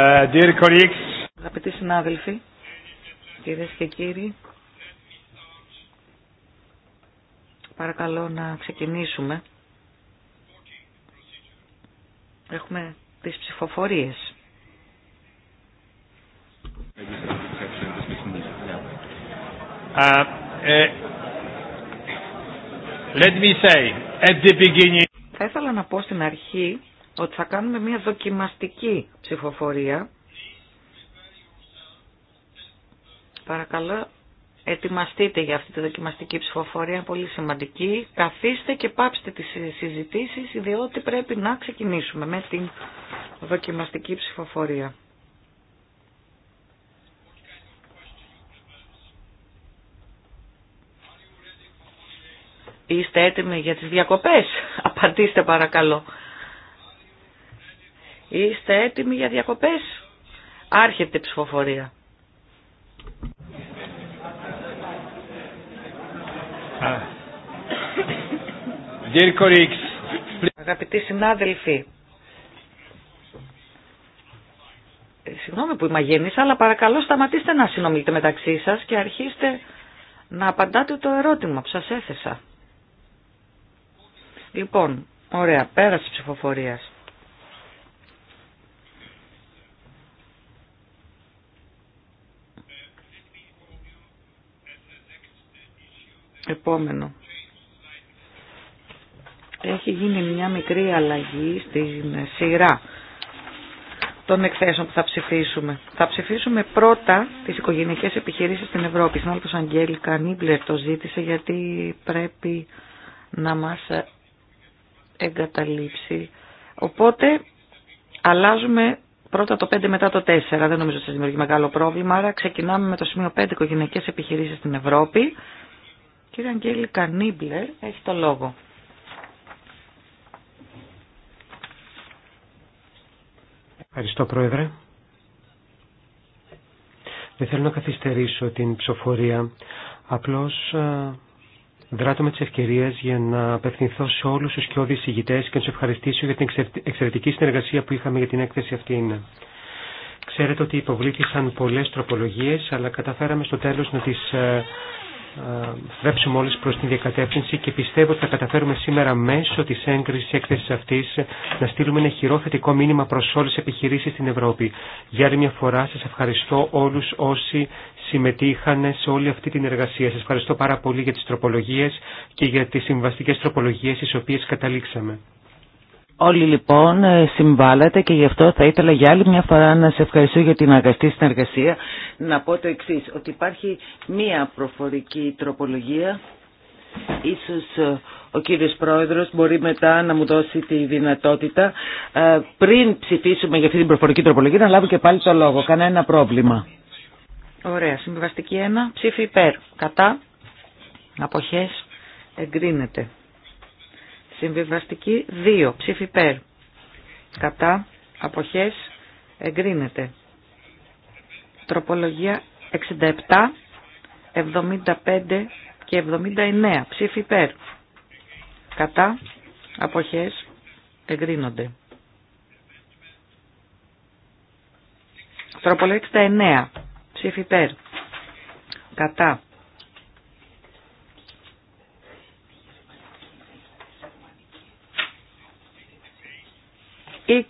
Ε, Αγαπητοί συνάδελφοι, κυρίε και κύριοι, παρακαλώ να ξεκινήσουμε. Έχουμε τις ψηφοφορίες. Ε, ε, Θα ήθελα να πω στην αρχή ότι θα κάνουμε μια δοκιμαστική ψηφοφορία. Παρακαλώ, ετοιμαστείτε για αυτή τη δοκιμαστική ψηφοφορία, πολύ σημαντική. Καθίστε και πάψτε τις συζητήσεις, διότι πρέπει να ξεκινήσουμε με την δοκιμαστική ψηφοφορία. Είστε έτοιμοι για τις διακοπές. Απαντήστε παρακαλώ. Είστε έτοιμοι για διακοπές. Άρχεται η ψηφοφορία. Αγαπητοί συνάδελφοι, ε, συγγνώμη που είμαι γεννής, αλλά παρακαλώ σταματήστε να συνομιλείτε μεταξύ σας και αρχίστε να απαντάτε το ερώτημα που σας έθεσα. Λοιπόν, ωραία, πέρασε ψηφοφορίας. Επόμενο. Έχει γίνει μια μικρή αλλαγή στην σειρά των εκθέσεων που θα ψηφίσουμε. Θα ψηφίσουμε πρώτα τις οικογενειακές επιχειρήσεις στην Ευρώπη. Συνάλλητος Αγγέλικα Νίμπλερ το ζήτησε γιατί πρέπει να μας εγκαταλείψει. Οπότε αλλάζουμε πρώτα το 5 μετά το 4. Δεν νομίζω ότι σας δημιουργεί μεγάλο πρόβλημα. Άρα ξεκινάμε με το σημείο 5 οικογενειακές επιχειρήσεις στην Ευρώπη. Κύριε Αγγέλη Καρνίμπλερ, έχει το λόγο. Ευχαριστώ, Πρόεδρε. Δεν θέλω να καθυστερήσω την ψηφοφορία. Απλώς δράτω με τις ευκαιρίες για να απευθυνθώ σε όλους τους κοιόδης ηγητές και να τους ευχαριστήσω για την εξαιρετική συνεργασία που είχαμε για την έκθεση αυτή. Ξέρετε ότι υποβλήθησαν πολλές τροπολογίες, αλλά καταφέραμε στο τέλος να τις βρέψουμε όλες προς την διακατεύθυνση και πιστεύω ότι θα καταφέρουμε σήμερα μέσω της έγκρισης έκθεσης αυτής να στείλουμε ένα χειρόθετικό μήνυμα προς όλες τις επιχειρήσεις στην Ευρώπη. Για άλλη μια φορά σας ευχαριστώ όλους όσοι συμμετείχαν σε όλη αυτή την εργασία. Σας ευχαριστώ πάρα πολύ για τις τροπολογίες και για τις συμβαστικές τροπολογίες στις οποίες καταλήξαμε. Όλοι λοιπόν ε, συμβάλλατε και γι' αυτό θα ήθελα για άλλη μια φορά να σε ευχαριστώ για την αγαστή συνεργασία. Να πω το εξή ότι υπάρχει μια προφορική τροπολογία. Ίσως ε, ο κύριος Πρόεδρος μπορεί μετά να μου δώσει τη δυνατότητα ε, πριν ψηφίσουμε για αυτή την προφορική τροπολογία να λάβω και πάλι το λόγο. Κανένα πρόβλημα. Ωραία. Συμβιβαστική 1. Ψήφι υπέρ. Κατά. Αποχές. Εγκρίνεται. Συμβιβαστική 2. Ψήφι περ. Κατά. Αποχές. Εγκρίνεται. Τροπολογία 67, 75 και 79. Ψήφι ΠΕΡ. Κατά. Αποχές. Εγκρίνονται. Τροπολογία 69. Ψήφι ΠΕΡ. Κατά. Η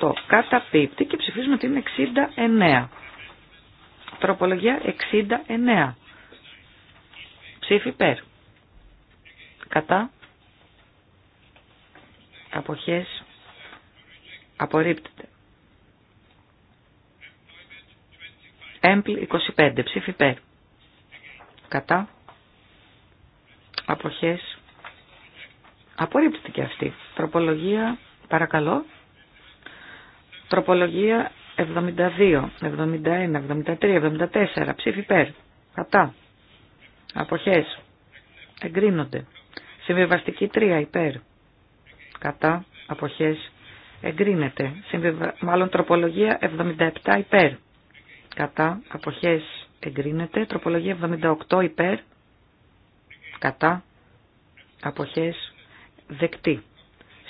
68 καταπίπτει και ψηφίζουμε είναι 69. Τροπολογία 69. Ψήφι υπέρ. Κατά. Αποχές. Απορρίπτεται. Έμπλ 25. Ψήφι υπέρ. Κατά. Αποχές. Απορρίπτεται και αυτή. Τροπολογία. Παρακαλώ. Τροπολογία 72, 71, 73, 74. Ψήφι υπέρ. Κατά. Αποχές. Εγκρίνονται. Συμβιβαστική 3 υπέρ. Κατά. Αποχές. Εγκρίνεται. Συμβιβα... Μάλλον τροπολογία 77 υπέρ. Κατά. Αποχές. Εγκρίνεται. Τροπολογία 78 υπέρ. Κατά. Αποχές. Δεκτή.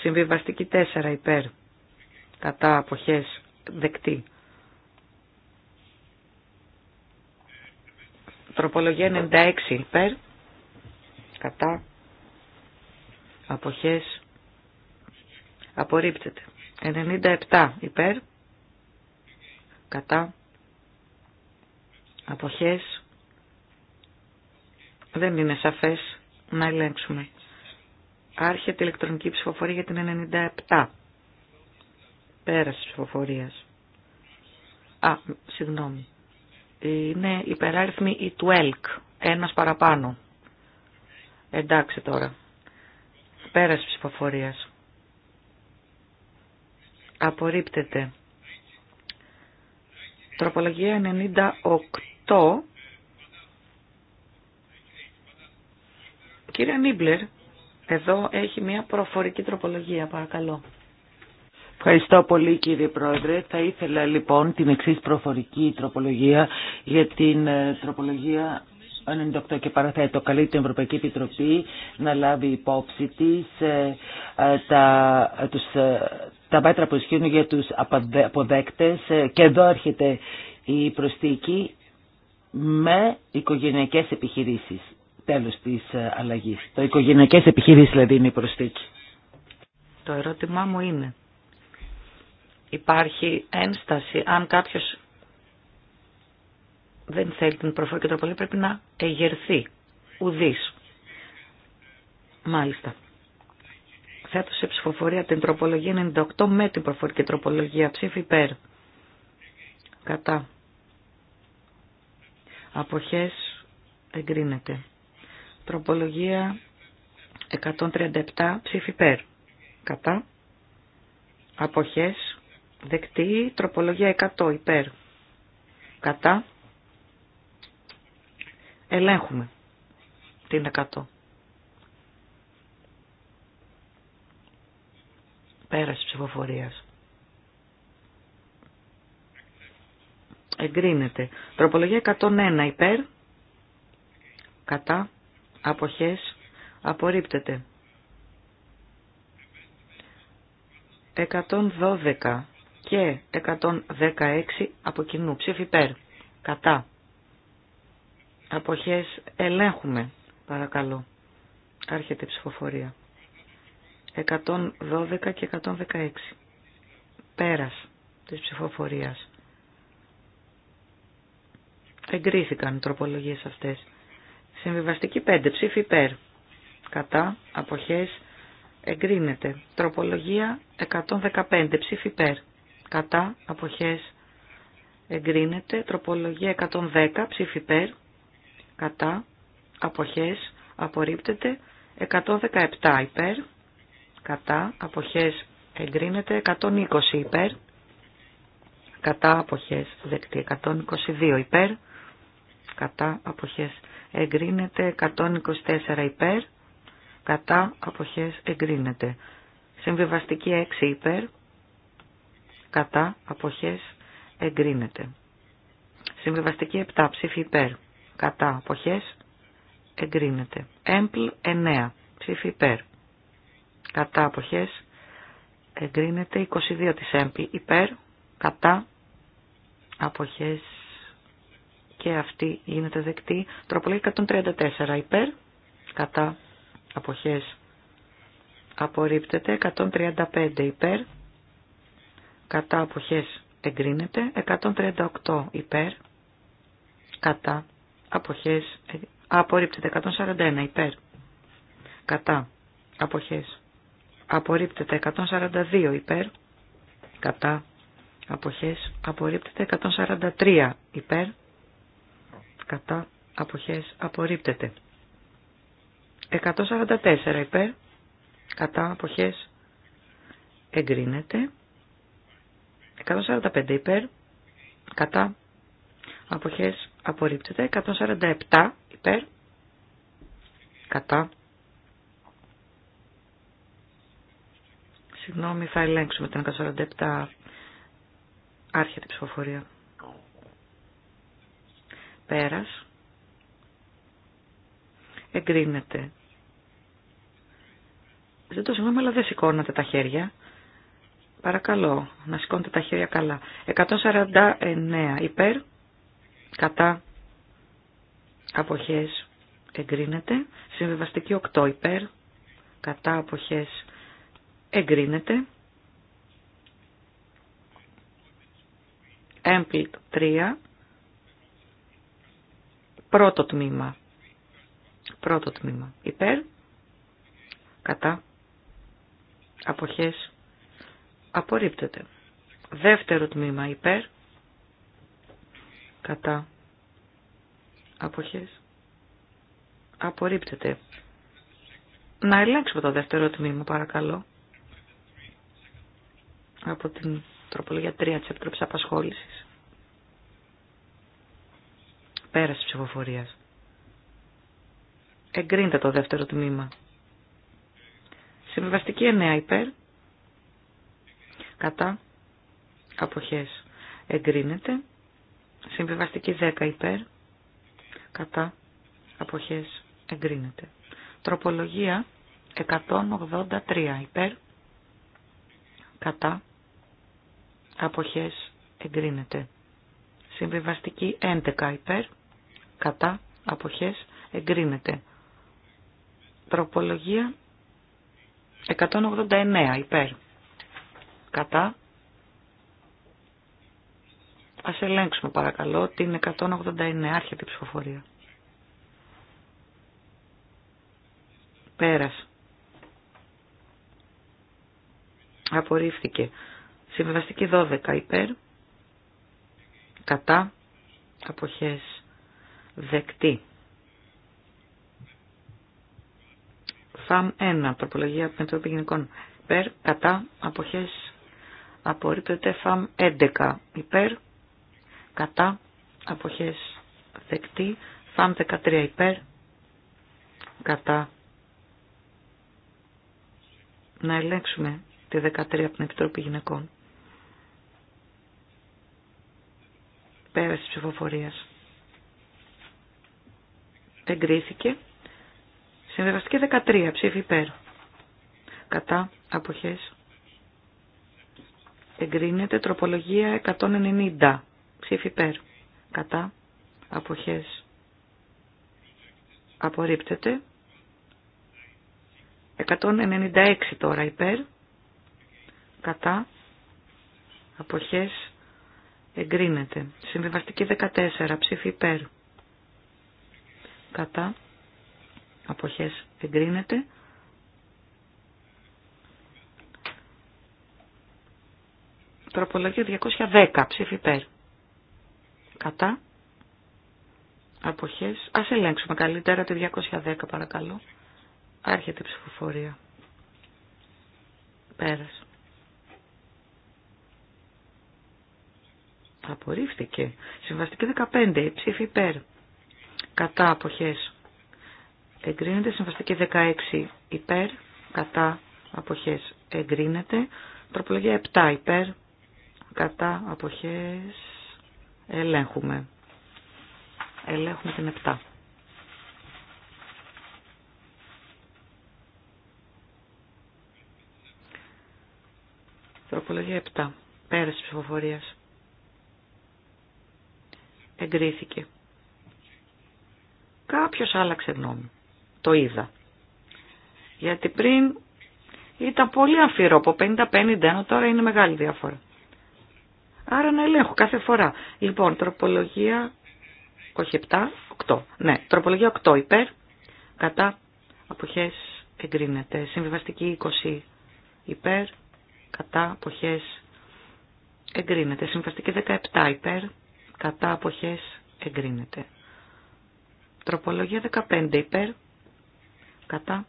Συμβιβαστική 4 υπέρ κατά αποχές δεκτή. Τροπολογία 96 υπέρ, κατά αποχές απορρίπτεται. 97 υπέρ, κατά αποχές δεν είναι σαφές να ελέγξουμε. Άρχεται ηλεκτρονική ψηφοφορία για την 97. Πέραση της ψηφοφορίας. Α, συγγνώμη. Είναι υπεράριθμη η του ΕΛΚ. Ένας παραπάνω. Εντάξει τώρα. Πέραση ψηφοφορίας. Απορρίπτεται. Τροπολογία 98. Κύριε Νίμπλερ, εδώ έχει μια προφορική τροπολογία, παρακαλώ. Ευχαριστώ πολύ κύριε Πρόεδρε. Θα ήθελα λοιπόν την εξής προφορική τροπολογία για την ε, τροπολογία 98 και παραθέτω καλεί την Ευρωπαϊκή Επιτροπή να λάβει υπόψη της ε, ε, τα, τους, τα μέτρα που ισχύουν για τους αποδέκτες και εδώ έρχεται η προσθήκη με οικογενειακές επιχειρήσεις. Τέλος της αλλαγής. Το οικογενειακές επιχειρήσεις δηλαδή είναι η προσθήκη. Το ερώτημά μου είναι υπάρχει ένσταση. Αν κάποιος δεν θέλει την προφορική τροπολογία πρέπει να εγερθεί. Ουδής. Μάλιστα. Θέτω σε ψηφοφορία την τροπολογία 98 με την προφορική τροπολογία. Ψήφι υπέρ. Κατά. Αποχές εγκρίνεται. Τροπολογία 137 ψήφι υπέρ. Κατά. Αποχές Δεκτή τροπολογία 100 υπέρ. Κατά. Ελέγχουμε την 100. Πέραση ψηφοφορίας. Εγκρίνεται. Τροπολογία 101 υπέρ. Κατά. Αποχές. Απορρίπτεται. 112 και 116 από κοινού. Ψήφι υπέρ. Κατά. Αποχές ελέγχουμε, παρακαλώ. Άρχεται η ψηφοφορία. 112 και 116. Πέρας της ψηφοφορίας. Εγκρίθηκαν οι τροπολογίες αυτές. Συμβιβαστική 5. Ψήφι υπέρ. Κατά. Αποχές εγκρίνεται. Τροπολογία 115. Ψήφι υπέρ κατά αποχές εγκρίνεται. Τροπολογία 110 ψήφι υπέρ κατά αποχές απορρίπτεται. 117 υπέρ κατά αποχές εγκρίνεται. 120 υπέρ κατά αποχές δεκτή. 122 υπέρ κατά αποχές εγκρίνεται. 124 υπέρ κατά αποχές εγκρίνεται. Συμβιβαστική 6 υπέρ κατά αποχές εγκρίνεται. Συμβιβαστική 7 ψήφι υπέρ κατά αποχές εγκρίνεται. Έμπλ 9 ψήφι υπέρ κατά αποχές εγκρίνεται. 22 της έμπλ υπέρ κατά αποχές και αυτή γίνεται δεκτή. Τροπολογία 134 υπέρ κατά αποχές απορρίπτεται. 135 υπέρ κατά αποχές εγκρίνεται, 138 ε, υπέρ, κατά αποχές απορρίπτεται, 141 υπέρ, κατά αποχές απορρίπτεται, 142 υπέρ, κατά αποχές απορρίπτεται, 143 υπέρ, κατά αποχές απορρίπτεται. 144 υπέρ, κατά αποχές εγκρίνεται. 145 υπέρ, κατά, αποχές απορρίπτεται. 147 υπέρ, κατά. Συγγνώμη, θα ελέγξουμε την 147 άρχεται η ψηφοφορία. Πέρας. Εγκρίνεται. Δεν το συγγνώμη, αλλά δεν σηκώνατε τα χέρια. Παρακαλώ να σηκώνετε τα χέρια καλά. 149 υπέρ, κατά, αποχές, εγκρίνεται. Συμβεβαστική 8 υπέρ, κατά, αποχές, εγκρίνεται. Έμπλη 3, πρώτο τμήμα. Πρώτο τμήμα υπέρ, κατά, αποχές, απορρίπτεται. Δεύτερο τμήμα υπέρ, κατά, αποχές, απορρίπτεται. Να ελέγξουμε το δεύτερο τμήμα παρακαλώ. Από την τροπολογία 3 της Επιτροπής Απασχόλησης. Πέραση ψηφοφορίας. Εγκρίνεται το δεύτερο τμήμα. Συμβιβαστική 9 υπέρ, κατά αποχές εγκρίνεται. Συμβιβαστική 10 υπέρ κατά αποχές εγκρίνεται. Τροπολογία 183 υπέρ κατά αποχές εγκρίνεται. Συμβιβαστική 11 υπέρ κατά αποχές εγκρίνεται. Τροπολογία 189 υπέρ Κατά. Ας ελέγξουμε παρακαλώ την 189 άρχεται η ψηφοφορία. Πέρας. Απορρίφθηκε. Συμβαστική 12 υπέρ. Κατά. Αποχές. Δεκτή. ΦΑΜ 1. Τροπολογία Επιτροπή Γενικών. Περ. Κατά. Αποχές. Απορρίπτεται ΦΑΜ 11 υπέρ. Κατά. Αποχές δεκτή. ΦΑΜ 13 υπέρ. Κατά. Να ελέγξουμε τη 13 από την Επιτροπή Γυναικών. Πέραση ψηφοφορίας. Εγκρίθηκε. Συμβεβαστική 13 ψήφι υπέρ. Κατά. Αποχές εγκρίνεται τροπολογία 190 ψήφι υπέρ κατά αποχές απορρίπτεται 196 τώρα υπέρ κατά αποχές εγκρίνεται συμβιβαστική 14 ψήφι υπέρ κατά αποχές εγκρίνεται Τροπολογία 210. Ψήφι υπέρ. Κατά. Αποχές. Ας ελέγξουμε καλύτερα τη 210 παρακαλώ. Άρχεται η ψηφοφορία. Πέρας. Απορρίφθηκε. Συμβαστική 15. Ψήφι υπέρ. Κατά αποχές. Εγκρίνεται. Συμβαστική 16. Υπέρ. Κατά αποχές. Εγκρίνεται. Τροπολογία 7. Υπέρ κατά αποχές ελέγχουμε. Ελέγχουμε την 7. Τροπολογία 7. Πέρας της ψηφοφορίας. Εγκρίθηκε. Κάποιος άλλαξε γνώμη. Το είδα. Γιατί πριν ήταν πολύ αμφιρό από 50-51, τώρα είναι μεγάλη διάφορα. Άρα να ελέγχω κάθε φορά. Λοιπόν, τροπολογία, όχι 8. Ναι, τροπολογία 8 υπέρ, κατά, αποχές εγκρίνεται. Συμβιβαστική 20 υπέρ, κατά, αποχές εγκρίνεται. Συμβιβαστική 17 υπέρ, κατά, αποχές εγκρίνεται. Τροπολογία 15 υπέρ, κατά,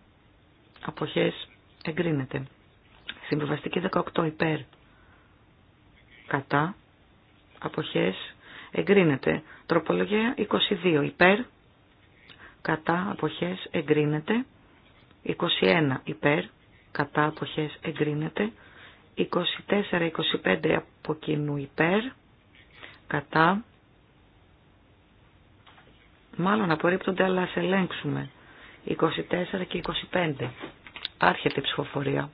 αποχές εγκρίνεται. Συμβιβαστική 18 υπέρ, κατά, αποχές, εγκρίνεται. Τροπολογία 22, υπέρ, κατά, αποχές, εγκρίνεται. 21, υπέρ, κατά, αποχές, εγκρίνεται. 24, 25, από κοινού, υπέρ, κατά. Μάλλον απορρίπτονται, αλλά ας ελέγξουμε. 24 και 25. Άρχεται η ψηφοφορία.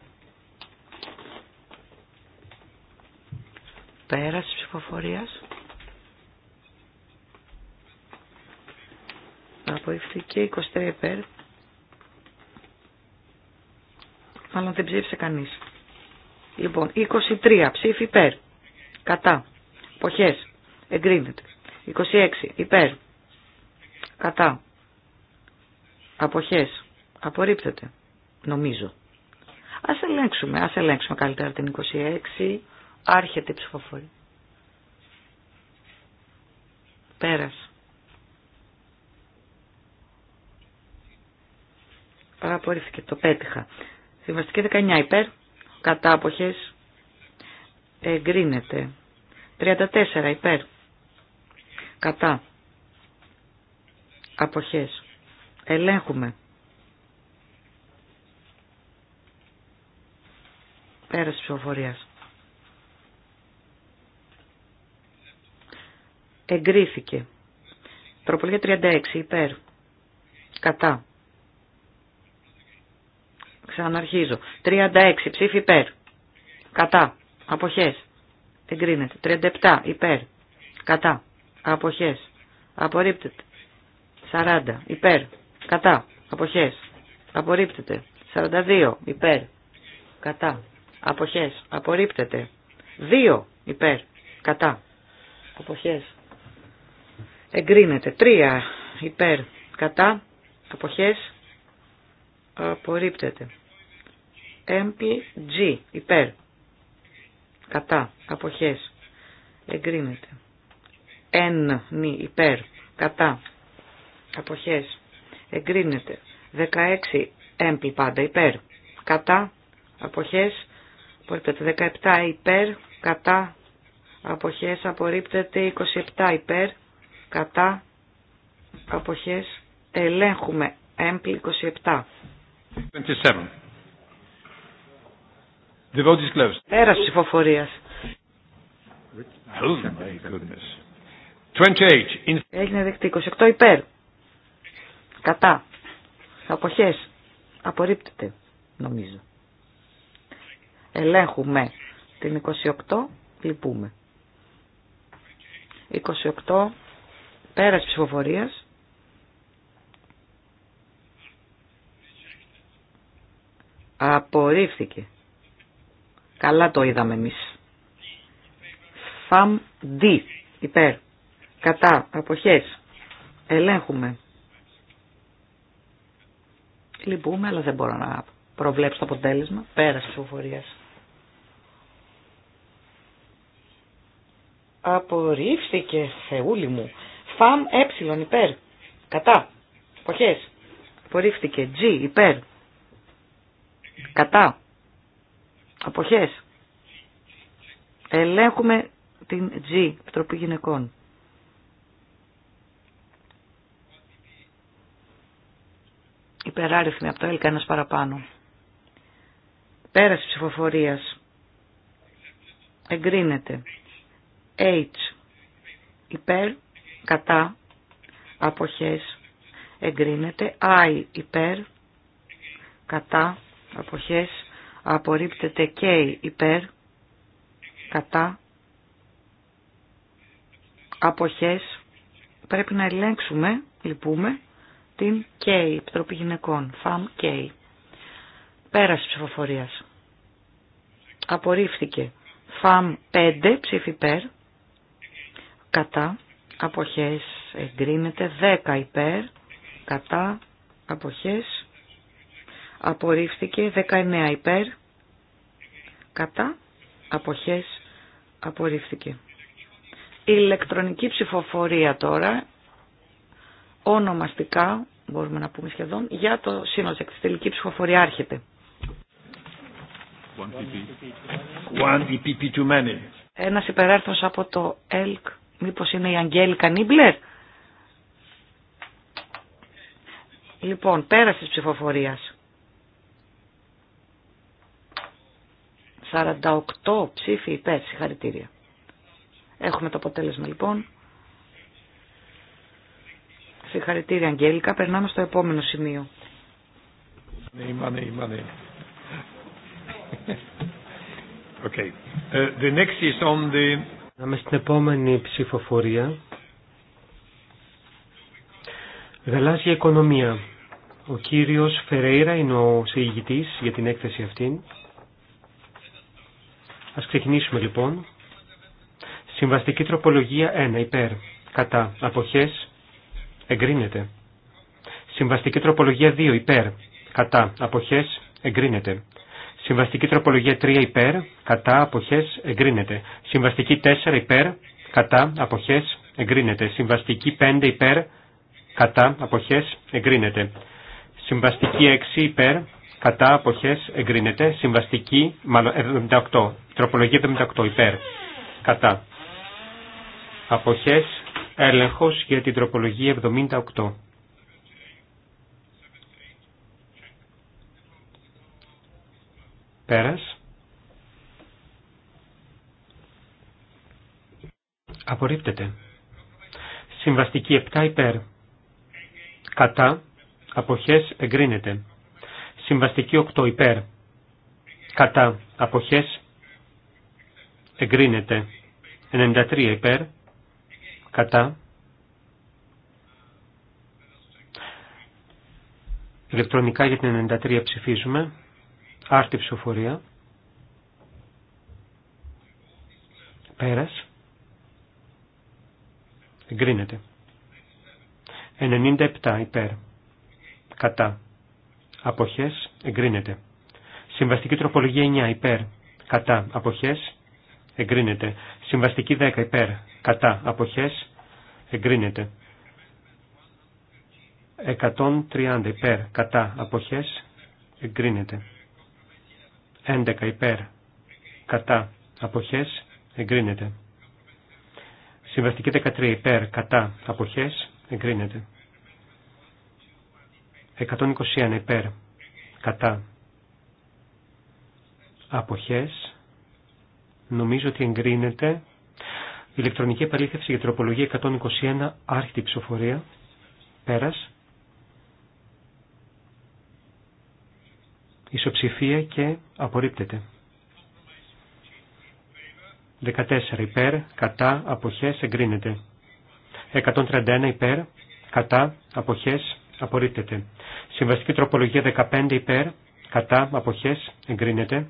Πέρας ψηφοφορία. ψηφοφορία. 23 υπέρ. Μάλλον δεν ψήφισε κανεί. Λοιπόν, 23 ψήφι υπέρ. Κατά. Ποχέ. Εγκρίνεται. 26 υπέρ. Κατά. αποχέ. Απορρίπτεται. Νομίζω. Ας ελέγξουμε. Ας ελέγξουμε καλύτερα την 26. Άρχεται η ψηφοφορία. Πέρασε. Παραπορήθηκε. το πέτυχα. Συμβαστική 19 υπέρ, κατά αποχές, εγκρίνεται. 34 υπέρ, κατά αποχές. Ελέγχουμε. Πέρας ψηφοφορίας. εγκρίθηκε. Τροπολία 36 υπέρ. Κατά. Ξαναρχίζω. 36 ψήφι υπέρ. Κατά. Αποχές. Εγκρίνεται. 37 υπέρ. Κατά. Αποχές. Απορρίπτεται. 40 υπέρ. Κατά. Αποχές. Απορρίπτεται. 42 υπέρ. Κατά. Αποχές. Απορρίπτεται. 2 υπέρ. Κατά. Αποχές εγκρίνεται. 3 υπέρ κατά αποχές απορρίπτεται. MPG υπέρ κατά αποχές εγκρίνεται. N νη υπέρ κατά αποχές εγκρίνεται. 16 έμπλη πάντα υπέρ κατά αποχές απορρίπτεται. 17 υπέρ κατά αποχές απορρίπτεται. 27 υπέρ κατά αποχές ελέγχουμε έμπλη 27. 27. The vote is closed. Πέρας ψηφοφορίας. 28. Έγινε δεκτή 28 υπέρ. Κατά. Αποχές. Απορρίπτεται νομίζω. Ελέγχουμε την 28. Λυπούμε. 28 Πέρας ψηφοφορίας. Απορρίφθηκε. Καλά το είδαμε εμείς. Φαμ δι. Υπέρ. Κατά. Αποχές. Ελέγχουμε. Λυπούμε, αλλά δεν μπορώ να προβλέψω το αποτέλεσμα. Πέρας ψηφοφορίας. Απορρίφθηκε, θεούλη μου. Φαμ ε υπέρ. Κατά. ΑΠΟΧΕΣ, Απορρίφθηκε. G υπέρ. Κατά. Αποχές. Ελέγχουμε την G, Επιτροπή Γυναικών. Υπεράριθμη από το έλκα ένας παραπάνω. Πέραση ψηφοφορίας. Εγκρίνεται. H. Υπέρ κατά αποχές εγκρίνεται, Άι υπέρ κατά αποχές απορρίπτεται και υπέρ κατά αποχές πρέπει να ελέγξουμε, λυπούμε, την K, Επιτροπή Γυναικών, ΦΑΜ K. Πέραση ψηφοφορίας. Απορρίφθηκε. ΦΑΜ 5, ψήφι υπέρ, κατά, αποχές εγκρίνεται 10 υπέρ κατά αποχές απορρίφθηκε 19 υπέρ κατά αποχές απορρίφθηκε η ηλεκτρονική ψηφοφορία τώρα ονομαστικά μπορούμε να πούμε σχεδόν για το σύνολο της τελική ψηφοφορία άρχεται One PP. too many. Ένας υπεράρθρος από το ΕΛΚ Μήπως είναι η Αγγέλικα Νίμπλερ. Λοιπόν, πέρα της ψηφοφορίας. 48 ψήφοι υπέρ, συγχαρητήρια. Έχουμε το αποτέλεσμα λοιπόν. Συγχαρητήρια Αγγέλικα, περνάμε στο επόμενο σημείο. Okay. Uh, the next is on the Πάμε στην επόμενη ψηφοφορία. Γαλάζια οικονομία. Ο κύριος Φερέιρα είναι ο συγηγητής για την έκθεση αυτήν. Ας ξεκινήσουμε λοιπόν. Συμβαστική τροπολογία 1 υπέρ. Κατά. Αποχές. Εγκρίνεται. Συμβαστική τροπολογία 2 υπέρ. Κατά. Αποχές. Εγκρίνεται. Συμβαστική τροπολογία 3 υπέρ, κατά, αποχές, εγκρίνεται. Συμβαστική 4 υπέρ, κατά, αποχές, εγκρίνεται. Συμβαστική 5 υπέρ, κατά, αποχές, εγκρίνεται. Συμβαστική 6 υπέρ, κατά, αποχές, εγκρίνεται. Συμβαστική, 78, τροπολογία 78 υπέρ, κατά. Αποχές, έλεγχος για την τροπολογία 78. Πέρας. Απορρίπτεται. Συμβαστική 7 υπέρ. Κατά. Αποχές εγκρίνεται. Συμβαστική 8 υπέρ. Κατά. Αποχές εγκρίνεται. 93 υπέρ. Κατά. Ηλεκτρονικά για την 93 ψηφίζουμε. Άρτη ψηφοφορία. Πέρας. Εγκρίνεται. 97 υπέρ. Κατά. Αποχές. Εγκρίνεται. Συμβαστική τροπολογία 9 υπέρ. Κατά. Αποχές. Εγκρίνεται. Συμβαστική 10 υπέρ. Κατά. Αποχές. Εγκρίνεται. 130 υπέρ. Κατά. Αποχές. Εγκρίνεται. 11 υπέρ κατά αποχές εγκρίνεται. Συμβαστική 13 υπέρ κατά αποχές εγκρίνεται. 121 υπέρ κατά αποχές νομίζω ότι εγκρίνεται ηλεκτρονική επαλήθευση για τροπολογία 121 άρχιτη ψηφοφορία πέρας Ισοψηφία και απορρίπτεται. 14 υπέρ, κατά, αποχές, εγκρίνεται. 131 υπέρ, κατά, αποχές, απορρίπτεται. Συμβαστική τροπολογία 15 υπέρ, κατά, αποχές, εγκρίνεται.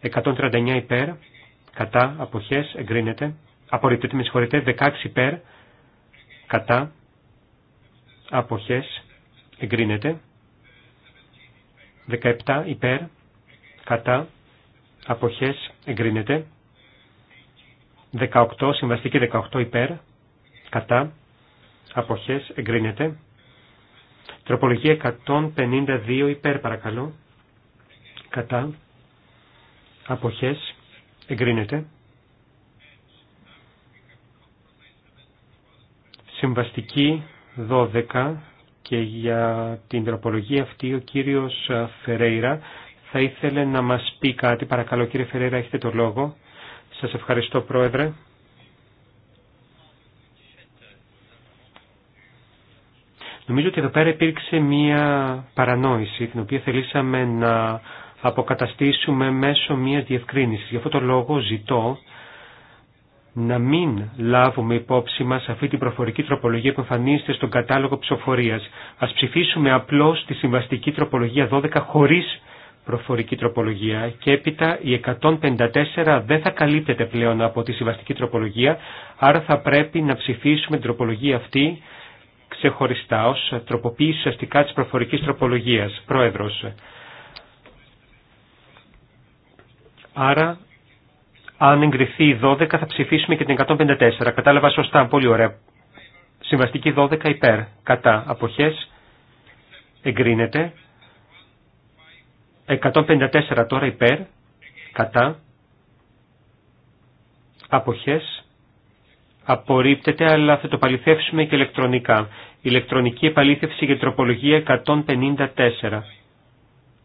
139 υπέρ, κατά, αποχές, εγκρίνεται. Απορρίπτεται, με συγχωρείτε, 16 υπέρ, κατά, αποχές, εγκρίνεται. 17 υπέρ, κατά, αποχές εγκρίνεται. 18, συμβαστική 18 υπέρ, κατά, αποχές εγκρίνεται. Τροπολογία 152 υπέρ παρακαλώ, κατά, αποχές εγκρίνεται. Συμβαστική 12 και για την τροπολογία αυτή ο κύριος Φερέιρα θα ήθελε να μας πει κάτι. Παρακαλώ κύριε Φερέιρα έχετε το λόγο. Σας ευχαριστώ πρόεδρε. Νομίζω ότι εδώ πέρα υπήρξε μία παρανόηση την οποία θελήσαμε να αποκαταστήσουμε μέσω μίας διευκρίνησης. Γι' αυτό το λόγο ζητώ να μην λάβουμε υπόψη μας αυτή την προφορική τροπολογία που εμφανίζεται στον κατάλογο ψηφοφορίας. Ας ψηφίσουμε απλώς τη συμβαστική τροπολογία 12 χωρίς προφορική τροπολογία και έπειτα η 154 δεν θα καλύπτεται πλέον από τη συμβαστική τροπολογία, άρα θα πρέπει να ψηφίσουμε την τροπολογία αυτή ξεχωριστά ως τροποποίηση ουσιαστικά της προφορικής τροπολογίας. Πρόεδρος. Άρα αν εγκριθεί η 12 θα ψηφίσουμε και την 154. Κατάλαβα σωστά. Πολύ ωραία. Συμβαστική 12 υπέρ. Κατά. Αποχές. Εγκρίνεται. 154 τώρα υπέρ. Κατά. Αποχές. Απορρίπτεται αλλά θα το παληθεύσουμε και ηλεκτρονικά. Ηλεκτρονική επαλήθευση για τροπολογία 154.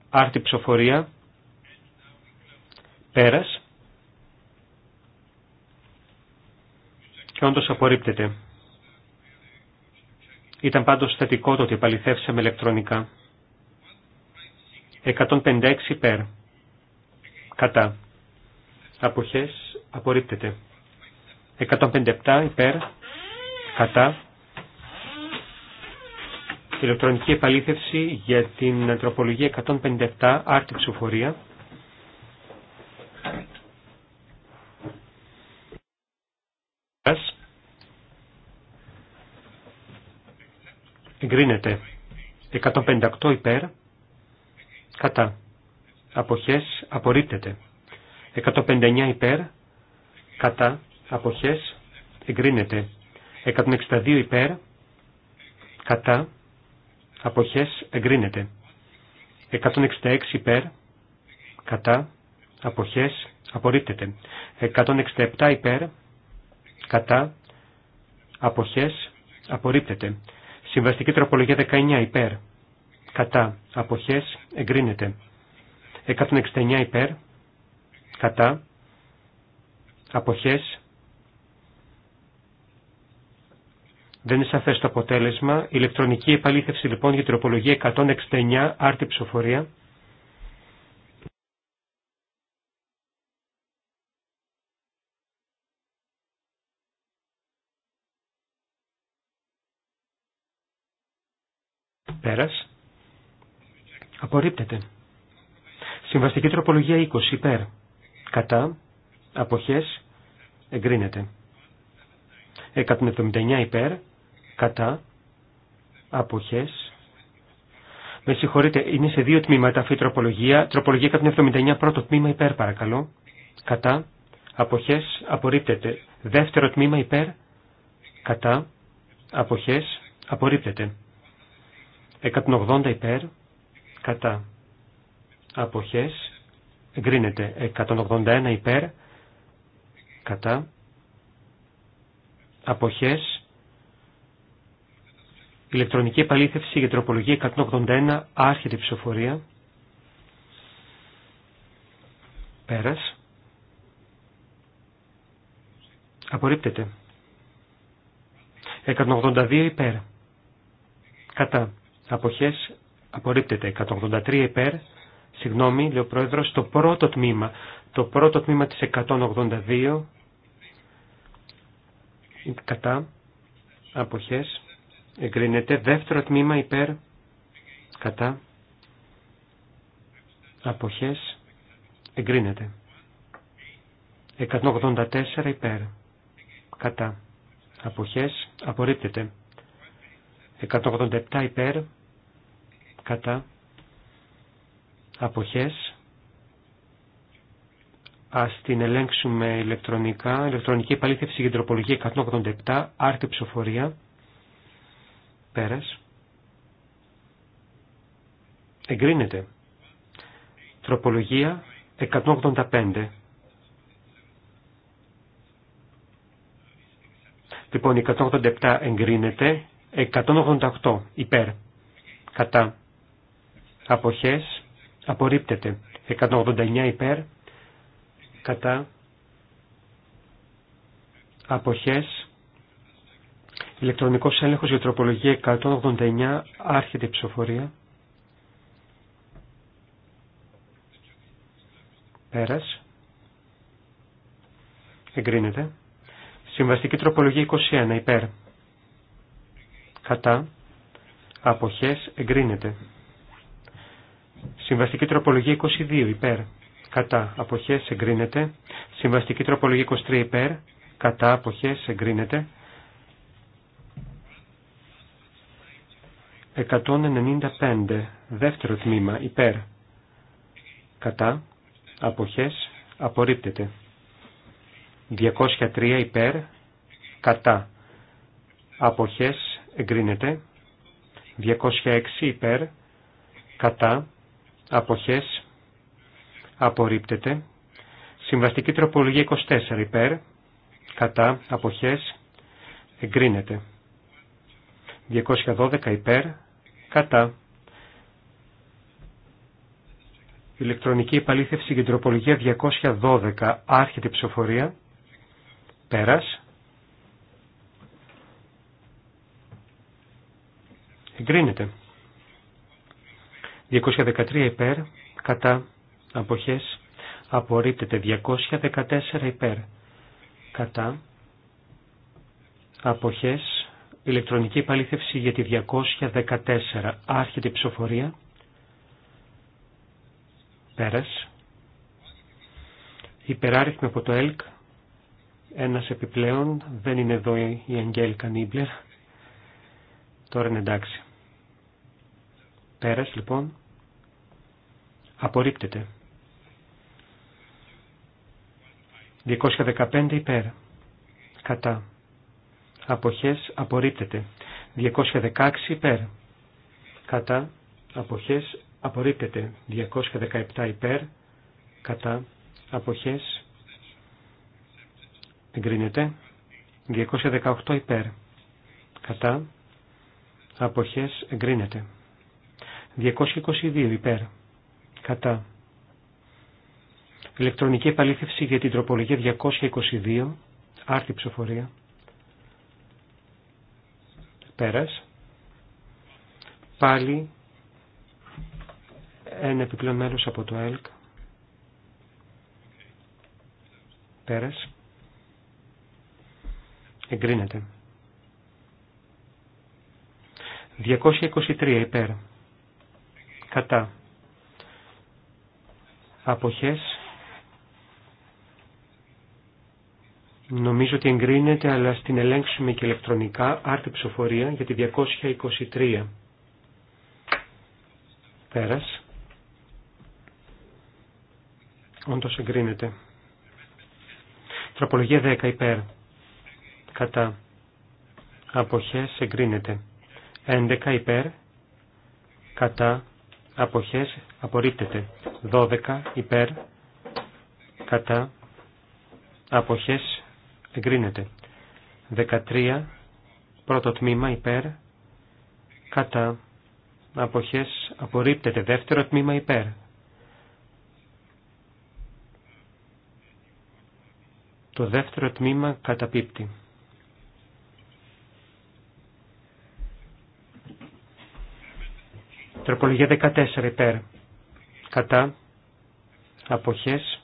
Άρτη ψηφοφορία. Πέρας. και όντω απορρίπτεται. Ήταν πάντως θετικό το ότι επαληθεύσαμε ηλεκτρονικά. 156 υπέρ. Κατά. Αποχές απορρίπτεται. 157 υπέρ. Κατά. Ηλεκτρονική επαλήθευση για την ανθρωπολογία 157 άρτη ψηφοφορία. Εγκρίνεται. 158 υπέρ. Κατά. Αποχές. Απορρίπτεται. 159 υπέρ. Κατά. Αποχές. Εγκρίνεται. 162 υπέρ. Κατά. Αποχές. Εγκρίνεται. 166 υπέρ. Κατά. Αποχές. Απορρίπτεται. 167 υπέρ. Κατά. Αποχές. Απορρίπτεται. Συμβαστική τροπολογία 19 υπέρ. Κατά. Αποχές. Εγκρίνεται. 169 υπέρ. Κατά. Αποχές. Δεν είναι σαφές το αποτέλεσμα. Ηλεκτρονική επαλήθευση λοιπόν για τροπολογία 169 άρτη ψηφοφορία. Πέρας. Απορρίπτεται. Συμβαστική τροπολογία 20 υπέρ. Κατά. Αποχές. Εγκρίνεται. 179 υπέρ. Κατά. Αποχές. Με συγχωρείτε, είναι σε δύο τμήματα αυτή η τροπολογία. Τροπολογία 179 πρώτο τμήμα υπέρ παρακαλώ. Κατά. Αποχές. Απορρίπτεται. Δεύτερο τμήμα υπέρ. Κατά. Αποχές. Απορρίπτεται. 180 υπέρ, κατά αποχές εγκρίνεται 181 υπέρ κατά αποχές ηλεκτρονική επαλήθευση για τροπολογία 181 άρχεται ψηφοφορία πέρας απορρίπτεται 182 υπέρ κατά αποχές απορρίπτεται. 183 υπέρ, συγγνώμη, λέει ο Πρόεδρος, το πρώτο τμήμα, το πρώτο τμήμα της 182 κατά αποχές εγκρίνεται. Δεύτερο τμήμα υπέρ κατά αποχές εγκρίνεται. 184 υπέρ κατά αποχές απορρίπτεται. 187 υπέρ, κατά, αποχές. Ας την ελέγξουμε ηλεκτρονικά, ηλεκτρονική επαλήθευση για τροπολογία 187, άρτη ψηφοφορία, πέρας. Εγκρίνεται. Τροπολογία 185. Λοιπόν, η 187 εγκρίνεται, 188 υπέρ. Κατά. Αποχές. Απορρίπτεται. 189 υπέρ. Κατά. Αποχές. Ηλεκτρονικός έλεγχος για τροπολογία 189. Άρχεται η ψηφοφορία. Πέρας. Εγκρίνεται. Συμβαστική τροπολογία 21 υπέρ κατά, αποχές, εγκρίνεται. Συμβαστική τροπολογία 22 υπέρ, κατά, αποχές, εγκρίνεται. Συμβαστική τροπολογία 23 υπέρ, κατά, αποχές, εγκρίνεται. 195, δεύτερο τμήμα, υπέρ, κατά, αποχές, απορρίπτεται. 203 υπέρ, κατά, αποχές, εγκρίνεται. 206 υπέρ, κατά, αποχές, απορρίπτεται. Συμβαστική τροπολογία 24 υπέρ, κατά, αποχές, εγκρίνεται. 212 υπέρ, κατά. Ηλεκτρονική επαλήθευση για τροπολογία 212, άρχεται ψηφοφορία, πέρας. Εγκρίνεται. 213 υπέρ, κατά, αποχές, απορρίπτεται. 214 υπέρ, κατά, αποχές, ηλεκτρονική επαλήθευση για τη 214. Άρχεται η ψηφοφορία. Πέρας. Υπεράριθμη από το ΕΛΚ. Ένας επιπλέον. Δεν είναι εδώ η Αγγέλ Κανίμπλερ. Τώρα είναι εντάξει. Πέρας λοιπόν απορρίπτεται. 215 υπέρ. Κατά. Αποχές απορρίπτεται. 216 υπέρ. Κατά. Αποχές απορρίπτεται. 217 υπέρ. Κατά. Αποχές εγκρίνεται. 218 υπέρ. Κατά. Αποχές εγκρίνεται. 222 υπέρ. Κατά. Ηλεκτρονική επαλήθευση για την τροπολογία 222. Άρτη ψηφοφορία. Πέρας. Πάλι ένα επιπλέον μέλος από το ΕΛΚ. Πέρας. Εγκρίνεται. 223 υπέρ. Κατά. Αποχές. Νομίζω ότι εγκρίνεται, αλλά στην ελέγξουμε και ηλεκτρονικά άρτη ψηφοφορία για τη 223. Πέρας. Όντως εγκρίνεται. Τροπολογία 10 υπέρ. Κατά. Αποχές εγκρίνεται. 11 υπέρ. Κατά αποχές απορρίπτεται. 12 υπέρ κατά αποχές εγκρίνεται. 13 πρώτο τμήμα υπέρ κατά αποχές απορρίπτεται. Δεύτερο τμήμα υπέρ το δεύτερο τμήμα καταπίπτει. Τροπολογία 14 υπέρ. Κατά. Αποχές.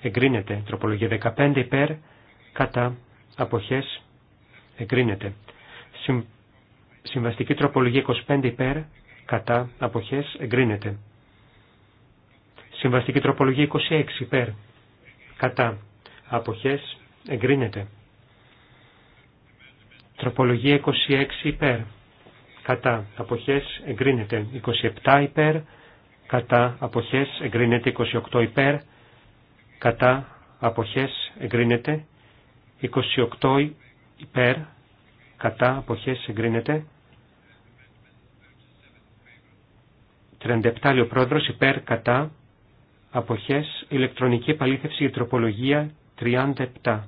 Εγκρίνεται. Τροπολογία 15 υπέρ. Κατά. Αποχές. Εγκρίνεται. Συμβαστική τροπολογία 25 υπέρ. Κατά. Αποχές. Εγκρίνεται. Συμβαστική τροπολογία 26 υπέρ. Κατά. Αποχές. Εγκρίνεται. Τροπολογία 26 υπέρ κατά αποχές εγκρίνεται 27 υπέρ, κατά αποχές εγκρίνεται 28 υπέρ, κατά αποχές εγκρίνεται 28 υπέρ, κατά αποχές εγκρίνεται 37 λέει ο υπέρ, κατά αποχές ηλεκτρονική επαλήθευση για τροπολογία 37.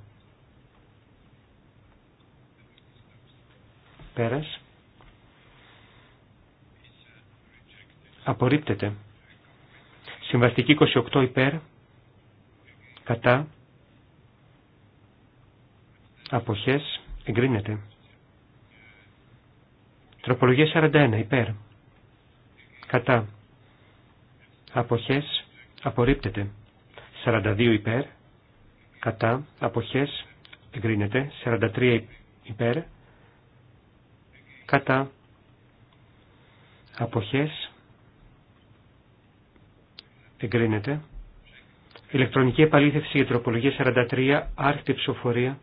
Πέρας. Απορρίπτεται. Συμβαστική 28 υπέρ. Κατά. Αποχές. Εγκρίνεται. Τροπολογία 41 υπέρ. Κατά. Αποχές. Απορρίπτεται. 42 υπέρ. Κατά. Αποχές. Εγκρίνεται. 43 υπέρ. Κατά. Αποχές Εγκρίνεται. Ηλεκτρονική επαλήθευση για τροπολογία 43, άρχιτη ψηφοφορία.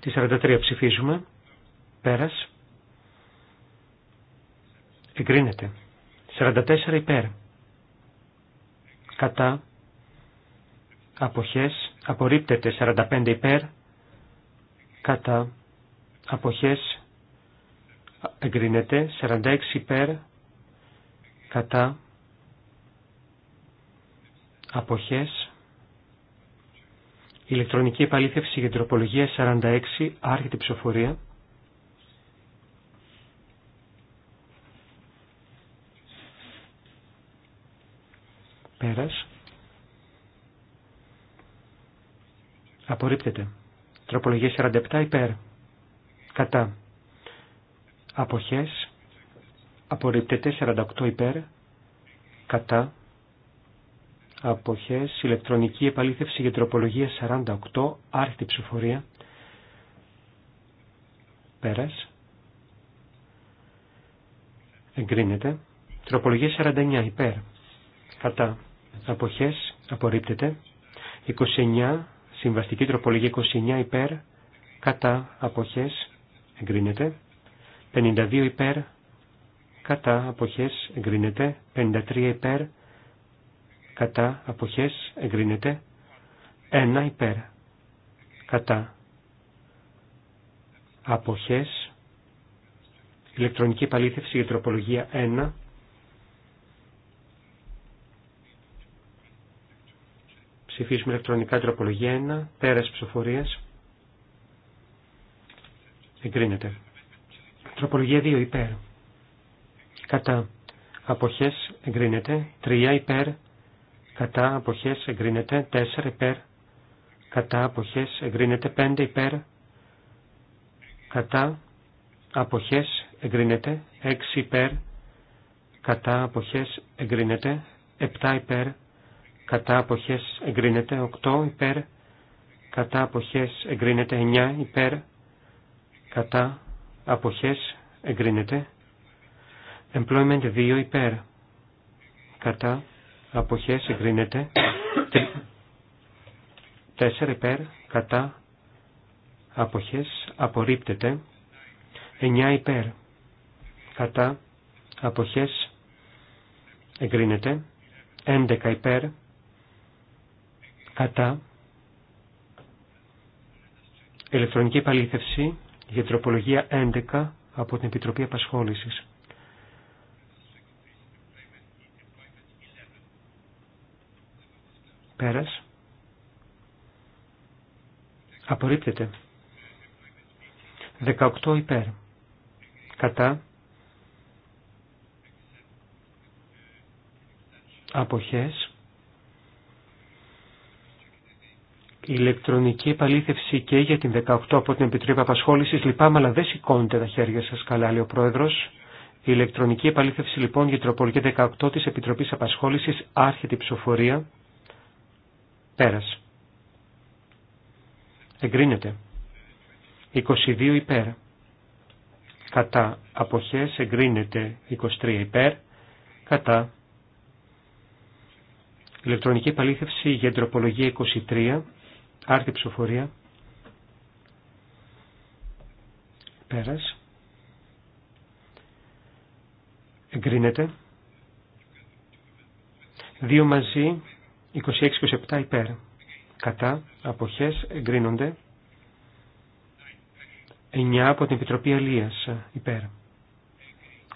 Τη 43 ψηφίζουμε. Πέρας. Εγκρίνεται. 44 υπέρ. Κατά. Αποχές. Απορρίπτεται. 45 υπέρ. Κατά. Αποχές εγκρίνεται 46 υπέρ κατά αποχές ηλεκτρονική επαλήθευση για τροπολογία 46 άρχεται ψηφοφορία πέρας απορρίπτεται τροπολογία 47 υπέρ κατά Αποχές. Απορρίπτεται 48 υπέρ. Κατά. Αποχές. Ηλεκτρονική επαλήθευση για τροπολογία 48. Άρχιτη ψηφορία. Πέρας. Εγκρίνεται. Τροπολογία 49 υπέρ. Κατά. Αποχές. Απορρίπτεται. 29. Συμβαστική τροπολογία 29 υπέρ. Κατά. Αποχές. Εγκρίνεται. 52 υπέρ, κατά αποχές εγκρίνεται, 53 υπέρ, κατά αποχές εγκρίνεται, 1 υπέρ, κατά αποχές, ηλεκτρονική επαλήθευση για τροπολογία 1, ψηφίσουμε ηλεκτρονικά τροπολογία 1, πέρας ψηφοφορίας, εγκρίνεται. Τροπολογία 2 υπέρ. Κατά. Αποχές εγκρίνεται. 3 υπέρ. Κατά. Αποχές εγκρίνεται. 4 υπέρ. Κατά. Αποχές εγκρίνεται. 5 υπέρ. Κατά. Αποχές εγκρίνεται. 6 υπέρ. Κατά. Αποχές εγκρίνεται. 7 υπέρ. Κατά. Αποχές εγκρίνεται. 8 υπέρ. Κατά. Αποχές εγκρίνεται. 9 υπέρ. Κατά αποχές εγκρίνεται. Employment 2 υπέρ κατά αποχές εγκρίνεται. 4 υπέρ κατά αποχές απορρίπτεται. 9 υπέρ κατά αποχές εγκρίνεται. 11 υπέρ κατά ηλεκτρονική υπαλλήθευση για τροπολογία 11 από την Επιτροπή Απασχόλησης. Πέρας. Απορρίπτεται. 18 υπέρ. Κατά. Αποχές. Η ηλεκτρονική επαλήθευση και για την 18 από την Επιτροπή Απασχόληση. Λυπάμαι, αλλά δεν σηκώνετε τα χέρια σα καλά, λέει ο Πρόεδρο. Η ηλεκτρονική επαλήθευση λοιπόν για την 18 τη Επιτροπή Απασχόληση άρχεται η ψηφοφορία. Πέρα. Εγκρίνεται. 22 υπέρ. Κατά αποχές εγκρίνεται 23 υπέρ. Κατά ηλεκτρονική επαλήθευση για τροπολογία 23 Άρτη ψηφοφορία. Πέρας. Εγκρίνεται. Δύο μαζί, 26-27 υπέρ. Κατά, αποχές, εγκρίνονται. 9 από την Επιτροπή Αλίας ε, υπέρ.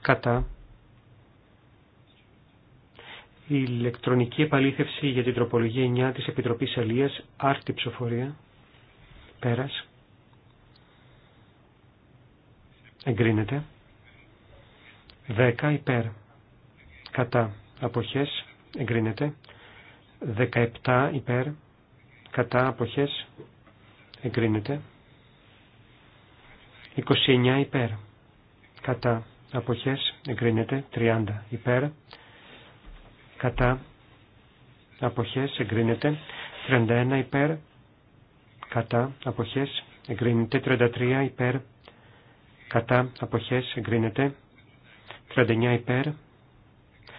Κατά, η ηλεκτρονική επαλήθευση για την τροπολογία 9 της Επιτροπής Αλίας, άρτη ψηφοφορία, πέρας, εγκρίνεται, 10 υπέρ, κατά, αποχές, εγκρίνεται, 17 υπέρ, κατά, αποχές, εγκρίνεται, 29 υπέρ, κατά, αποχές, εγκρίνεται, 30 υπέρ, κατά αποχές εγκρίνεται 31 υπέρ κατά αποχές εγκρίνεται 33 υπέρ κατά αποχές εγκρίνεται 39 υπέρ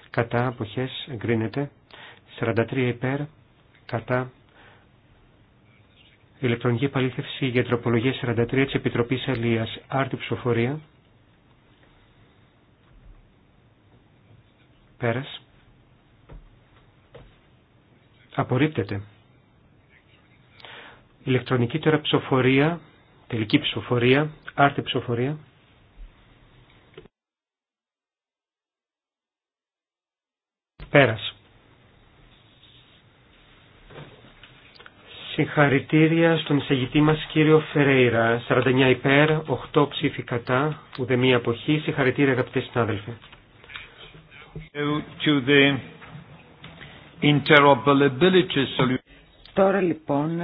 κατά αποχές εγκρίνεται 43 υπέρ κατά ηλεκτρονική υπαλλήθευση για τροπολογία 43 της Επιτροπής Αλίας άρτη ψηφοφορία πέρας Απορρίπτεται. Ηλεκτρονική τώρα ψηφοφορία, τελική ψηφοφορία, άρτη ψηφοφορία. Πέρας. Συγχαρητήρια στον εισαγητή μας κύριο Φερέιρα. 49 υπέρ, 8 ψήφοι κατά, ουδεμία αποχή. Συγχαρητήρια αγαπητές συνάδελφοι. Interoperability solution. Τώρα λοιπόν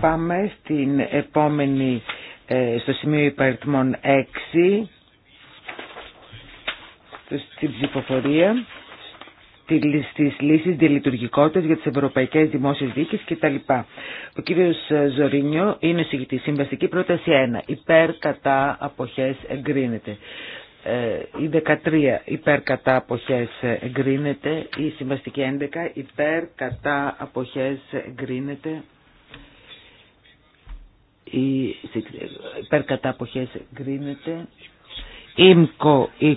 πάμε στην επόμενη, ε, στο σημείο υπαριθμών 6, στην ψηφοφορία στις λύσεις διαλειτουργικότητας για τις ευρωπαϊκές δημόσιες δίκες κτλ. Ο κύριος ε, Ζωρίνιο είναι συγκητή. Συμβαστική πρόταση 1. Υπέρ κατά αποχές εγκρίνεται. Ε, η 13 υπέρ κατά αποχές εγκρίνεται, η συμβαστική 11 υπέρ κατά αποχές εγκρίνεται, η υπέρ κατά αποχές εγκρίνεται, ΙΜΚΟ 25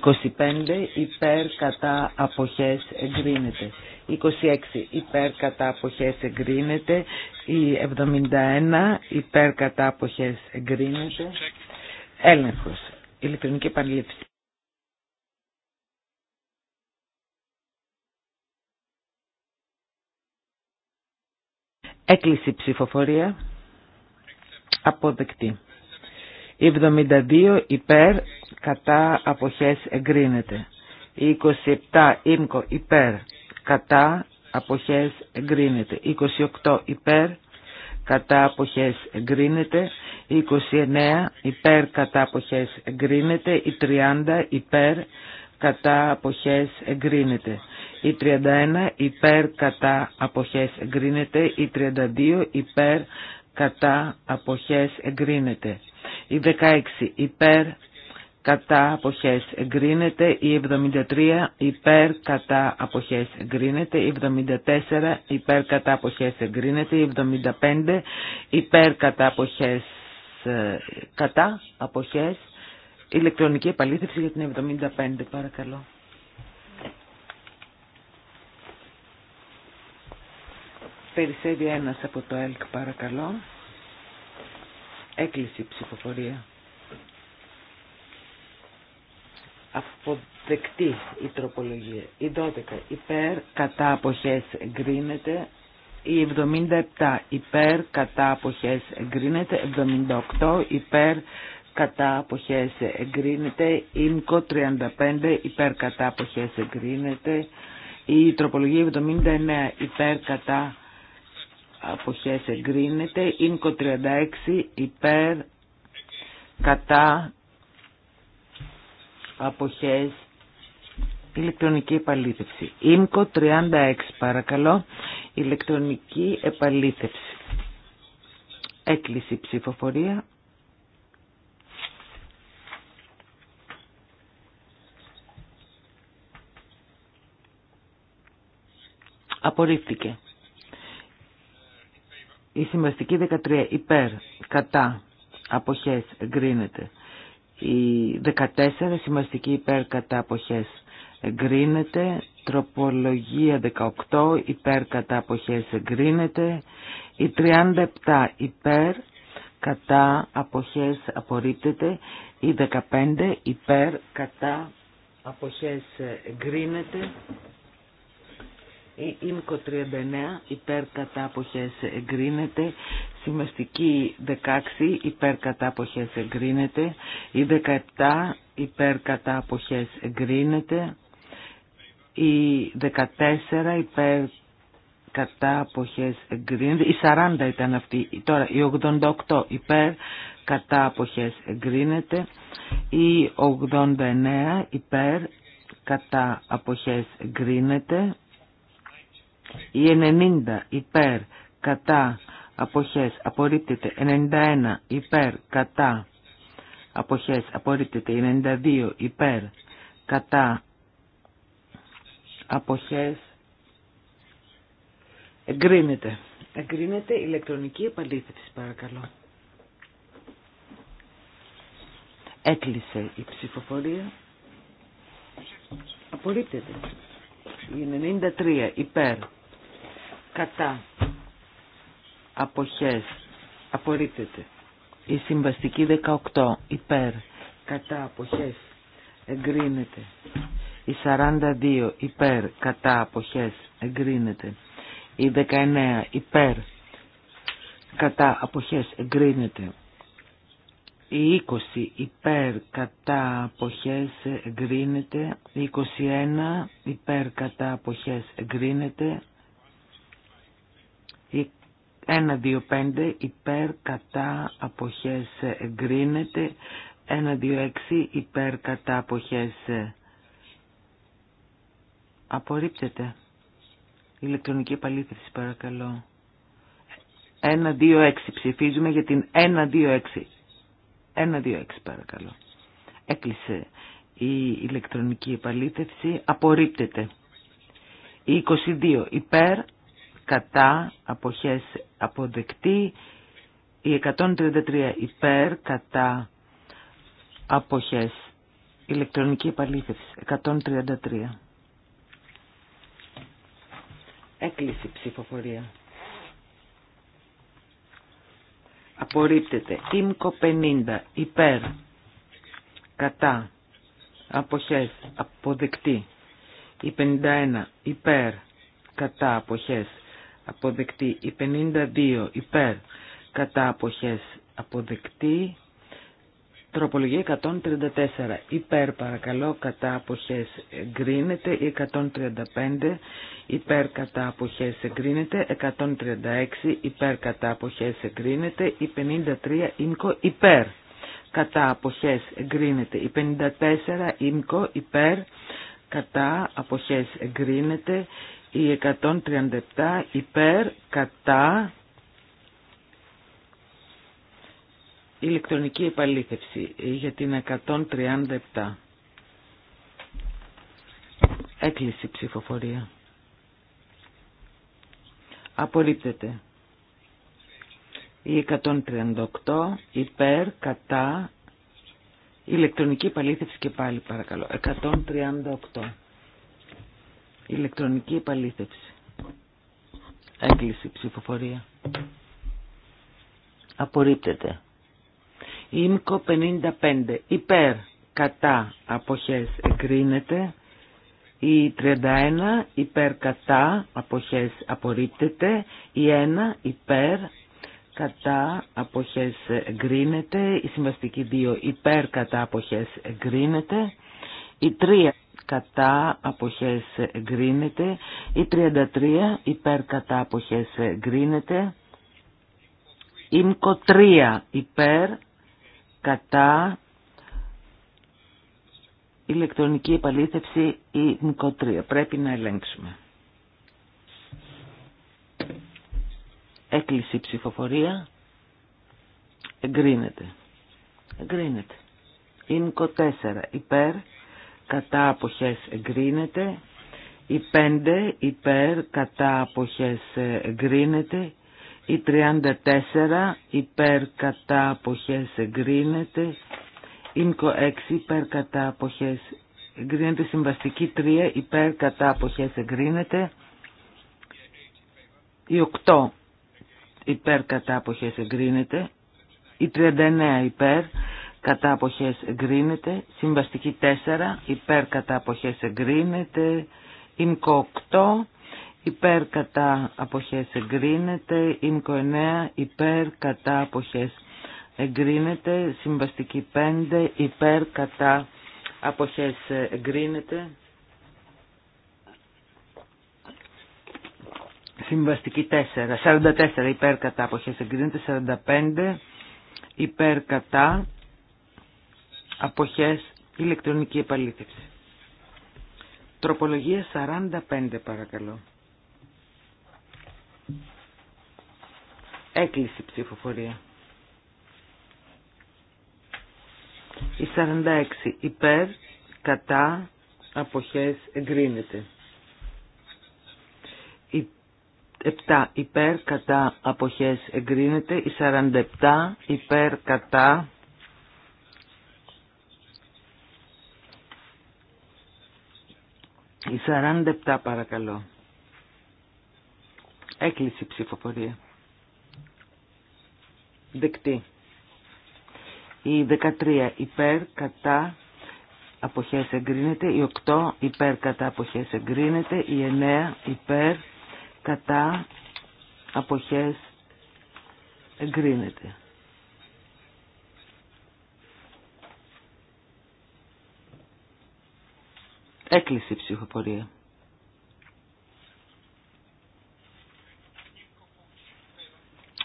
υπέρ κατά αποχές εγκρίνεται. 26 υπέρ κατά αποχές εγκρίνεται, η 71 υπέρ κατά αποχές εγκρίνεται, έλεγχος, ηλεκτρονική επανλήψη. Έκλειση ψηφοφορία. Αποδεκτή. 72 υπέρ, κατά αποχές εγκρίνεται. 27 ΙΜΚΟ υπέρ, κατά αποχές εγκρίνεται. 28 υπέρ, κατά αποχές εγκρίνεται. 29 υπέρ, κατά αποχές εγκρίνεται. 30 υπέρ, κατά αποχές εγκρίνεται. Η 31 υπέρ κατά αποχές εγκρίνεται. Η 32 υπέρ κατά αποχές εγκρίνεται. Η 16 υπέρ κατά αποχές εγκρίνεται. Η 73 υπέρ κατά αποχές εγκρίνεται. Η 74 υπέρ κατά αποχές εγκρίνεται. Η 75 υπέρ κατά αποχές ε, κατά αποχές ηλεκτρονική επαλήθευση για την 75 παρακαλώ. Περισσεύει ένα από το ΕΛΚ παρακαλώ. Έκλεισε η ψηφοφορία. Αποδεκτή η τροπολογία. Η 12 υπέρ κατά αποχές εγκρίνεται. Η 77 υπέρ κατά αποχές εγκρίνεται. 78 υπέρ κατά αποχές εγκρίνεται. Ήμκο 35 υπέρ κατά αποχές εγκρίνεται. Η τροπολογία 79 υπέρ κατά αποχές εγκρίνεται. ΙΝΚΟ 36 υπέρ κατά αποχές ηλεκτρονική επαλήθευση. Ινκο 36 παρακαλώ ηλεκτρονική επαλήθευση. Έκλειση ψηφοφορία. Απορρίφθηκε. Η σημαστική 13 υπέρ, κατά, αποχές, εγκρίνεται. Η 14 σημαστική υπέρ, κατά, αποχές, εγκρίνεται. Τροπολογία 18 υπέρ, κατά, αποχές, εγκρίνεται. Η 37 υπέρ, κατά, αποχές, απορρίπτεται. Η 15 υπέρ, κατά, αποχές, εγκρίνεται. Η ΙΜΚΟ 39 υπέρ κατάποχες εγκρίνεται. Συμμεστική 16 υπέρ κατάποχες εγκρίνεται. Η 17 υπέρ κατάποχες εγκρίνεται. Η 14 υπέρ κατά εγκρίνεται. Η 40 ήταν αυτή. Τώρα η 88 υπέρ κατά εγκρίνεται. Η 89 υπέρ κατά αποχές εγκρίνεται. Η 90 υπέρ κατά αποχές απορρίπτεται. 91 υπέρ κατά αποχές απορρίπτεται. 92 υπέρ κατά αποχές εγκρίνεται. Εγκρίνεται ηλεκτρονική επαλήθευση παρακαλώ. Έκλεισε η ψηφοφορία. Απορρίπτεται. Η 93 υπέρ κατά αποχές απορρίπτεται η συμβαστική 18 υπέρ κατά αποχές εγκρίνεται η 42 υπέρ κατά αποχές εγκρίνεται η 19 υπέρ κατά αποχές εγκρίνεται η 20 υπέρ κατά αποχές εγκρίνεται, η 21 υπέρ κατά αποχές εγκρίνεται, 1-2-5 υπέρ κατά αποχές εγκρίνεται. 1-2-6 υπέρ κατά αποχές απορρίπτεται. Ηλεκτρονική επαλήθευση παρακαλώ. 1-2-6 ψηφίζουμε για την 1-2-6. 1-2-6 παρακαλώ. Έκλεισε η ηλεκτρονική επαλήθευση. Απορρίπτεται. Η 22 υπέρ κατά αποχές αποδεκτή η 133 υπέρ κατά αποχές ηλεκτρονική επαλήθευση 133 έκλεισε ψηφοφορία απορρίπτεται ΥΜΚΟ 50 υπέρ κατά αποχές αποδεκτή η 51 υπέρ κατά αποχές αποδεκτή. Η 52 υπέρ κατά αποχές αποδεκτή. Τροπολογία 134 υπέρ παρακαλώ κατά αποχές εγκρίνεται. Η 135 υπέρ κατά αποχές εγκρίνεται. 136 υπέρ κατά αποχές εγκρίνεται. Η 53 ίνκο υπέρ κατά αποχές εγκρίνεται. Η 54 ίνκο, υπέρ κατά αποχές εγκρίνεται. Η 137 υπέρ κατά ηλεκτρονική επαλήθευση για την 137. Έκλεισε ψηφοφορία. Απορρίπτεται. Η 138 υπέρ κατά ηλεκτρονική επαλήθευση και πάλι παρακαλώ. 138. Ηλεκτρονική επαλήθευση. Έγκληση ψηφοφορία. Απορρίπτεται. Ήμκο 55. Υπέρ. Κατά. Αποχές. Εγκρίνεται. Η 31 υπέρ κατά αποχές απορρίπτεται, η 1 υπέρ κατά αποχές εγκρίνεται, η συμβαστική 2 υπέρ κατά αποχές εγκρίνεται, η 3 κατά αποχές εγκρίνεται, η 33 υπέρ κατά αποχές εγκρίνεται, ΜΚΟ 3 υπέρ κατά ηλεκτρονική επαλήθευση η ΜΚΟ 3. Πρέπει να ελέγξουμε. Έκλεισε η ψηφοφορία. Εγκρίνεται. Εγκρίνεται. ΜΚΟ 4 υπέρ κατά εγκρίνεται. Η 5 υπέρ κατά αποχές εγκρίνεται. Η 34 υπέρ κατά αποχές εγκρίνεται. Ήμκο 6 υπέρ κατά αποχές εγκρίνεται. Συμβαστική 3 υπέρ κατά αποχές εγκρίνεται. Η 8 υπέρ κατά αποχές εγκρίνεται. Η 39 υπέρ κατά αποχές εγκρίνεται, συμβαστική 4 υπέρ κατά αποχές εγκρίνεται, ΙΜΚΟ 8 υπέρ κατά αποχές εγκρίνεται, ΙΜΚΟ 9 υπέρ κατά αποχές εγκρίνεται, συμβαστική 5 υπέρ κατά αποχές εγκρίνεται, συμβαστική 4, 44 υπέρ κατά αποχές εγκρίνεται, 45 υπέρ κατά αποχές ηλεκτρονική επαλήθευση. Τροπολογία 45 παρακαλώ. Έκλειση ψηφοφορία. Η 46 υπέρ, κατά, αποχές εγκρίνεται. Η 7 υπέρ, κατά, αποχές εγκρίνεται. Η 47 υπέρ, κατά, Η 47 παρακαλώ. Έκλεισε η ψηφοφορία. Δεκτή. Η 13 υπέρ κατά αποχές εγκρίνεται. Η 8 υπέρ κατά αποχές εγκρίνεται. Η 9 υπέρ κατά αποχές εγκρίνεται. Έκλεισε η ψυχοπορία.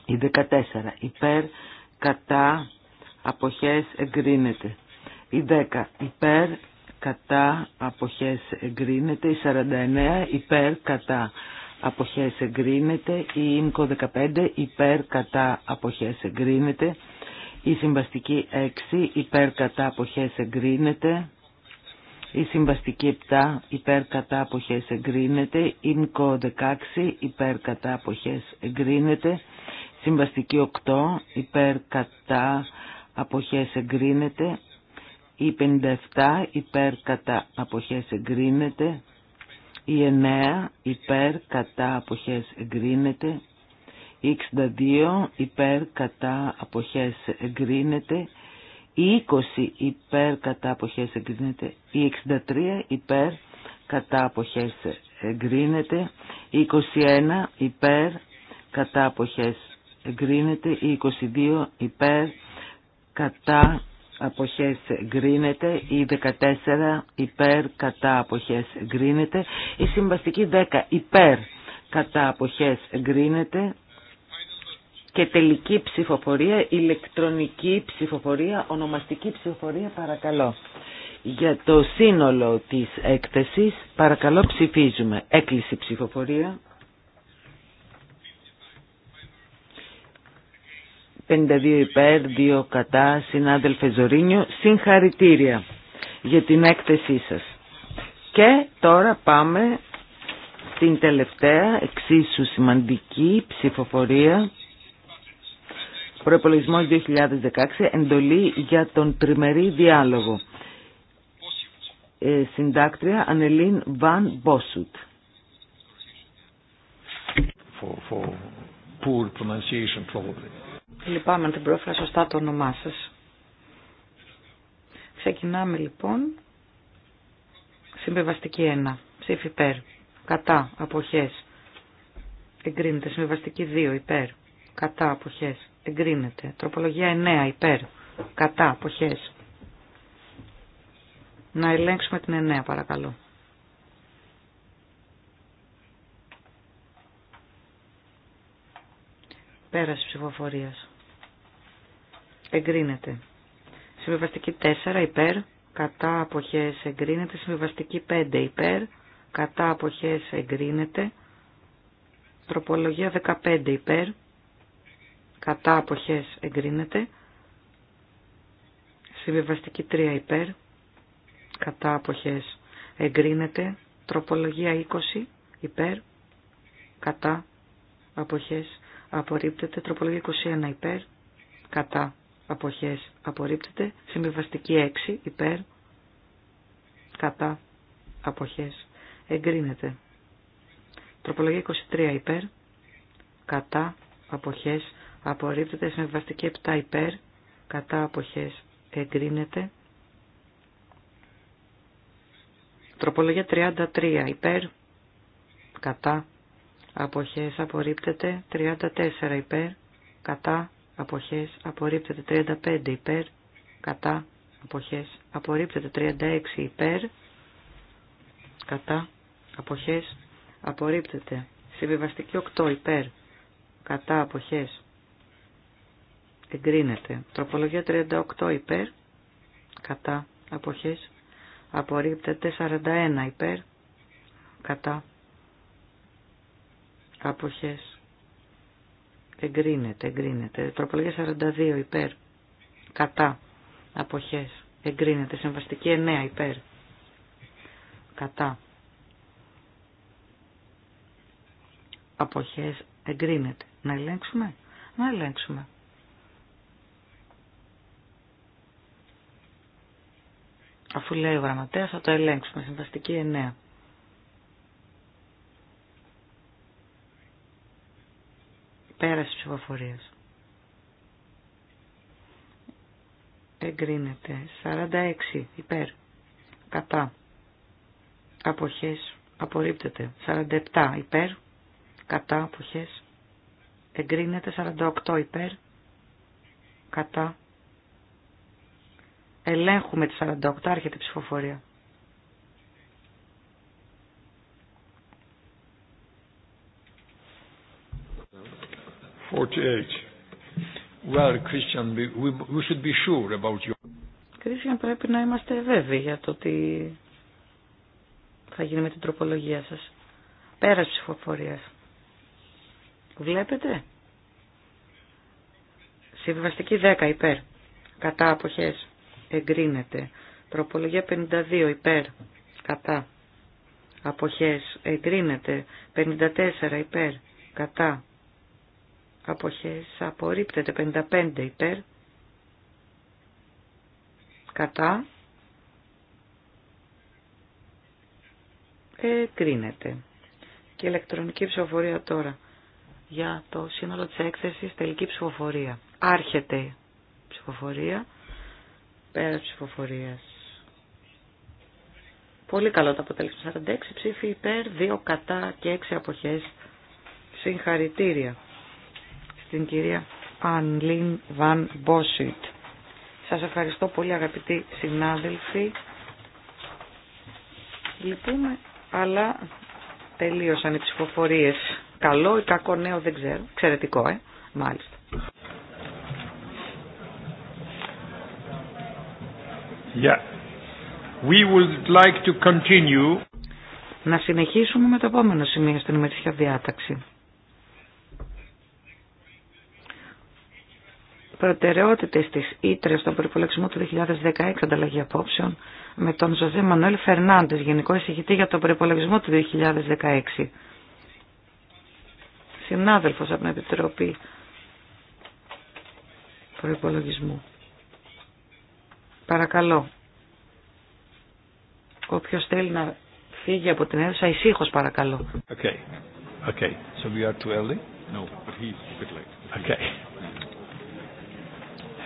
Η 14. Υπέρ, κατά, αποχές, εγκρίνεται. Η 10. Υπέρ, κατά, αποχές, εγκρίνεται. Η 49. Υπέρ, κατά, αποχές, εγκρίνεται. Η 15. Υπέρ, κατά, αποχές, εγκρίνεται. Η συμβαστική 6. Υπέρ, κατά, αποχές, εγκρίνεται. Η συμβαστική 7 υπέρ κατά αποχές εγκρίνεται. Ήμκο 16 υπέρ κατά αποχές εγκρίνεται. Συμβαστική 8 υπέρ κατά αποχές εγκρίνεται. Η 57 υπέρ κατά αποχές εγκρίνεται. Η 9 υπέρ κατά αποχές εγκρίνεται. Η 62 υπέρ κατά αποχές εγκρίνεται. Η 20 υπέρ κατά αποχές εγκρίνεται. Η 63 υπέρ κατά αποχές εγκρίνεται. Η 21 υπέρ κατά εγκρίνεται. Η 22 υπέρ κατά αποχές εγκρίνεται. Η 14 υπέρ κατά αποχές εγκρίνεται. Η συμβαστική 10 υπέρ κατά αποχές εγκρίνεται και τελική ψηφοφορία, ηλεκτρονική ψηφοφορία, ονομαστική ψηφοφορία παρακαλώ. Για το σύνολο της έκθεσης παρακαλώ ψηφίζουμε. Έκλειση ψηφοφορία. 52 υπέρ, 2 κατά, συνάδελφε Ζωρίνιο, συγχαρητήρια για την έκθεσή σας. Και τώρα πάμε στην τελευταία εξίσου σημαντική ψηφοφορία Προεπολογισμό 2016, εντολή για τον τριμερή διάλογο. Ε, συντάκτρια Ανελίν Βαν Μπόσουτ. Λυπάμαι αν την πρόφερα σωστά το όνομά σα. Ξεκινάμε λοιπόν. Συμβεβαστική 1. Ψήφι υπέρ. Κατά. Αποχές. Εγκρίνεται. Συμβεβαστική 2. Υπέρ. Κατά. Αποχές εγκρίνεται. Τροπολογία 9 υπέρ, κατά, αποχές. Να ελέγξουμε την 9 παρακαλώ. Πέραση ψηφοφορίας. Εγκρίνεται. Συμβιβαστική 4 υπέρ, κατά αποχές εγκρίνεται. Συμβιβαστική 5 υπέρ, κατά αποχές εγκρίνεται. Τροπολογία 15 υπέρ, κατά αποχές εγκρίνεται. Συμβιβαστική 3 υπέρ, κατά αποχές εγκρίνεται. Τροπολογία 20 υπέρ, κατά αποχές απορρίπτεται. Τροπολογία 21 υπέρ, κατά αποχές απορρίπτεται. Συμβιβαστική 6 υπέρ, κατά αποχές εγκρίνεται. Τροπολογία 23 υπέρ, κατά αποχές απορρίπτεται. Συμβαστική 7 υπέρ, κατά αποχές εγκρίνεται. Τροπολογία 33 υπέρ, κατά αποχές απορρίπτεται. 34 υπέρ, κατά αποχές απορρίπτεται. 35 υπέρ, κατά αποχές απορρίπτεται. 36 υπέρ, κατά αποχές απορρίπτεται. Συμβιβαστική 8 υπέρ, κατά αποχές εγκρίνεται. Τροπολογία 38 υπέρ, κατά αποχές απορρίπτεται 41 υπέρ, κατά αποχές εγκρίνεται, εγκρίνεται. Τροπολογία 42 υπέρ, κατά αποχές εγκρίνεται. Συμβαστική 9 υπέρ, κατά αποχές εγκρίνεται. Να ελέγξουμε, να ελέγξουμε. Αφού λέει ο γραμματέας θα το ελέγξουμε. Συμβαστική 9. Πέραση ψηφοφορίας. Εγκρίνεται. 46 υπέρ. Κατά. Αποχές. Απορρίπτεται. 47 υπέρ. Κατά. Αποχές. Εγκρίνεται. 48 υπέρ. Κατά Ελέγχουμε τη 48, άρχεται η ψηφοφορία. Well, Christian, we should be sure about Christian, πρέπει να είμαστε βέβαιοι για το ότι θα γίνει με την τροπολογία σας. Πέρας ψηφοφορίας. Βλέπετε. Συμβιβαστική 10 υπέρ. Κατά αποχές εγκρίνεται. Τροπολογία 52 υπέρ κατά αποχές εγκρίνεται. 54 υπέρ κατά αποχές απορρίπτεται. 55 υπέρ κατά εγκρίνεται. Και ηλεκτρονική ψηφοφορία τώρα για το σύνολο της έκθεσης τελική ψηφοφορία. Άρχεται η ψηφοφορία. Πέρα ψηφοφορία. Πολύ καλό το αποτέλεσμα. 46 ψήφοι υπέρ, 2 κατά και 6 αποχές. Συγχαρητήρια στην κυρία Ανλίν Βαν Μπόσιτ. Σας ευχαριστώ πολύ αγαπητοί συνάδελφοι. Λυπούμε, αλλά τελείωσαν οι ψηφοφορίε. Καλό ή κακό νέο δεν ξέρω. Εξαιρετικό, ε. Μάλιστα. Να συνεχίσουμε με το επόμενο σημείο στην ημερήσια διάταξη. Προτεραιότητες τη ήτρε στον προπολογισμό του 2016 ανταλλαγή απόψεων με τον Ζωζέ Μανουέλ Φερνάντε, Γενικό Εισηγητή για τον προπολογισμό του 2016. Συνάδελφο από την Επιτροπή Προπολογισμού. Παρακαλώ. Όποιος θέλει να φύγει από την αίθουσα, ησύχως παρακαλώ. Okay. Okay. So we are too early? No, but he's a bit late. Okay.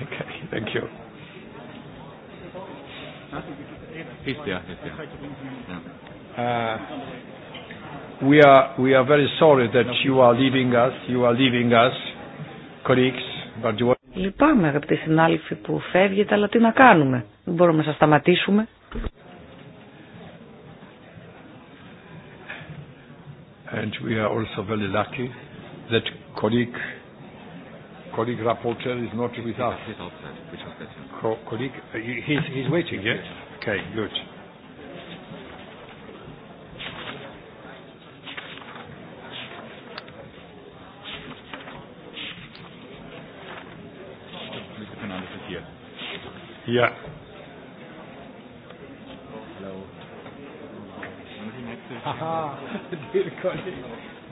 Okay. Thank you. He's there. He's there. Uh, we are we are very sorry that you are leaving us. You are leaving us, colleagues. But you Λυπάμαι αγαπητοί συνάλφοι που φεύγετε, αλλά τι να κάνουμε. Δεν μπορούμε να σας σταματήσουμε. And we are also very lucky that colleague, colleague rapporteur is not with us. Co colleague, he's, he's waiting, yes? Okay, good. Ja. Haha,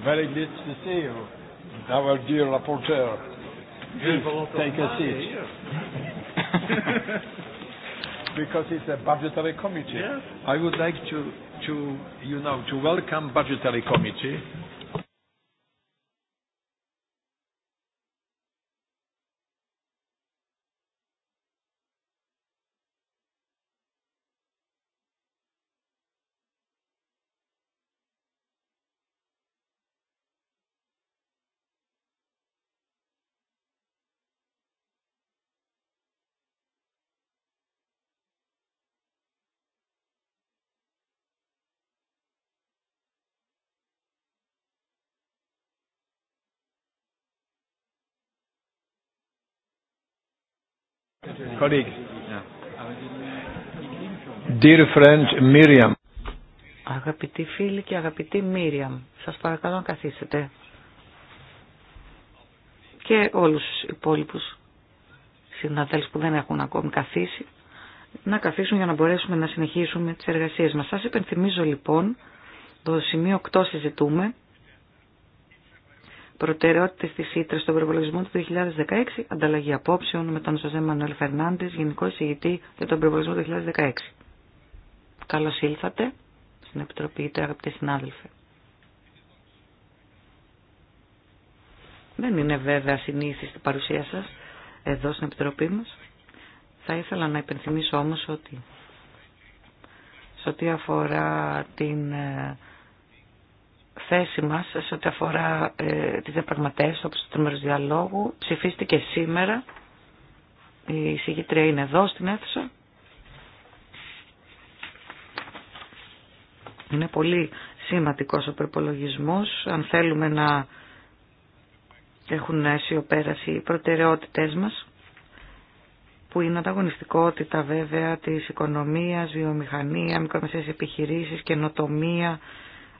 very good to see you. Our dear rapporteur. take a seat. Because it's a budgetary committee. I would like to, to, you know, to welcome budgetary committee Dear friend Miriam. Αγαπητοί φίλοι και αγαπητή Μίριαμ, σας παρακαλώ να καθίσετε. Και όλους τους υπόλοιπους συναδέλφους που δεν έχουν ακόμη καθίσει, να καθίσουν για να μπορέσουμε να συνεχίσουμε τις εργασίες μας. Σας υπενθυμίζω λοιπόν, το σημείο 8 συζητούμε, προτεραιότητες τη ΣΥΤΡΑ στον προπολογισμό του 2016, ανταλλαγή απόψεων με τον Ζωζέ Μανουέλ Φερνάντε, Γενικό Εισηγητή για τον προπολογισμό του 2016. Καλώ ήλθατε στην Επιτροπή είτε αγαπητοί συνάδελφοι. Δεν είναι βέβαια στην παρουσία σας εδώ στην Επιτροπή μας. Θα ήθελα να υπενθυμίσω όμω ότι σε ό,τι αφορά την ε, θέση μας σε ό,τι αφορά ε, τις διαπραγματεύσεις όπως το διαλόγου ψηφίστηκε σήμερα. Η συγκήτρια είναι εδώ στην αίθουσα. Είναι πολύ σημαντικός ο προπολογισμό. αν θέλουμε να έχουν αισιοπέραση οι προτεραιότητες μας που είναι ανταγωνιστικότητα βέβαια της οικονομίας, βιομηχανία, μικρομεσαίες επιχειρήσεις, καινοτομία,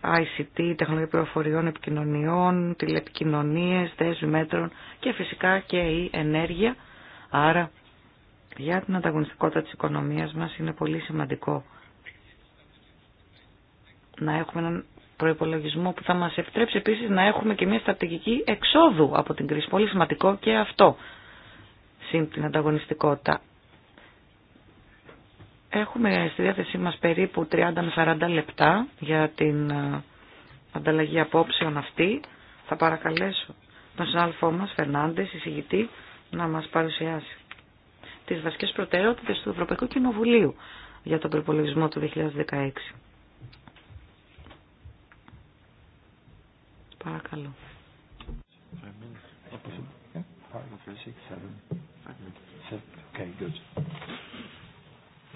ICT, τεχνολογία πληροφοριών, επικοινωνιών, τηλεπικοινωνίες, δέσμη μέτρων και φυσικά και η ενέργεια. Άρα για την ανταγωνιστικότητα της οικονομίας μας είναι πολύ σημαντικό να έχουμε έναν προϋπολογισμό που θα μας επιτρέψει επίσης να έχουμε και μια στρατηγική εξόδου από την κρίση. Πολύ σημαντικό και αυτό σύν την ανταγωνιστικότητα. Έχουμε στη διάθεσή μας περίπου 30 με 40 λεπτά για την ε, ανταλλαγή απόψεων αυτή. Θα παρακαλέσω τον συνάδελφό μας, Φερνάντες, εισηγητή, να μας παρουσιάσει τις βασικές προτεραιότητες του Ευρωπαϊκού Κοινοβουλίου για τον προπολογισμό του 2016. Παρακαλώ. Okay,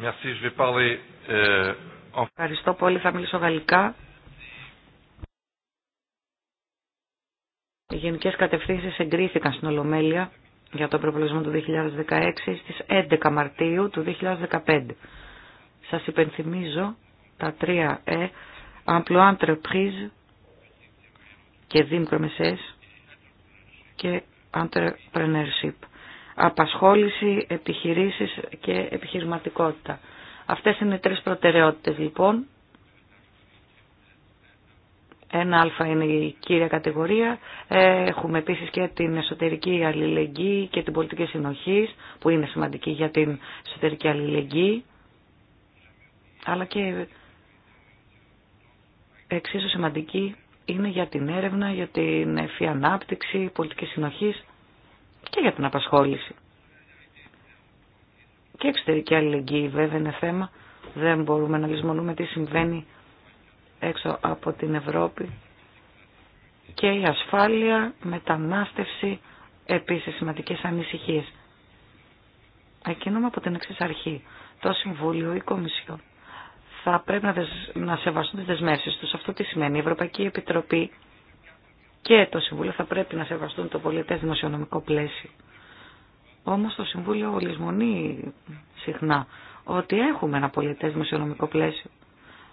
Euh, Ευχαριστώ πολύ. Θα μιλήσω γαλλικά. Οι γενικέ κατευθύνσει εγκρίθηκαν στην Ολομέλεια για τον προπολογισμό του 2016 στις 11 Μαρτίου του 2015. Σας υπενθυμίζω τα τρία «Ε», «Emploi Entreprise» και «Δήμικρο και «Entrepreneurship» απασχόληση, επιχειρήσεις και επιχειρηματικότητα. Αυτές είναι τρεις προτεραιότητες λοιπόν. Ένα α είναι η κύρια κατηγορία. Ε, έχουμε επίσης και την εσωτερική αλληλεγγύη και την πολιτική συνοχής που είναι σημαντική για την εσωτερική αλληλεγγύη. Αλλά και εξίσου σημαντική είναι για την έρευνα, για την ανάπτυξη πολιτική συνοχής και για την απασχόληση. Και εξωτερική αλληλεγγύη βέβαια είναι θέμα. Δεν μπορούμε να λησμονούμε τι συμβαίνει έξω από την Ευρώπη. Και η ασφάλεια, μετανάστευση, επίσης σημαντικές ανησυχίες. Ακινούμε από την εξή αρχή. Το Συμβούλιο ή Κομισιόν θα πρέπει να, δεσ... να σεβαστούν τις δεσμεύσεις τους. Αυτό τι σημαίνει. Η Ευρωπαϊκή Επιτροπή και το Συμβούλιο θα πρέπει να σεβαστούν το πολιτές δημοσιονομικό πλαίσιο. Όμως το Συμβούλιο ολισμονεί συχνά ότι έχουμε ένα πολιτές δημοσιονομικό πλαίσιο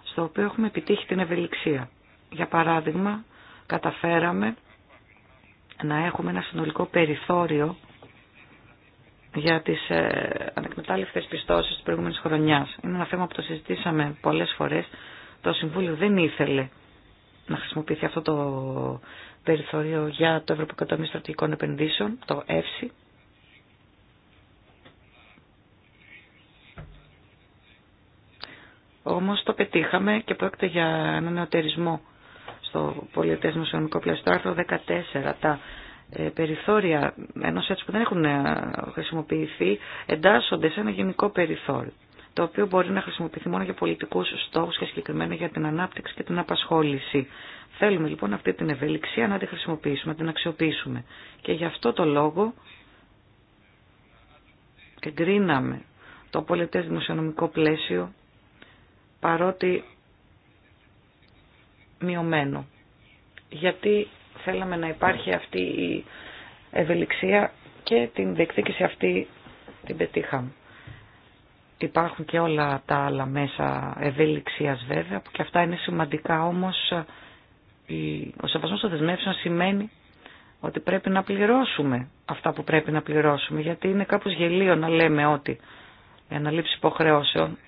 στο οποίο έχουμε επιτύχει την ευελιξία. Για παράδειγμα, καταφέραμε να έχουμε ένα συνολικό περιθώριο για τις ε, ανεκμετάλλευτες πιστώσεις της προηγούμενης χρονιάς. Είναι ένα θέμα που το συζητήσαμε πολλές φορές. Το Συμβούλιο δεν ήθελε να χρησιμοποιηθεί αυτό το περιθώριο για το Ευρωπαϊκό Ταμείο Στρατηγικών Επενδύσεων, το ΕΦΣΥ. Όμως το πετύχαμε και πρόκειται για ένα νεοτερισμό στο πολιετές νοσιονομικό πλαίσιο. Το άρθρο 14, τα ε, περιθώρια ενός έτσι που δεν έχουν ε, χρησιμοποιηθεί, εντάσσονται σε ένα γενικό περιθώριο το οποίο μπορεί να χρησιμοποιηθεί μόνο για πολιτικούς στόχους και συγκεκριμένα για την ανάπτυξη και την απασχόληση. Θέλουμε λοιπόν αυτή την ευελιξία να τη χρησιμοποιήσουμε, να την αξιοποιήσουμε. Και γι' αυτό το λόγο εγκρίναμε το πολιτές δημοσιονομικό πλαίσιο παρότι μειωμένο. Γιατί θέλαμε να υπάρχει αυτή η ευελιξία και την διεκδίκηση αυτή την πετύχαμε. Υπάρχουν και όλα τα άλλα μέσα ευέλιξίας βέβαια, που και αυτά είναι σημαντικά, όμως ε, ο σεβασμός των δεσμεύσεων σημαίνει ότι πρέπει να πληρώσουμε αυτά που πρέπει να πληρώσουμε, γιατί είναι κάπως γελίο να λέμε ότι η αναλήψη υποχρεώσεων,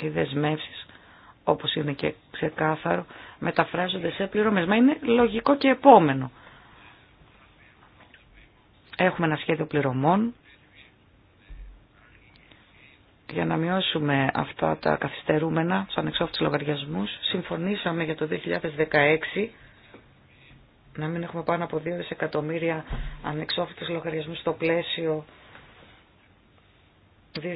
οι δεσμεύσει, όπως είναι και ξεκάθαρο, μεταφράζονται σε πληρωμές. Μα είναι λογικό και επόμενο. Έχουμε ένα σχέδιο πληρωμών, για να μειώσουμε αυτά τα καθυστερούμενα στους ανεξόφτους λογαριασμούς, συμφωνήσαμε για το 2016 να μην έχουμε πάνω από 2 δισεκατομμύρια ανεξόφλητους λογαριασμούς στο πλαίσιο 2006-2013.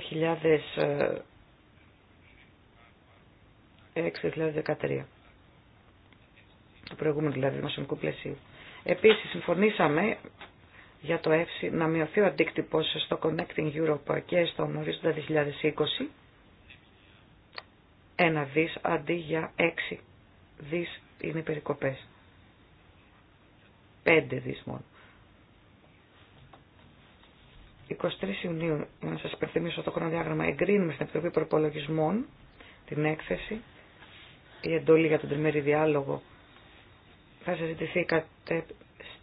Το προηγούμενο δηλαδή δημοσιονομικού πλαισίου. Επίσης συμφωνήσαμε για το ΕΦΣΙ να μειωθεί ο αντίκτυπος στο Connecting Europe και στο ορίζοντα 2020 ένα δις αντί για έξι δις είναι οι περικοπές. Πέντε δις μόνο. 23 Ιουνίου, να σας υπενθυμίσω το χρονοδιάγραμμα, εγκρίνουμε στην Επιτροπή Προπολογισμών την έκθεση, η εντολή για τον τριμερή διάλογο θα συζητηθεί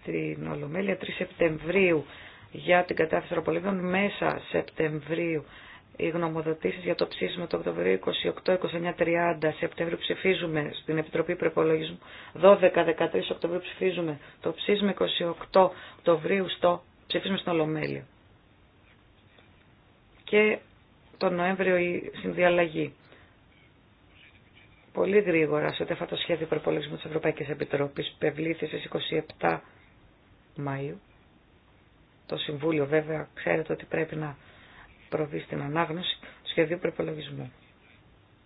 στην Ολομέλεια 3 Σεπτεμβρίου για την κατάθεση τροπολίδων μέσα Σεπτεμβρίου. Οι γνωμοδοτήσεις για το ψήσιμο του Οκτωβρίου 28-29-30 Σεπτεμβρίου ψηφίζουμε στην Επιτροπή Προπολογισμού. 12-13 Οκτωβρίου ψηφίζουμε το ψήφισμα 28 Οκτωβρίου στο ψηφίσμα στην επιτροπη προπολογισμου 12 13 οκτωβριου ψηφιζουμε το ψησιμο 28 οκτωβριου στο ψηφισμα στην ολομελεια Και τον Νοέμβριο η συνδιαλλαγή. Πολύ γρήγορα σε ό,τι το σχέδιο προπολογισμού της Ευρωπαϊκής Επιτροπής πευλήθησης στις 27 Μαΐου. Το Συμβούλιο βέβαια ξέρετε ότι πρέπει να προβεί στην ανάγνωση του σχεδίου προπολογισμού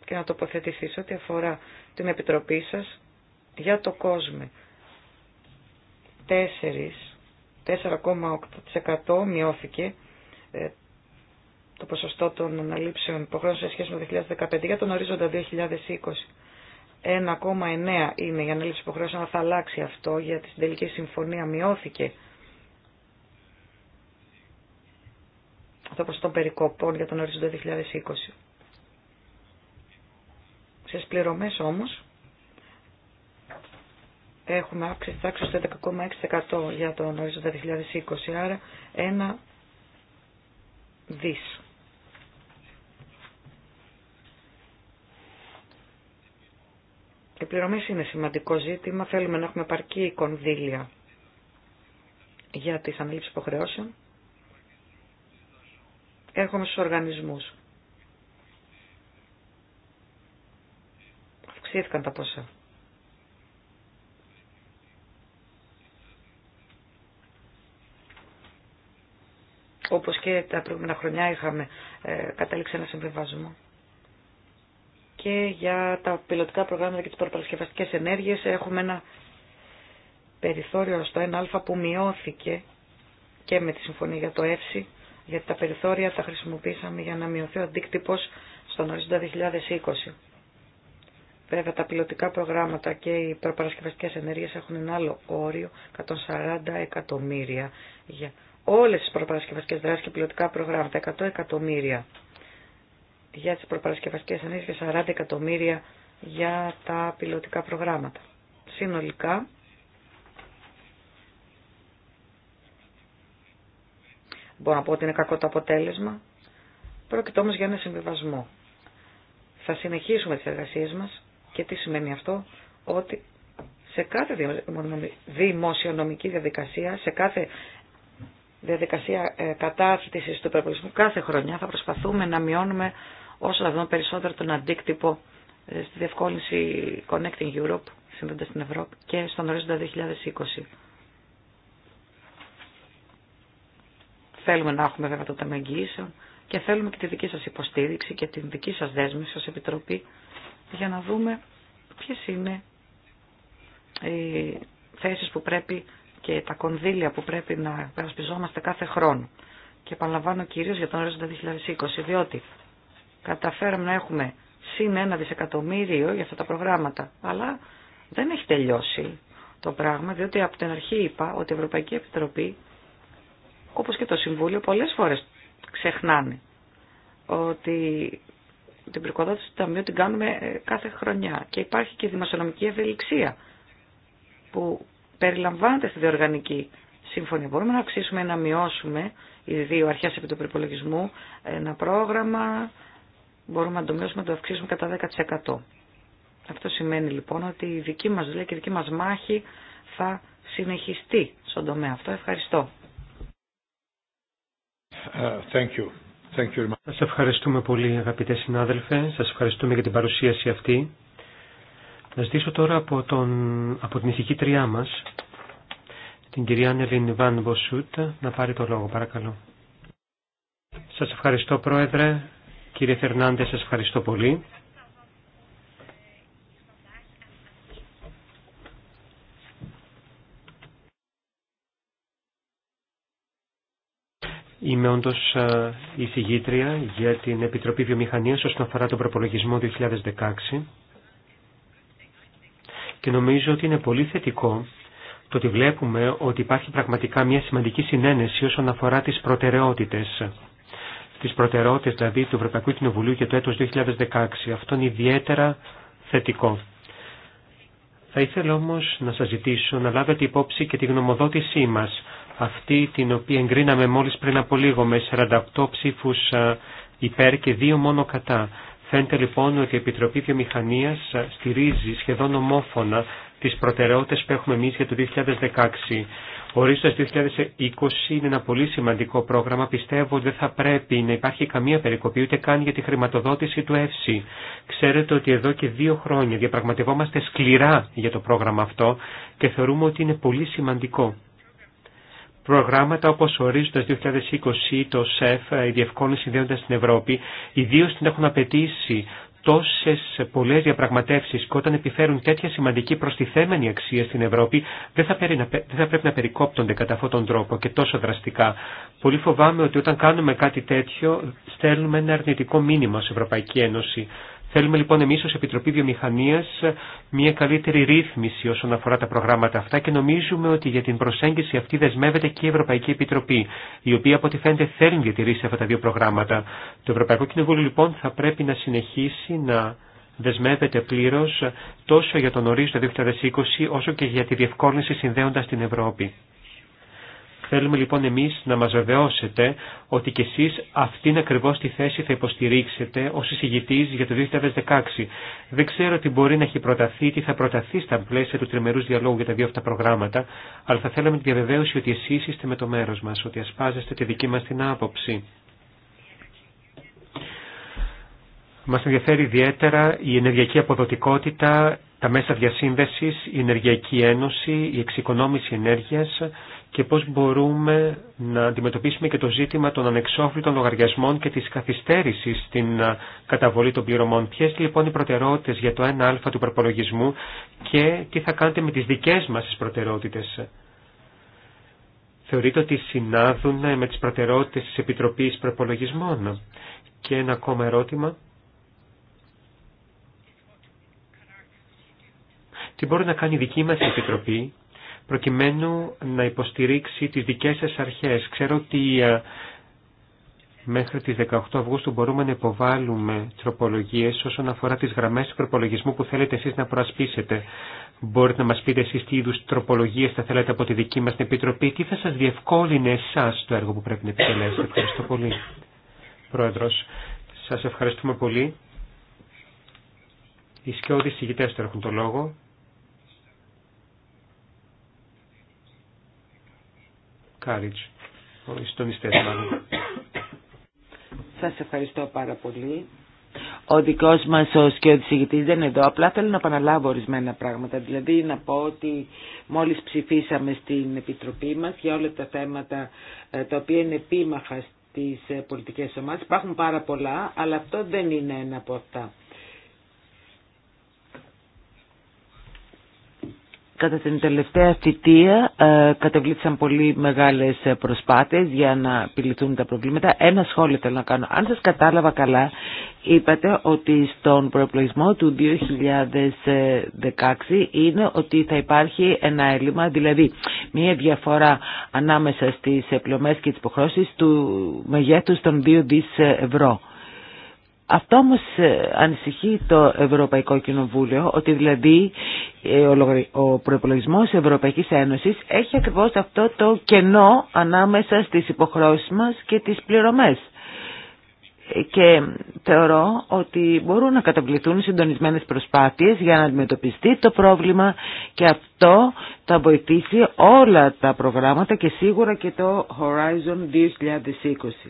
και να τοποθετηθεί ό,τι αφορά την Επιτροπή σας για το κόσμο. 4,8% μειώθηκε ε, το ποσοστό των αναλήψεων υποχρεώσεων σε σχέση με το 2015 για τον ορίζοντα 2020. 1,9 είναι η ανέλυψη να θα αλλάξει αυτό γιατί στην τελική συμφωνία μειώθηκε αυτό προς τον περικοπών για τον ορίζοντα 2020. Σε πληρωμές όμως έχουμε αύξηση τάξη στο 11,6% για τον ορίζοντα 2020, άρα ένα δις. Οι πληρωμή είναι σημαντικό ζήτημα. Θέλουμε να έχουμε επαρκή κονδύλια για τις αναλήψεις υποχρεώσεων. Έρχομαι στους οργανισμούς. Αυξήθηκαν τα ποσά. Όπως και τα προηγούμενα χρονιά είχαμε ε, καταλήξει ένα συμβιβασμό και για τα πιλωτικά προγράμματα και τις προπαρασκευαστικές ενέργειες έχουμε ένα περιθώριο στο 1α που μειώθηκε και με τη συμφωνία για το ΕΦΣΥ, γιατί τα περιθώρια τα χρησιμοποίησαμε για να μειωθεί ο αντίκτυπος στον ορίζοντα 2020. Βέβαια τα πιλωτικά προγράμματα και οι προπαρασκευαστικές ενέργειες έχουν ένα άλλο όριο, 140 εκατομμύρια για όλες τις προπαρασκευαστικές δράσεις και πιλωτικά προγράμματα, 100 εκατομμύρια για τις προπαρασκευαστικές ανάγκες και 40 εκατομμύρια για τα πιλωτικά προγράμματα. Συνολικά, μπορώ να πω ότι είναι κακό το αποτέλεσμα, πρόκειται όμως για ένα συμβιβασμό. Θα συνεχίσουμε τις εργασίες μας και τι σημαίνει αυτό, ότι σε κάθε δημοσιονομική διαδικασία, σε κάθε διαδικασία ε, κατάθεσης του υπερπολισμού κάθε χρονιά θα προσπαθούμε να μειώνουμε όσο θα δούμε περισσότερο τον αντίκτυπο ε, στη διευκόλυνση Connecting Europe, σύμφωνα στην Ευρώπη, και στον ορίζοντα 2020. Θέλουμε να έχουμε βέβαια το Ταμείο και θέλουμε και τη δική σας υποστήριξη και την δική σας δέσμευση ως Επιτροπή για να δούμε ποιες είναι οι θέσεις που πρέπει και τα κονδύλια που πρέπει να περασπιζόμαστε κάθε χρόνο. Και επαναλαμβάνω κυρίως για τον ορίζοντα 2020, διότι καταφέραμε να έχουμε συν ένα δισεκατομμύριο για αυτά τα προγράμματα. Αλλά δεν έχει τελειώσει το πράγμα, διότι από την αρχή είπα ότι η Ευρωπαϊκή Επιτροπή, όπως και το Συμβούλιο, πολλές φορές ξεχνάνε ότι την προκοδότηση του Ταμείου την κάνουμε ε, κάθε χρονιά και υπάρχει και η δημοσιονομική ευελιξία που περιλαμβάνεται στη διοργανική σύμφωνη. Μπορούμε να αυξήσουμε ή να μειώσουμε οι δύο αρχές επί του προπολογισμού ένα πρόγραμμα, μπορούμε να το μειώσουμε να το αυξήσουμε κατά 10%. Αυτό σημαίνει λοιπόν ότι η δική μας δουλειά και η δική μας μάχη θα συνεχιστεί στον τομέα αυτό. Ευχαριστώ. Uh, thank you. Thank you. Σας ευχαριστούμε πολύ αγαπητέ συνάδελφε. Σας ευχαριστούμε για την παρουσίαση αυτή. Να ζητήσω τώρα από, τον, από τριά μας, την κυρία Νελίν Βαν Βοσούτ, να πάρει το λόγο, παρακαλώ. Σας ευχαριστώ, Πρόεδρε. Κύριε Φερνάντε, σας ευχαριστώ πολύ. Είμαι όντω ε, η συγγήτρια για την Επιτροπή Βιομηχανία όσον αφορά τον προπολογισμό 2016 και νομίζω ότι είναι πολύ θετικό το ότι βλέπουμε ότι υπάρχει πραγματικά μια σημαντική συνένεση όσον αφορά τις προτεραιότητες τις προτεραιότητες δηλαδή του Ευρωπαϊκού Κοινοβουλίου για το έτος 2016. Αυτό είναι ιδιαίτερα θετικό. Θα ήθελα όμως να σας ζητήσω να λάβετε υπόψη και τη γνωμοδότησή μας, αυτή την οποία εγκρίναμε μόλις πριν από λίγο με 48 ψήφους υπέρ και δύο μόνο κατά. Φαίνεται λοιπόν ότι η Επιτροπή Βιομηχανίας στηρίζει σχεδόν ομόφωνα τις προτεραιότητες που έχουμε εμείς για το 2016. Ορίζοντας 2020 είναι ένα πολύ σημαντικό πρόγραμμα. Πιστεύω ότι δεν θα πρέπει να υπάρχει καμία περικοπή ούτε καν για τη χρηματοδότηση του ΕΦΣΥ. Ξέρετε ότι εδώ και δύο χρόνια διαπραγματευόμαστε σκληρά για το πρόγραμμα αυτό και θεωρούμε ότι είναι πολύ σημαντικό. Προγράμματα όπως ορίζοντας 2020 το ΣΕΦ, η διευκόλυνση συνδέοντας στην Ευρώπη, ιδίως την έχουν απαιτήσει Τόσε πολλέ διαπραγματεύσει και όταν επιφέρουν τέτοια σημαντική προστιθέμενη αξία στην Ευρώπη δεν θα, πρέπει να περικόπτονται κατά αυτόν τον τρόπο και τόσο δραστικά. Πολύ φοβάμαι ότι όταν κάνουμε κάτι τέτοιο στέλνουμε ένα αρνητικό μήνυμα στην Ευρωπαϊκή Ένωση. Θέλουμε λοιπόν εμεί ω Επιτροπή Βιομηχανία μια καλύτερη ρύθμιση όσον αφορά τα προγράμματα αυτά και νομίζουμε ότι για την προσέγγιση αυτή δεσμεύεται και η Ευρωπαϊκή Επιτροπή, η οποία από ό,τι φαίνεται θέλει να διατηρήσει αυτά τα δύο προγράμματα. Το Ευρωπαϊκό Κοινοβούλιο λοιπόν θα πρέπει να συνεχίσει να δεσμεύεται πλήρω τόσο για τον ορίζοντα 2020 όσο και για τη διευκόλυνση συνδέοντα την Ευρώπη. Θέλουμε λοιπόν εμείς να μας βεβαιώσετε ότι κι εσείς αυτήν ακριβώς τη θέση θα υποστηρίξετε ως εισηγητής για το 2016. Δεν ξέρω τι μπορεί να έχει προταθεί, τι θα προταθεί στα πλαίσια του τριμερούς διαλόγου για τα δύο αυτά προγράμματα, αλλά θα θέλαμε τη διαβεβαίωση ότι εσείς είστε με το μέρος μας, ότι ασπάζεστε τη δική μας την άποψη. Μας ενδιαφέρει ιδιαίτερα η ενεργειακή αποδοτικότητα, τα μέσα διασύνδεσης, η ενεργειακή ένωση, η εξοικονόμηση ενέργειας και πώς μπορούμε να αντιμετωπίσουμε και το ζήτημα των ανεξόφλητων λογαριασμών και της καθυστέρησης στην καταβολή των πληρωμών. Ποιες λοιπόν οι προτεραιότητες για το 1α του προπολογισμού και τι θα κάνετε με τις δικές μας τις προτεραιότητες. Θεωρείτε ότι συνάδουν με τις προτεραιότητες της Επιτροπής Προπολογισμών. Και ένα ακόμα ερώτημα. Τι μπορεί να κάνει η δική μας Επιτροπή προκειμένου να υποστηρίξει τις δικές σας αρχές. Ξέρω ότι ε, μέχρι τις 18 Αυγούστου μπορούμε να υποβάλουμε τροπολογίες όσον αφορά τις γραμμές του προπολογισμού που θέλετε εσείς να προασπίσετε. Μπορείτε να μας πείτε εσείς τι είδους τροπολογίες θα θέλετε από τη δική μας την Επιτροπή, τι θα σας διευκόλυνε εσάς το έργο που πρέπει να επιτελέσετε. Ευχαριστώ πολύ. Πρόεδρος, σας ευχαριστούμε πολύ. Οι σκιώδεις ηγητές έχουν το λόγο. Κάριτς, μάλλον. Σας ευχαριστώ πάρα πολύ. Ο δικός μας ο σκιοδησηγητής δεν είναι εδώ, απλά θέλω να επαναλάβω ορισμένα πράγματα. Δηλαδή να πω ότι μόλις ψηφίσαμε στην Επιτροπή μας για όλα τα θέματα ε, τα οποία είναι επίμαχα στις ε, πολιτικές ομάδες. Υπάρχουν πάρα πολλά, αλλά αυτό δεν είναι ένα από αυτά. Κατά την τελευταία θητεία ε, κατεβλήθησαν πολύ μεγάλες ε, προσπάθειες για να επιληθούν τα προβλήματα. Ένα σχόλιο θέλω να κάνω. Αν σας κατάλαβα καλά, είπατε ότι στον προεπλογισμό του 2016 είναι ότι θα υπάρχει ένα έλλειμμα, δηλαδή μια διαφορά ανάμεσα στις πλωμές και τις υποχρώσεις του μεγέθους των 2 δις ευρώ. Αυτό όμω ε, ανησυχεί το Ευρωπαϊκό Κοινοβούλιο, ότι δηλαδή ε, ο προπολογισμό της Ευρωπαϊκή Ένωση έχει ακριβώ αυτό το κενό ανάμεσα στι υποχρώσει μα και τι πληρωμέ. Και θεωρώ ότι μπορούν να καταβληθούν συντονισμένες προσπάθειες για να αντιμετωπιστεί το πρόβλημα και αυτό θα βοηθήσει όλα τα προγράμματα και σίγουρα και το Horizon 2020.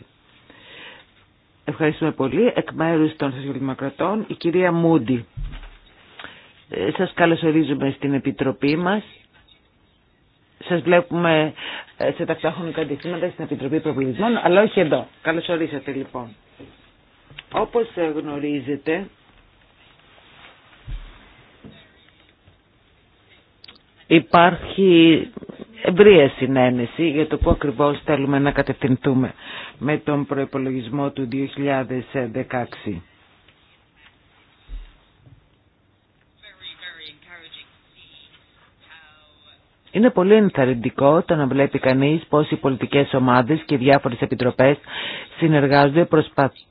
Ευχαριστούμε πολύ. Εκ μέρου των Σοσιαλδημοκρατών, η κυρία Μούντι. Ε, σας καλωσορίζουμε στην Επιτροπή μας. Σας βλέπουμε ε, σε ταυτόχρονα κατευθύνματα στην Επιτροπή Προβλητισμών, αλλά όχι εδώ. Καλωσορίσατε λοιπόν. Όπως ε, γνωρίζετε, υπάρχει ευρία συνένεση για το πού ακριβώς θέλουμε να κατευθυνθούμε με τον προϋπολογισμό του 2016. Είναι πολύ ενθαρρυντικό το να βλέπει κανείς πώς οι πολιτικές ομάδες και οι διάφορες επιτροπές συνεργάζονται προσπαθούν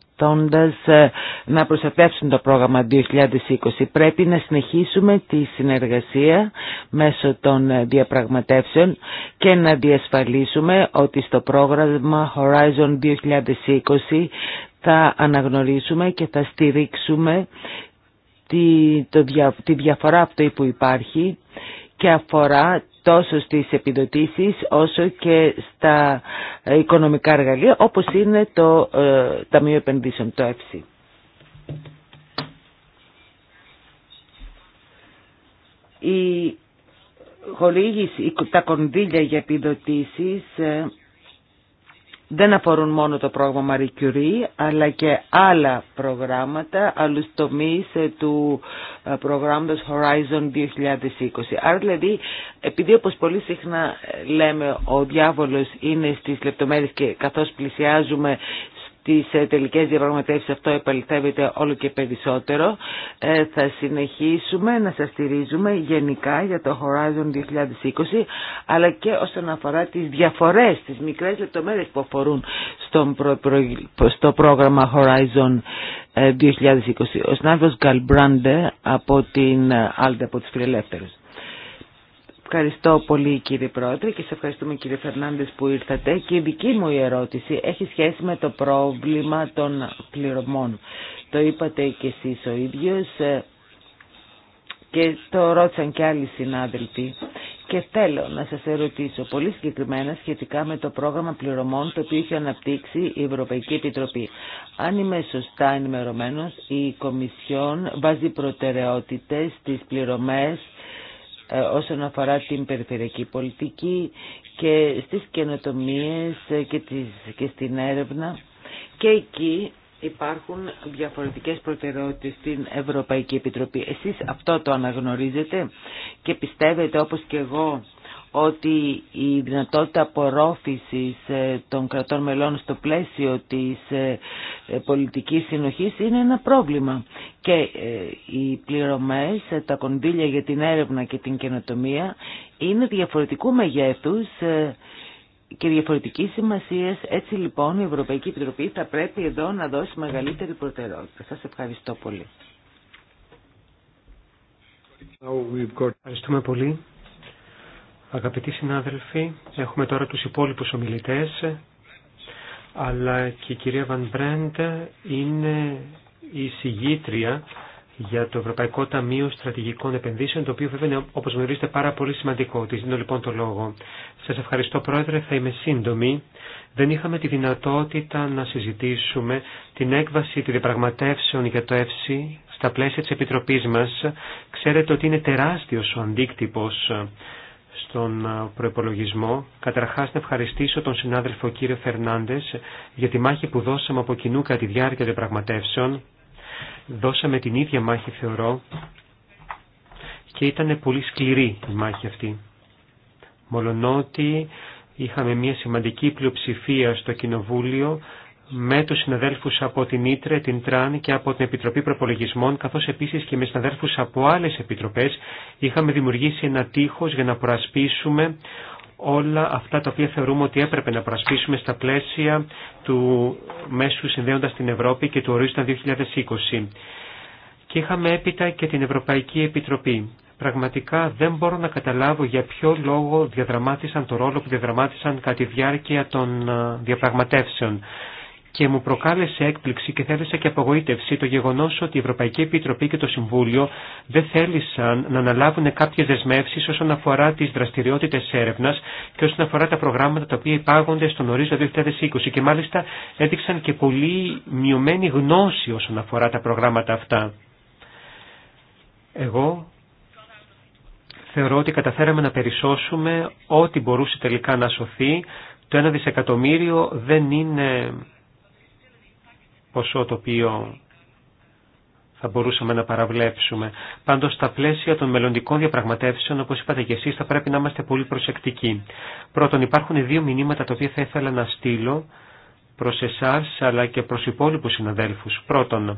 ε, να προστατεύσουν το πρόγραμμα 2020. Πρέπει να συνεχίσουμε τη συνεργασία μέσω των ε, διαπραγματεύσεων και να διασφαλίσουμε ότι στο πρόγραμμα Horizon 2020 θα αναγνωρίσουμε και θα στηρίξουμε τη, το, τη διαφορά αυτή που υπάρχει και αφορά τόσο στις επιδοτήσεις όσο και στα οικονομικά εργαλεία όπως είναι το ε, Ταμείο Επενδύσεων, το ΕΦΣΥ. Η τα κονδύλια για επιδοτήσεις ε, δεν αφορούν μόνο το πρόγραμμα Marie Curie, αλλά και άλλα προγράμματα, άλλους τομείς ε, του ε, προγράμματος Horizon 2020. Άρα δηλαδή, επειδή όπως πολύ συχνά ε, λέμε ο διάβολος είναι στις λεπτομέρειες και καθώς πλησιάζουμε τις ε, τελικές διαπραγματεύσεις αυτό επαληθεύεται όλο και περισσότερο. Ε, θα συνεχίσουμε να σας στηρίζουμε γενικά για το Horizon 2020 αλλά και όσον αφορά τις διαφορές, τις μικρές λεπτομέρειες που αφορούν στο πρόγραμμα Horizon 2020. Ε, Ο συνάδελφος Γκαλμπράντε από την Άλντα, από τις Φιλελεύθερες. Ευχαριστώ πολύ κύριε Πρόεδρε και σε ευχαριστούμε κύριε Φερνάνδες που ήρθατε και η δική μου η ερώτηση έχει σχέση με το πρόβλημα των πληρωμών. Το είπατε και εσείς ο ίδιος ε, και το ρώτησαν και άλλοι συνάδελφοι και θέλω να σας ερωτήσω πολύ συγκεκριμένα σχετικά με το πρόγραμμα πληρωμών το οποίο έχει αναπτύξει η Ευρωπαϊκή Επιτροπή. Αν είμαι σωστά ενημερωμένος, η Κομισιόν βάζει προτεραιότητες στις πληρωμές ε, όσον αφορά την περιφερειακή πολιτική και στις καινοτομίες ε, και, τις, και στην έρευνα και εκεί υπάρχουν διαφορετικές προτεραιότητες στην Ευρωπαϊκή Επιτροπή. Εσείς αυτό το αναγνωρίζετε και πιστεύετε όπως και εγώ ότι η δυνατότητα απορρόφησης ε, των κρατών μελών στο πλαίσιο της ε, ε, πολιτικής συνοχής είναι ένα πρόβλημα και οι πληρωμές, τα κονδύλια για την έρευνα και την καινοτομία είναι διαφορετικού μεγέθους και διαφορετική σημασία. Έτσι λοιπόν η Ευρωπαϊκή Επιτροπή θα πρέπει εδώ να δώσει μεγαλύτερη προτεραιότητα. Σας ευχαριστώ πολύ. Ευχαριστούμε πολύ. Αγαπητοί συνάδελφοι, έχουμε τώρα τους υπόλοιπους ομιλητές, αλλά και η κυρία Βαν Μπρέντ είναι η συγγήτρια για το Ευρωπαϊκό Ταμείο Στρατηγικών Επενδύσεων, το οποίο βέβαια είναι, όπως γνωρίζετε, πάρα πολύ σημαντικό. Τη δίνω λοιπόν το λόγο. Σας ευχαριστώ, Πρόεδρε, θα είμαι σύντομη. Δεν είχαμε τη δυνατότητα να συζητήσουμε την έκβαση των διαπραγματεύσεων για το ΕΦΣΥ στα πλαίσια της Επιτροπής μας. Ξέρετε ότι είναι τεράστιος ο αντίκτυπος στον ε, προπολογισμό. Καταρχάς να ευχαριστήσω τον συνάδελφο κύριο Φερνάντες για τη μάχη που δώσαμε από κοινού κατά τη διάρκεια των πραγματεύσεων. Δώσαμε την ίδια μάχη θεωρώ και ήταν πολύ σκληρή η μάχη αυτή. Μολονότι είχαμε μια σημαντική πλειοψηφία στο Κοινοβούλιο με τους συναδέλφους από την Ήτρε, την Τραν και από την Επιτροπή Προπολογισμών, καθώς επίσης και με συναδέλφους από άλλες επιτροπές, είχαμε δημιουργήσει ένα τείχος για να προασπίσουμε όλα αυτά τα οποία θεωρούμε ότι έπρεπε να προασπίσουμε στα πλαίσια του μέσου συνδέοντας την Ευρώπη και του ορίζοντα 2020. Και είχαμε έπειτα και την Ευρωπαϊκή Επιτροπή. Πραγματικά δεν μπορώ να καταλάβω για ποιο λόγο διαδραμάτισαν το ρόλο που διαδραμάτισαν κατά τη διάρκεια των ε, διαπραγματεύσεων και μου προκάλεσε έκπληξη και θέλησα και απογοήτευση το γεγονό ότι η Ευρωπαϊκή Επιτροπή και το Συμβούλιο δεν θέλησαν να αναλάβουν κάποιε δεσμεύσει όσον αφορά τι δραστηριότητε έρευνα και όσον αφορά τα προγράμματα τα οποία υπάγονται στον ορίζοντα 2020 και μάλιστα έδειξαν και πολύ μειωμένη γνώση όσον αφορά τα προγράμματα αυτά. Εγώ θεωρώ ότι καταφέραμε να περισσώσουμε ό,τι μπορούσε τελικά να σωθεί. Το ένα δισεκατομμύριο δεν είναι ποσό το οποίο θα μπορούσαμε να παραβλέψουμε. Πάντως στα πλαίσια των μελλοντικών διαπραγματεύσεων, όπως είπατε και εσείς, θα πρέπει να είμαστε πολύ προσεκτικοί. Πρώτον, υπάρχουν δύο μηνύματα τα οποία θα ήθελα να στείλω προς εσάς αλλά και προς υπόλοιπους συναδέλφους. Πρώτον,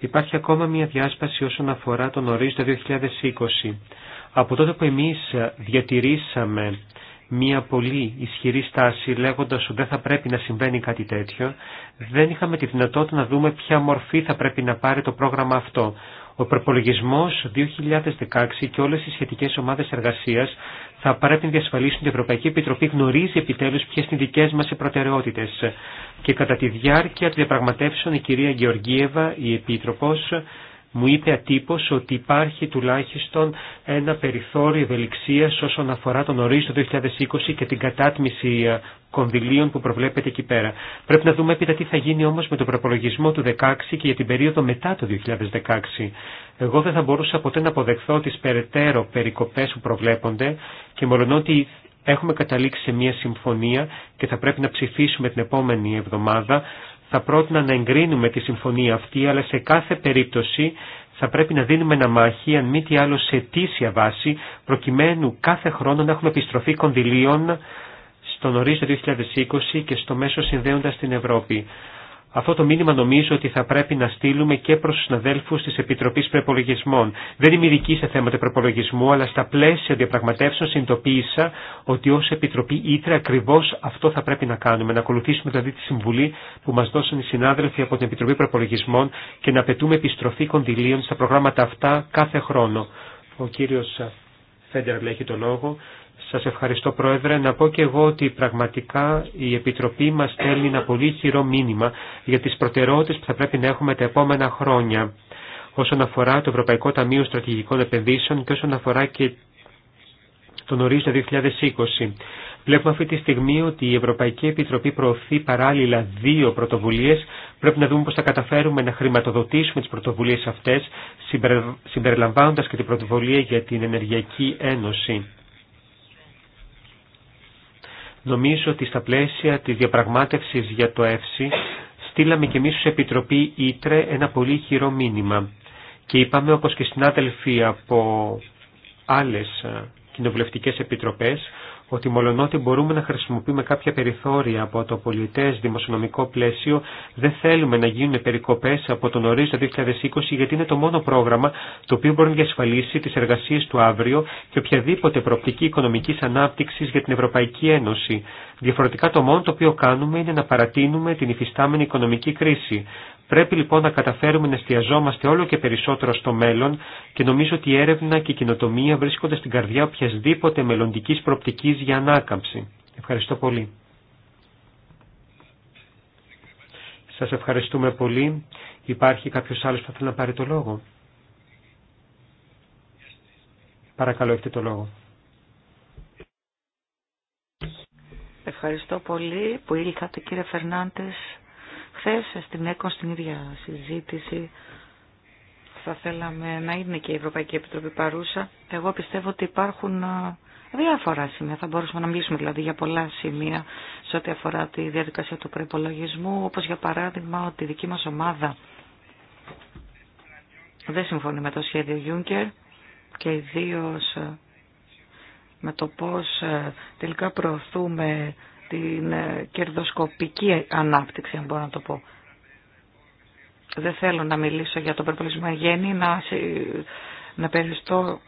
υπάρχει ακόμα μια διάσπαση όσον αφορά τον ορίζοντα 2020. Από τότε που εμείς διατηρήσαμε μια πολύ ισχυρή στάση λέγοντας ότι δεν θα πρέπει να συμβαίνει κάτι τέτοιο, δεν είχαμε τη δυνατότητα να δούμε ποια μορφή θα πρέπει να πάρει το πρόγραμμα αυτό. Ο προπολογισμό 2016 και όλε οι σχετικέ ομάδε εργασία θα πρέπει να διασφαλίσουν ότι η Ευρωπαϊκή Επιτροπή γνωρίζει επιτέλου ποιε είναι οι δικέ μα προτεραιότητε. Και κατά τη διάρκεια των διαπραγματεύσεων η κυρία Γεωργίευα, η Επίτροπο, μου είπε ατύπως ότι υπάρχει τουλάχιστον ένα περιθώριο ευελιξίας όσον αφορά τον ορίζοντα 2020 και την κατάτμιση ε, κονδυλίων που προβλέπεται εκεί πέρα. Πρέπει να δούμε έπειτα τι θα γίνει όμως με τον προπολογισμό του 2016 και για την περίοδο μετά το 2016. Εγώ δεν θα μπορούσα ποτέ να αποδεχθώ τις περαιτέρω περικοπές που προβλέπονται και ότι έχουμε καταλήξει σε μια συμφωνία και θα πρέπει να ψηφίσουμε την επόμενη εβδομάδα θα πρότεινα να εγκρίνουμε τη συμφωνία αυτή, αλλά σε κάθε περίπτωση θα πρέπει να δίνουμε ένα μάχη, αν μη τι άλλο σε αιτήσια βάση, προκειμένου κάθε χρόνο να έχουμε επιστροφή κονδυλίων στον ορίζοντα 2020 και στο μέσο συνδέοντας την Ευρώπη. Αυτό το μήνυμα νομίζω ότι θα πρέπει να στείλουμε και προς τους συναδέλφους της Επιτροπής Προπολογισμών. Δεν είμαι ειδική σε θέματα προπολογισμού, αλλά στα πλαίσια διαπραγματεύσεων συνειδητοποίησα ότι ως Επιτροπή Ήτρα ακριβώς αυτό θα πρέπει να κάνουμε. Να ακολουθήσουμε δηλαδή τη συμβουλή που μας δώσαν οι συνάδελφοι από την Επιτροπή Προπολογισμών και να απαιτούμε επιστροφή κονδυλίων στα προγράμματα αυτά κάθε χρόνο. Ο κύριος Φέντερ έχει το λόγο σας ευχαριστώ Πρόεδρε. Να πω και εγώ ότι πραγματικά η Επιτροπή μας στέλνει ένα πολύ ισχυρό μήνυμα για τις προτεραιότητες που θα πρέπει να έχουμε τα επόμενα χρόνια όσον αφορά το Ευρωπαϊκό Ταμείο Στρατηγικών Επενδύσεων και όσον αφορά και τον ορίζοντα 2020. Βλέπουμε αυτή τη στιγμή ότι η Ευρωπαϊκή Επιτροπή προωθεί παράλληλα δύο πρωτοβουλίε. Πρέπει να δούμε πώ θα καταφέρουμε να χρηματοδοτήσουμε τι πρωτοβουλίε αυτέ, συμπεριλαμβάνοντα και την πρωτοβουλία για την Ενεργειακή Ένωση. Νομίζω ότι στα πλαίσια της διαπραγμάτευσης για το ΕΦΣΥ στείλαμε και εμείς ως Επιτροπή Ήτρε ένα πολύ χειρό μήνυμα και είπαμε όπως και συνάδελφοι από άλλες ε, κοινοβουλευτικές επιτροπές ότι μολονότι μπορούμε να χρησιμοποιούμε κάποια περιθώρια από το πολιτές δημοσιονομικό πλαίσιο, δεν θέλουμε να γίνουν περικοπές από τον ορίζοντα 2020 γιατί είναι το μόνο πρόγραμμα το οποίο μπορεί να διασφαλίσει τις εργασίες του αύριο και οποιαδήποτε προοπτική οικονομικής ανάπτυξης για την Ευρωπαϊκή Ένωση. Διαφορετικά το μόνο το οποίο κάνουμε είναι να παρατείνουμε την υφιστάμενη οικονομική κρίση. Πρέπει λοιπόν να καταφέρουμε να εστιαζόμαστε όλο και περισσότερο στο μέλλον και νομίζω ότι η έρευνα και η κοινοτομία βρίσκονται στην καρδιά οποιασδήποτε μελλοντική προπτικής για ανάκαμψη. Ευχαριστώ πολύ. Σας ευχαριστούμε πολύ. Υπάρχει κάποιο άλλος που θέλει να πάρει το λόγο. Παρακαλώ, έχετε το λόγο. Ευχαριστώ πολύ που ήλθατε κύριε Φερνάντες Χθε στην ΕΚΟ στην ίδια συζήτηση θα θέλαμε να είναι και η Ευρωπαϊκή Επιτροπή παρούσα. Εγώ πιστεύω ότι υπάρχουν διάφορα σημεία. Θα μπορούσαμε να μιλήσουμε δηλαδή για πολλά σημεία σε ό,τι αφορά τη διαδικασία του προπολογισμού, όπως για παράδειγμα ότι η δική μας ομάδα δεν συμφωνεί με το σχέδιο Juncker και ιδίω με το πώς τελικά προωθούμε την ε, κερδοσκοπική ανάπτυξη, αν μπορώ να το πω. Δεν θέλω να μιλήσω για τον περιπολισμό γέννη, να, να περιστώ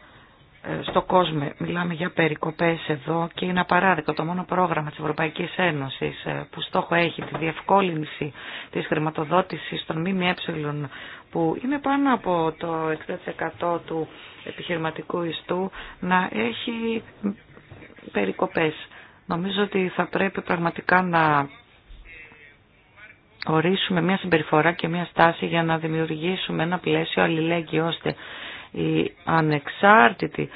ε, στο κόσμο. Μιλάμε για περικοπές εδώ και είναι απαράδεκτο το μόνο πρόγραμμα της Ευρωπαϊκής Ένωσης ε, που στόχο έχει τη διευκόλυνση της χρηματοδότησης των ΜΜΕ που είναι πάνω από το 60% του επιχειρηματικού ιστού να έχει περικοπές. Νομίζω ότι θα πρέπει πραγματικά να ορίσουμε μια συμπεριφορά και μια στάση για να δημιουργήσουμε ένα πλαίσιο αλληλέγγυο ώστε οι ανεξάρτητοι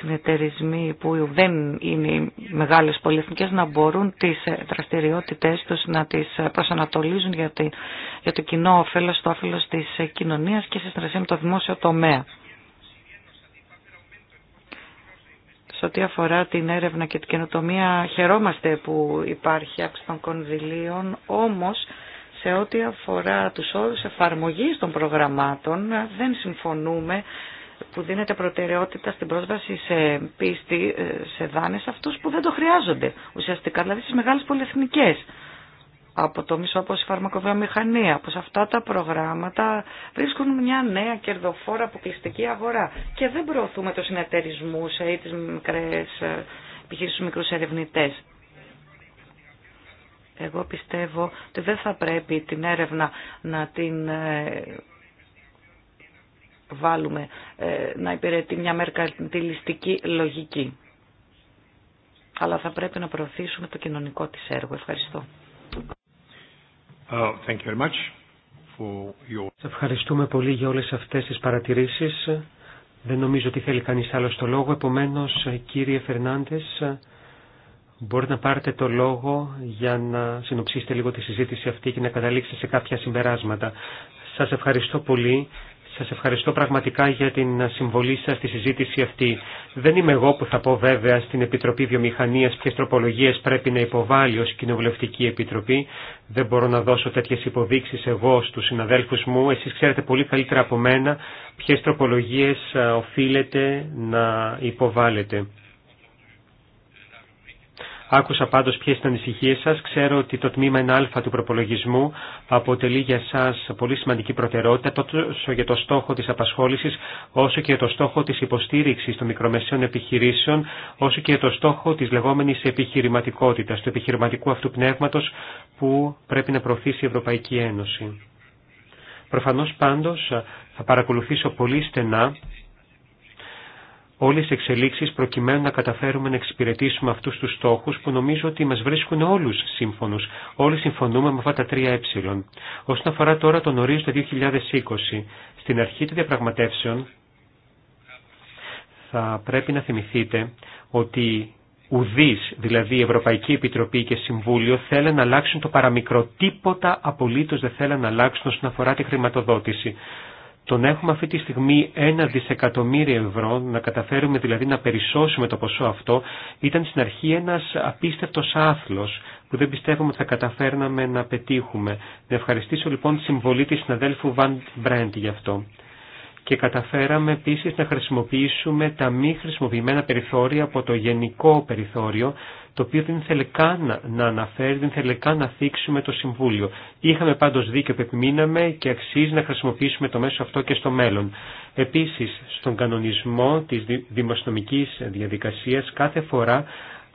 συνεταιρισμοί που δεν είναι οι μεγάλες πολυεθνικές να μπορούν τις δραστηριότητες τους να τις προσανατολίζουν για, το κοινό όφελο, το όφελο της κοινωνίας και σε συνεργασία με το δημόσιο τομέα. Σε ό,τι αφορά την έρευνα και την καινοτομία χαιρόμαστε που υπάρχει αύξηση των κονδυλίων, όμως σε ό,τι αφορά τους όρους εφαρμογής των προγραμμάτων δεν συμφωνούμε που δίνεται προτεραιότητα στην πρόσβαση σε πίστη, ε, σε δάνες, αυτούς που δεν το χρειάζονται ουσιαστικά, δηλαδή στις μεγάλες πολυεθνικές από το μισό από η φαρμακοβιομηχανία, πως αυτά τα προγράμματα βρίσκουν μια νέα κερδοφόρα αποκλειστική αγορά και δεν προωθούμε το συνεταιρισμού ε, ή τι μικρές ε, επιχείρησεις στους μικρούς ερευνητές. Εγώ πιστεύω ότι δεν θα πρέπει την έρευνα να την ε, βάλουμε να υπηρετεί μια μερκαντιλιστική λογική. Αλλά θα πρέπει να προωθήσουμε το κοινωνικό της έργο. Ευχαριστώ. Oh, Σας ευχαριστούμε πολύ για όλες αυτές τις παρατηρήσεις. Δεν νομίζω ότι θέλει κανείς άλλο το λόγο. Επομένως, κύριε Φερνάντες, μπορείτε να πάρετε το λόγο για να συνοψίσετε λίγο τη συζήτηση αυτή και να καταλήξετε σε κάποια συμπεράσματα. Σας ευχαριστώ πολύ σας ευχαριστώ πραγματικά για την συμβολή σας στη συζήτηση αυτή. Δεν είμαι εγώ που θα πω βέβαια στην Επιτροπή Βιομηχανίας ποιες τροπολογίες πρέπει να υποβάλει ως Κοινοβουλευτική Επιτροπή. Δεν μπορώ να δώσω τέτοιες υποδείξεις εγώ στους συναδέλφους μου. Εσείς ξέρετε πολύ καλύτερα από μένα ποιες τροπολογίες ε, οφείλετε να υποβάλλετε. Άκουσα πάντω ποιε ήταν οι σα, σας. Ξέρω ότι το τμήμα 1α του προπολογισμού αποτελεί για εσά πολύ σημαντική προτεραιότητα τόσο για το στόχο τη απασχόληση όσο και για το στόχο τη υποστήριξη των μικρομεσαίων επιχειρήσεων όσο και για το στόχο τη λεγόμενη επιχειρηματικότητα, του επιχειρηματικού αυτού πνεύματο που πρέπει να προωθήσει η Ευρωπαϊκή Ένωση. Προφανώ πάντω θα παρακολουθήσω πολύ στενά όλες τις εξελίξεις προκειμένου να καταφέρουμε να εξυπηρετήσουμε αυτούς τους στόχους που νομίζω ότι μας βρίσκουν όλους σύμφωνους. Όλοι συμφωνούμε με αυτά τα τρία ε. Όσον αφορά τώρα τον ορίζοντα 2020, στην αρχή των διαπραγματεύσεων θα πρέπει να θυμηθείτε ότι ουδείς, δηλαδή η Ευρωπαϊκή Επιτροπή και Συμβούλιο, θέλουν να αλλάξουν το παραμικρό. Τίποτα απολύτως δεν θέλουν να αλλάξουν όσον αφορά τη χρηματοδότηση. Το να έχουμε αυτή τη στιγμή ένα δισεκατομμύριο ευρώ, να καταφέρουμε δηλαδή να περισσώσουμε το ποσό αυτό, ήταν στην αρχή ένας απίστευτος άθλος που δεν πιστεύουμε ότι θα καταφέρναμε να πετύχουμε. Να ευχαριστήσω λοιπόν τη συμβολή της συναδέλφου Βαν Μπρέντ γι' αυτό και καταφέραμε επίσης να χρησιμοποιήσουμε τα μη χρησιμοποιημένα περιθώρια από το γενικό περιθώριο, το οποίο δεν ήθελε καν να αναφέρει, δεν ήθελε καν να θίξουμε το Συμβούλιο. Είχαμε πάντως δίκιο που επιμείναμε και αξίζει να χρησιμοποιήσουμε το μέσο αυτό και στο μέλλον. Επίσης, στον κανονισμό της δημοσιονομικής διαδικασίας κάθε φορά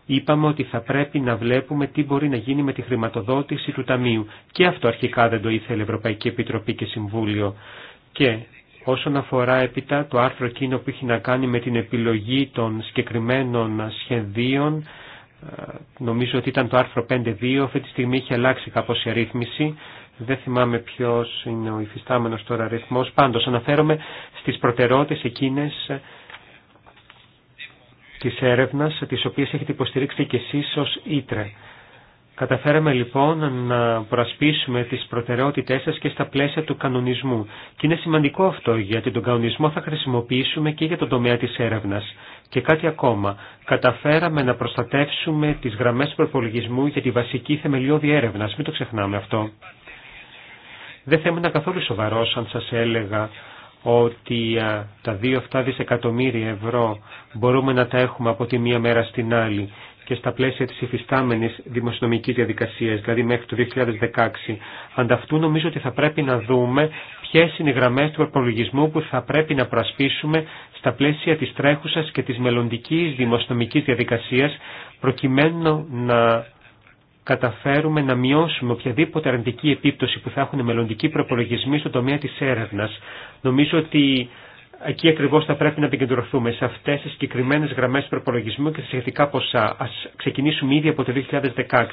είπαμε ότι θα πρέπει να βλέπουμε τι μπορεί να γίνει με τη χρηματοδότηση του Ταμείου. Και αυτό αρχικά δεν το ήθελε η Ευρωπαϊκή Επιτροπή και Συμβούλιο. Και Όσον αφορά έπειτα το άρθρο εκείνο που έχει να κάνει με την επιλογή των συγκεκριμένων σχεδίων, ε, νομίζω ότι ήταν το άρθρο 5.2, αυτή τη στιγμή έχει αλλάξει κάπως η ρύθμιση, δεν θυμάμαι ποιος είναι ο υφιστάμενος τώρα αριθμό, πάντως αναφέρομαι στις προτεραιότητες εκείνες ε, της έρευνας, τις οποίες έχετε υποστηρίξει και εσείς ως Ήτρε. Καταφέραμε λοιπόν να προασπίσουμε τις προτεραιότητές σας και στα πλαίσια του κανονισμού. Και είναι σημαντικό αυτό γιατί τον κανονισμό θα χρησιμοποιήσουμε και για τον τομέα της έρευνας. Και κάτι ακόμα. Καταφέραμε να προστατεύσουμε τις γραμμές προπολογισμού για τη βασική θεμελιώδη έρευνα. Μην το ξεχνάμε αυτό. Δεν θα ήμουν καθόλου σοβαρό αν σας έλεγα ότι τα 2-7 δισεκατομμύρια ευρώ μπορούμε να τα έχουμε από τη μία μέρα στην άλλη και στα πλαίσια της υφιστάμενης δημοσιονομικής διαδικασίας, δηλαδή μέχρι το 2016. Ανταυτού νομίζω ότι θα πρέπει να δούμε ποιες είναι οι γραμμές του προπολογισμού που θα πρέπει να προασπίσουμε στα πλαίσια της τρέχουσας και της μελλοντικής δημοσιονομικής διαδικασίας, προκειμένου να καταφέρουμε να μειώσουμε οποιαδήποτε αρνητική επίπτωση που θα έχουν οι μελλοντικοί προπολογισμοί στον τομέα της έρευνας. Νομίζω ότι Εκεί ακριβώ θα πρέπει να επικεντρωθούμε σε αυτέ τι συγκεκριμένε γραμμέ προπολογισμού και σε σχετικά ποσά. Α ξεκινήσουμε ήδη από το 2016.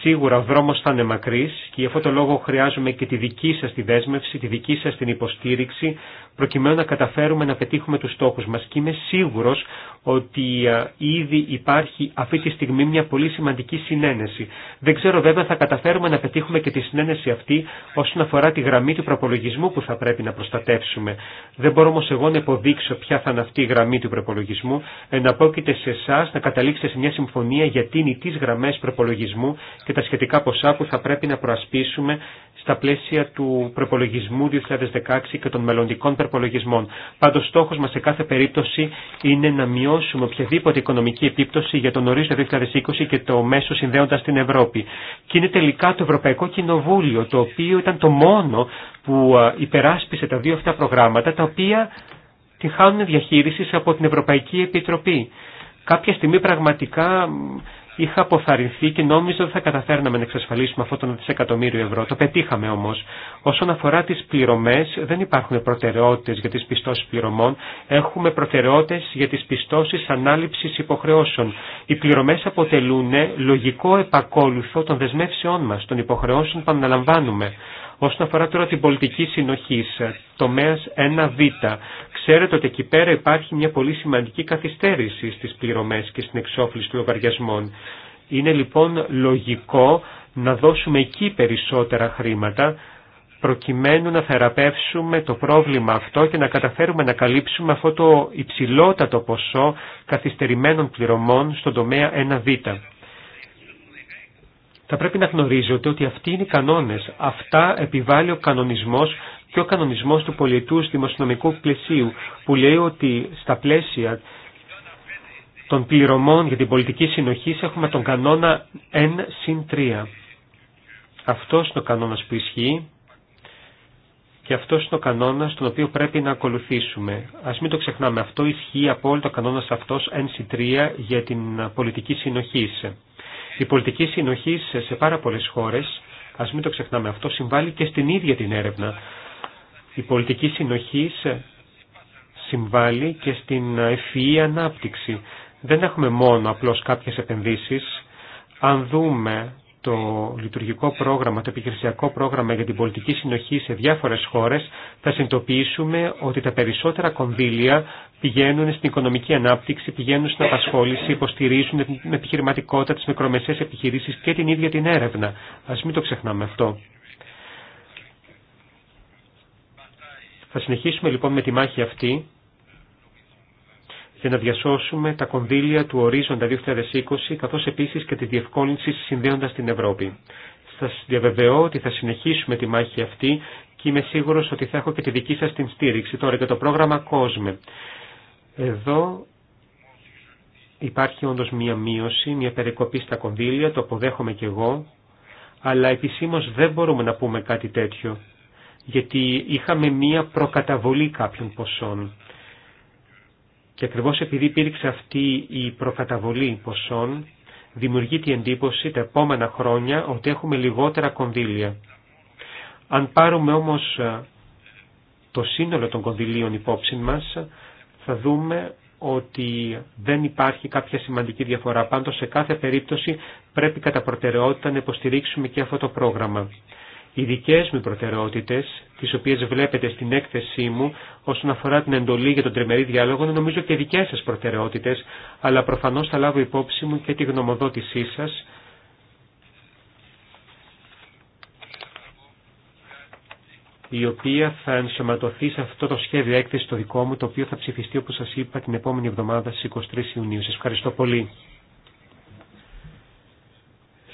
Σίγουρα ο δρόμο θα είναι μακρύ και γι' αυτό το λόγο χρειάζομαι και τη δική σα τη δέσμευση, τη δική σα την υποστήριξη, προκειμένου να καταφέρουμε να πετύχουμε τους στόχους μας. Και είμαι σίγουρος ότι ήδη υπάρχει αυτή τη στιγμή μια πολύ σημαντική συνένεση. Δεν ξέρω βέβαια θα καταφέρουμε να πετύχουμε και τη συνένεση αυτή όσον αφορά τη γραμμή του προπολογισμού που θα πρέπει να προστατεύσουμε. Δεν μπορώ όμως εγώ να υποδείξω ποια θα είναι αυτή η γραμμή του προπολογισμού. Εναπόκειται σε εσά να καταλήξετε σε μια συμφωνία για τίνη τις γραμμές προπολογισμού και τα σχετικά ποσά που θα πρέπει να προασπίσουμε στα πλαίσια του προπολογισμού 2016 και των μελλοντικών προπολογισμών. Πάντω, στόχο μα σε κάθε περίπτωση είναι να μειώσουμε οποιαδήποτε οικονομική επίπτωση για τον ορίζοντα 2020 και το μέσο συνδέοντα την Ευρώπη. Και είναι τελικά το Ευρωπαϊκό Κοινοβούλιο, το οποίο ήταν το μόνο που υπεράσπισε τα δύο αυτά προγράμματα, τα οποία τη χάνουν διαχείριση από την Ευρωπαϊκή Επιτροπή. Κάποια στιγμή πραγματικά είχα αποθαρρυνθεί και νόμιζα ότι θα καταφέρναμε να εξασφαλίσουμε αυτό το δισεκατομμύριο ευρώ. Το πετύχαμε όμω. Όσον αφορά τι πληρωμέ, δεν υπάρχουν προτεραιότητε για τι πιστώσει πληρωμών. Έχουμε προτεραιότητε για τι πιστώσει ανάληψη υποχρεώσεων. Οι πληρωμέ αποτελούν λογικό επακόλουθο των δεσμεύσεών μα, των υποχρεώσεων που αναλαμβάνουμε. Όσον αφορά τώρα την πολιτική συνοχή, ε, τομέα 1β, ξέρετε ότι εκεί πέρα υπάρχει μια πολύ σημαντική καθυστέρηση στι πληρωμέ και στην εξόφληση των λογαριασμών. Είναι λοιπόν λογικό να δώσουμε εκεί περισσότερα χρήματα προκειμένου να θεραπεύσουμε το πρόβλημα αυτό και να καταφέρουμε να καλύψουμε αυτό το υψηλότατο ποσό καθυστερημένων πληρωμών στον τομέα 1β θα πρέπει να γνωρίζετε ότι αυτοί είναι οι κανόνες. Αυτά επιβάλλει ο κανονισμός και ο κανονισμός του πολιτού δημοσιονομικού πλαισίου που λέει ότι στα πλαίσια των πληρωμών για την πολιτική συνοχή έχουμε τον κανόνα 1 συν 3. Αυτός είναι ο κανόνας που ισχύει και αυτός είναι ο κανόνας τον οποίο πρέπει να ακολουθήσουμε. Ας μην το ξεχνάμε, αυτό ισχύει από όλο το κανόνας αυτός 1 συν 3 για την πολιτική συνοχή. Η πολιτική συνοχή σε πάρα πολλέ χώρες, ας μην το ξεχνάμε αυτό, συμβάλλει και στην ίδια την έρευνα. Η πολιτική συνοχή συμβάλλει και στην ευφυή ανάπτυξη. Δεν έχουμε μόνο απλώς κάποιες επενδύσεις. Αν δούμε το λειτουργικό πρόγραμμα, το επιχειρησιακό πρόγραμμα για την πολιτική συνοχή σε διάφορες χώρες, θα συνειδητοποιήσουμε ότι τα περισσότερα κονδύλια πηγαίνουν στην οικονομική ανάπτυξη, πηγαίνουν στην απασχόληση, υποστηρίζουν την επιχειρηματικότητα, τις μικρομεσαίες επιχειρήσεις και την ίδια την έρευνα. Ας μην το ξεχνάμε αυτό. Θα συνεχίσουμε λοιπόν με τη μάχη αυτή για να διασώσουμε τα κονδύλια του ορίζοντα 2020 καθώς επίσης και τη διευκόλυνση συνδέοντας την Ευρώπη. Σας διαβεβαιώ ότι θα συνεχίσουμε τη μάχη αυτή και είμαι σίγουρο ότι θα έχω και τη δική σας την στήριξη. Τώρα για το πρόγραμμα COSME. Εδώ υπάρχει όντως μία μείωση, μία περικοπή στα κονδύλια, το αποδέχομαι κι εγώ, αλλά επισήμως δεν μπορούμε να πούμε κάτι τέτοιο, γιατί είχαμε μία προκαταβολή κάποιων ποσών. Και ακριβώ επειδή υπήρξε αυτή η προκαταβολή ποσών, δημιουργεί η εντύπωση τα επόμενα χρόνια ότι έχουμε λιγότερα κονδύλια. Αν πάρουμε όμως ε, το σύνολο των κονδυλίων υπόψη μας, θα δούμε ότι δεν υπάρχει κάποια σημαντική διαφορά. Πάντως σε κάθε περίπτωση πρέπει κατά προτεραιότητα να υποστηρίξουμε και αυτό το πρόγραμμα οι δικέ μου προτεραιότητε, τι οποίε βλέπετε στην έκθεσή μου όσον αφορά την εντολή για τον τριμερή διάλογο, νομίζω και δικέ σα προτεραιότητε, αλλά προφανώ θα λάβω υπόψη μου και τη γνωμοδότησή σα. η οποία θα ενσωματωθεί σε αυτό το σχέδιο έκθεση το δικό μου, το οποίο θα ψηφιστεί, όπως σας είπα, την επόμενη εβδομάδα στις 23 Ιουνίου. Σας ευχαριστώ πολύ.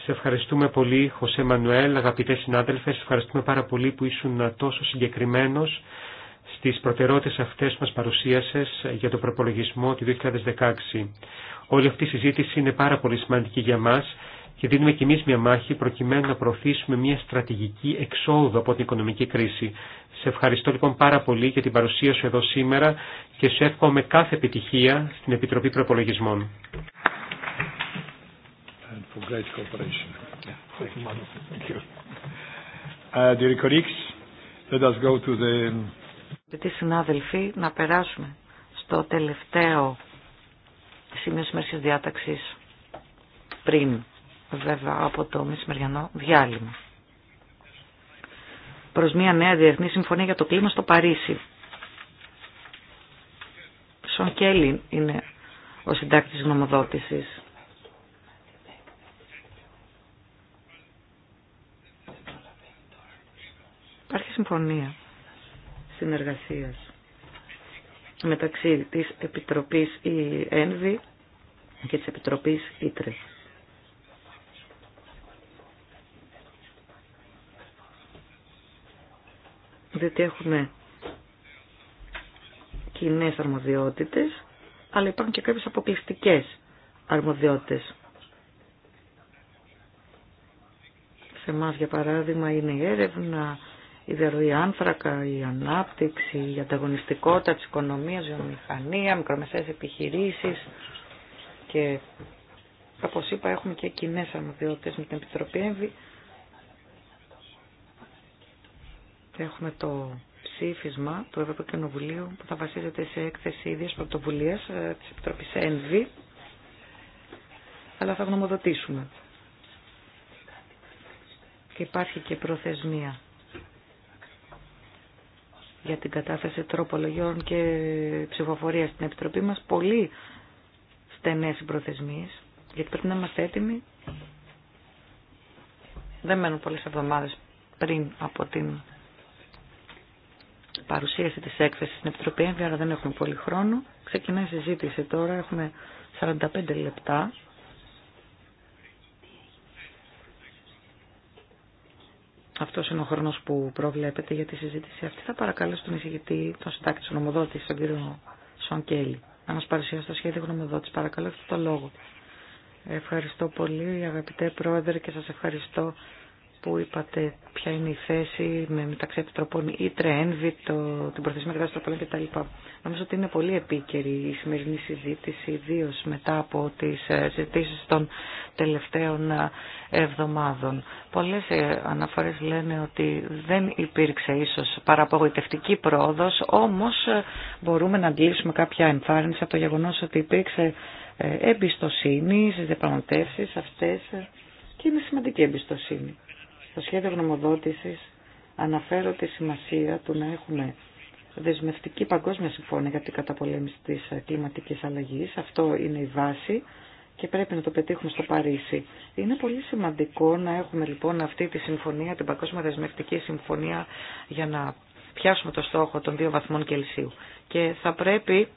Σε ευχαριστούμε πολύ, Χωσέ Μανουέλ, αγαπητέ συνάδελφε. Σε ευχαριστούμε πάρα πολύ που ήσουν τόσο συγκεκριμένο στι προτεραιότητε αυτέ που μας παρουσίασε για τον προπολογισμό του 2016. Όλη αυτή η συζήτηση είναι πάρα πολύ σημαντική για μα και δίνουμε κι εμείς μια μάχη προκειμένου να προωθήσουμε μια στρατηγική εξόδου από την οικονομική κρίση. Σε ευχαριστώ λοιπόν πάρα πολύ για την παρουσία σου εδώ σήμερα και σου εύχομαι κάθε επιτυχία στην Επιτροπή Προπολογισμών and for great cooperation. Thank you. Uh, um, συνάδελφοι, να περάσουμε στο τελευταίο σημείο της διάταξη πριν βέβαια από το μεσημεριανό διάλειμμα. Προς μια νέα διεθνή συμφωνία για το κλίμα στο Παρίσι. Σον Κέλλιν είναι ο συντάκτης γνωμοδότησης. Υπάρχει συμφωνία συνεργασίας μεταξύ της Επιτροπής η ΕΝΒΗ και της Επιτροπής ΙΤΡΕ. Διότι έχουμε κοινέ αρμοδιότητες, αλλά υπάρχουν και κάποιες αποκλειστικές αρμοδιότητες. Σε εμά, για παράδειγμα, είναι η έρευνα, η διαρροή άνθρακα, η ανάπτυξη, η ανταγωνιστικότητα της οικονομίας, η βιομηχανία, μικρομεσαίες επιχειρήσεις και όπως είπα έχουμε και κοινέ αρμοδιότητες με την Επιτροπή ΕΜΒΗ. Έχουμε το ψήφισμα του Ευρωπαϊκού Κοινοβουλίου που θα βασίζεται σε έκθεση ίδιας πρωτοβουλία ε, της Επιτροπής ΕΝΒΗ αλλά θα γνωμοδοτήσουμε. Και υπάρχει και προθεσμία για την κατάσταση τροπολογιών και ψηφοφορία στην Επιτροπή μας πολύ στενές προθεσμίες, γιατί πρέπει να είμαστε έτοιμοι. Δεν μένουν πολλές εβδομάδες πριν από την παρουσίαση της έκθεσης στην Επιτροπή, άρα δεν έχουμε πολύ χρόνο. Ξεκινάει η συζήτηση τώρα, έχουμε 45 λεπτά Αυτός είναι ο χρόνος που προβλέπεται για τη συζήτηση αυτή. Θα παρακαλέσω τον εισηγητή, τον συντάκτη, τον ομοδότη, τον κύριο Σον Κέλλη, να μας παρουσιάσει το σχέδιο γνωμοδότης. Παρακαλώ, έχετε το λόγο. Ευχαριστώ πολύ, αγαπητέ Πρόεδρε, και σας ευχαριστώ που είπατε ποια είναι η θέση με μεταξύ επιτροπών ή τρένβη, το, την προθεσμία κατάσταση τροπολών κτλ. Νομίζω ότι είναι πολύ επίκαιρη η σημερινή συζήτηση, ιδίω μετά από τις ε, συζητήσει των τελευταίων ε, εβδομάδων. Πολλές ε, αναφορές λένε ότι δεν υπήρξε ίσως παραπογοητευτική πρόοδος, όμως μπορούμε να αντλήσουμε κάποια ενθάρρυνση από το γεγονός ότι υπήρξε εμπιστοσύνη στις διαπραγματεύσεις αυτές και είναι σημαντική εμπιστοσύνη. Στο σχέδιο γνωμοδότησης αναφέρω τη σημασία του να έχουμε δεσμευτική παγκόσμια συμφώνια για την καταπολέμηση της κλιματικής αλλαγής. Αυτό είναι η βάση και πρέπει να το πετύχουμε στο Παρίσι. Είναι πολύ σημαντικό να έχουμε λοιπόν αυτή τη συμφωνία, την παγκόσμια δεσμευτική συμφωνία για να πιάσουμε το στόχο των δύο βαθμών Κελσίου. Και θα πρέπει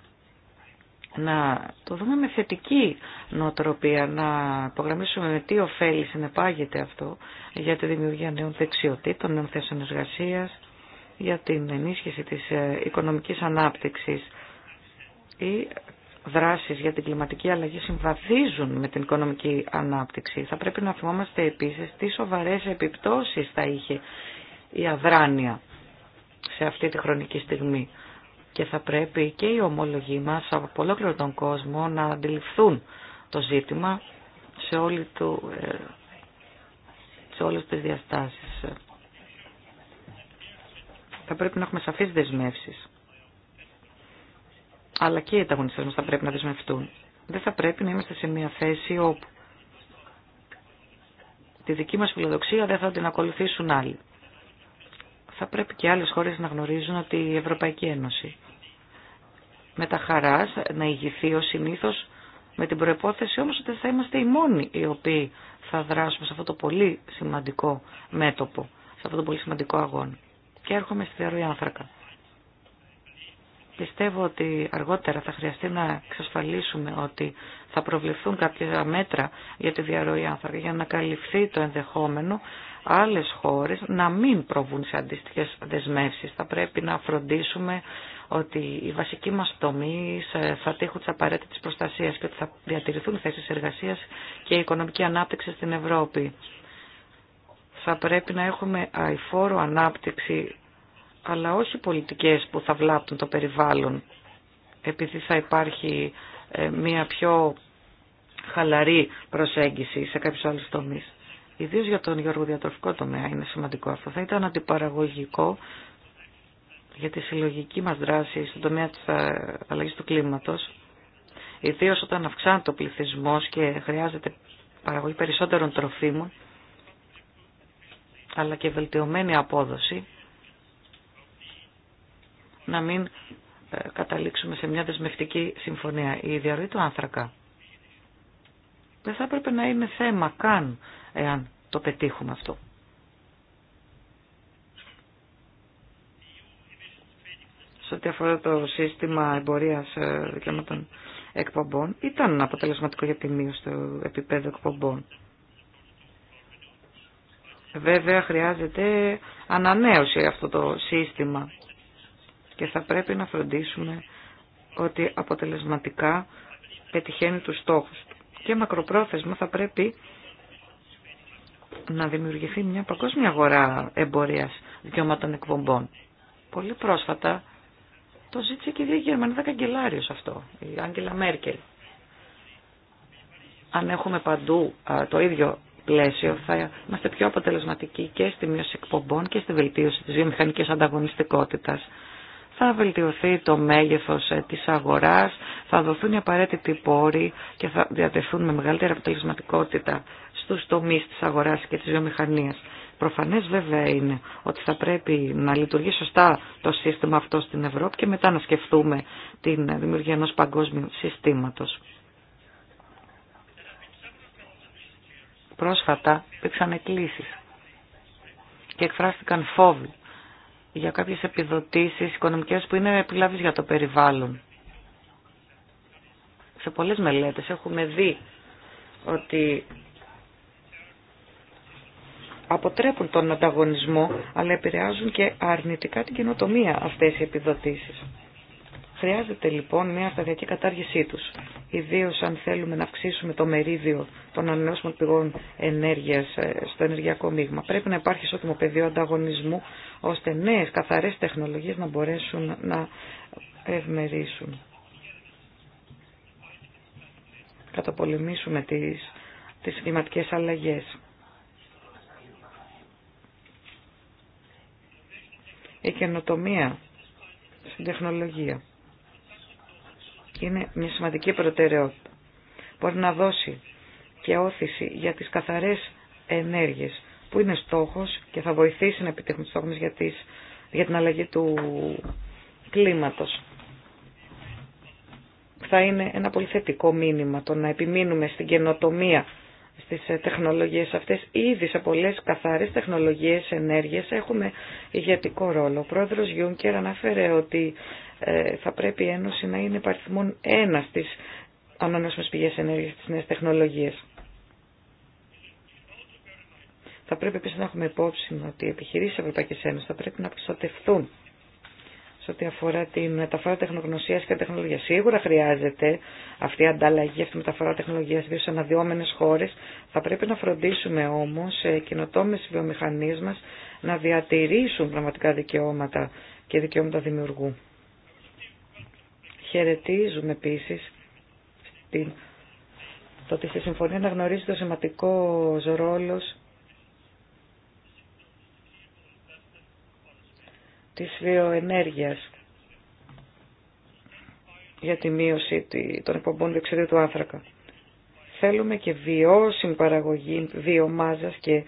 να το δούμε με θετική νοοτροπία, να υπογραμμίσουμε με τι ωφέλη συνεπάγεται αυτό για τη δημιουργία νέων δεξιοτήτων, νέων θέσεων εργασία, για την ενίσχυση της ε, οικονομικής ανάπτυξης ή δράσεις για την κλιματική αλλαγή συμβαδίζουν με την οικονομική ανάπτυξη. Θα πρέπει να θυμόμαστε επίσης τι σοβαρές επιπτώσεις θα είχε η αδράνεια σε αυτή τη χρονική στιγμή και θα πρέπει και οι ομόλογοι μας από ολόκληρο τον κόσμο να αντιληφθούν το ζήτημα σε, όλη του, ε, σε όλες τις διαστάσεις. Θα πρέπει να έχουμε σαφείς δεσμεύσεις. Αλλά και οι ανταγωνιστές μας θα πρέπει να δεσμευτούν. Δεν θα πρέπει να είμαστε σε μια θέση όπου τη δική μας φιλοδοξία δεν θα την ακολουθήσουν άλλοι θα πρέπει και άλλες χώρες να γνωρίζουν ότι η Ευρωπαϊκή Ένωση με τα χαράς να ηγηθεί ως συνήθως με την προπόθεση όμως ότι θα είμαστε οι μόνοι οι οποίοι θα δράσουμε σε αυτό το πολύ σημαντικό μέτωπο, σε αυτό το πολύ σημαντικό αγώνα. Και έρχομαι στη διαρροή άνθρακα. Πιστεύω ότι αργότερα θα χρειαστεί να εξασφαλίσουμε ότι θα προβληθούν κάποια μέτρα για τη διαρροή άνθρακα για να καλυφθεί το ενδεχόμενο άλλες χώρες να μην προβούν σε αντίστοιχες δεσμεύσεις. Θα πρέπει να φροντίσουμε ότι οι βασικοί μας τομείς ε, θα τύχουν τις απαραίτητες προστασίας και ότι θα διατηρηθούν θέσεις εργασίας και οικονομική ανάπτυξη στην Ευρώπη. Θα πρέπει να έχουμε αηφόρο ανάπτυξη, αλλά όχι πολιτικές που θα βλάπτουν το περιβάλλον, επειδή θα υπάρχει ε, μια πιο χαλαρή προσέγγιση σε κάποιους άλλους τομείς ιδίως για τον γεωργοδιατροφικό τομέα είναι σημαντικό αυτό. Θα ήταν αντιπαραγωγικό για τη συλλογική μας δράση στον τομέα της ε, αλλαγής του κλίματος, ιδίως όταν αυξάνεται ο πληθυσμός και χρειάζεται παραγωγή περισσότερων τροφίμων, αλλά και βελτιωμένη απόδοση, να μην ε, καταλήξουμε σε μια δεσμευτική συμφωνία. Η διαρροή του άνθρακα δεν θα έπρεπε να είναι θέμα καν εάν το πετύχουμε αυτό. Σε ό,τι αφορά το σύστημα εμπορίας ε, δικαιωμάτων εκπομπών, ήταν αποτελεσματικό για τη μείωση του επίπεδου εκπομπών. Βέβαια χρειάζεται ανανέωση αυτό το σύστημα και θα πρέπει να φροντίσουμε ότι αποτελεσματικά πετυχαίνει τους στόχους του. Και μακροπρόθεσμα θα πρέπει να δημιουργηθεί μια παγκόσμια αγορά εμπορίας δικαιωμάτων εκπομπών. Πολύ πρόσφατα το ζήτησε και η ίδια Γερμανίδα καγκελάριος αυτό, η Άγγελα Μέρκελ. Αν έχουμε παντού το ίδιο πλαίσιο θα είμαστε πιο αποτελεσματικοί και στη μείωση εκπομπών και στη βελτίωση της βιομηχανικής ανταγωνιστικότητας. Θα βελτιωθεί το μέγεθος ε, της αγοράς, θα δοθούν οι απαραίτητοι πόροι και θα διατεθούν με μεγαλύτερη αποτελεσματικότητα Στου τομεί τη αγοράς και τη βιομηχανία. Προφανέ βέβαια είναι ότι θα πρέπει να λειτουργεί σωστά το σύστημα αυτό στην Ευρώπη και μετά να σκεφτούμε την δημιουργία ενός παγκόσμιου συστήματος. Πρόσφατα υπήρξαν εκκλήσει και εκφράστηκαν φόβοι για κάποιες επιδοτήσεις οικονομικές που είναι επιλάβεις για το περιβάλλον. Σε πολλές μελέτες έχουμε δει ότι αποτρέπουν τον ανταγωνισμό, αλλά επηρεάζουν και αρνητικά την καινοτομία αυτές οι επιδοτήσεις. Χρειάζεται λοιπόν μια σταδιακή κατάργησή τους, ιδίως αν θέλουμε να αυξήσουμε το μερίδιο των ανανεώσιμων πηγών ενέργειας ε, στο ενεργειακό μείγμα. Πρέπει να υπάρχει ισότιμο πεδίο ανταγωνισμού, ώστε νέες καθαρές τεχνολογίες να μπορέσουν να ευμερίσουν. Καταπολεμήσουμε τις, τις κλιματικές αλλαγές. η καινοτομία στην τεχνολογία. Είναι μια σημαντική προτεραιότητα. Μπορεί να δώσει και όθηση για τις καθαρές ενέργειες που είναι στόχος και θα βοηθήσει να επιτύχουν τους στόχους για, τις, για την αλλαγή του κλίματος. Θα είναι ένα πολύ θετικό μήνυμα το να επιμείνουμε στην καινοτομία στις ε, τεχνολογίες αυτές. Ήδη σε πολλές καθαρές τεχνολογίες ενέργειας έχουμε ηγετικό ρόλο. Ο πρόεδρος Γιούνκερ αναφέρε ότι ε, θα πρέπει η Ένωση να είναι παριθμόν ένα στις ανανεώσιμες πηγές ενέργειας στις νέες τεχνολογίες. Θα πρέπει επίσης να έχουμε υπόψη ότι οι επιχειρήσεις της Ευρωπαϊκής Ένωσης θα πρέπει να προστατευτούν σε ό,τι αφορά τη μεταφορά τεχνογνωσία και τεχνολογία. Σίγουρα χρειάζεται αυτή η ανταλλαγή, αυτή η μεταφορά τεχνολογία δύο στι αναδυόμενε χώρε. Θα πρέπει να φροντίσουμε όμω ε, κοινοτόμε βιομηχανίε μα να διατηρήσουν πραγματικά δικαιώματα και δικαιώματα δημιουργού. Χαιρετίζουμε επίση το ότι στη συμφωνία αναγνωρίζεται ο σημαντικό ρόλο της βιοενέργειας για τη μείωση των εκπομπών διοξιδίου του άνθρακα. Θέλουμε και βιώσιμη παραγωγή βιομάζας και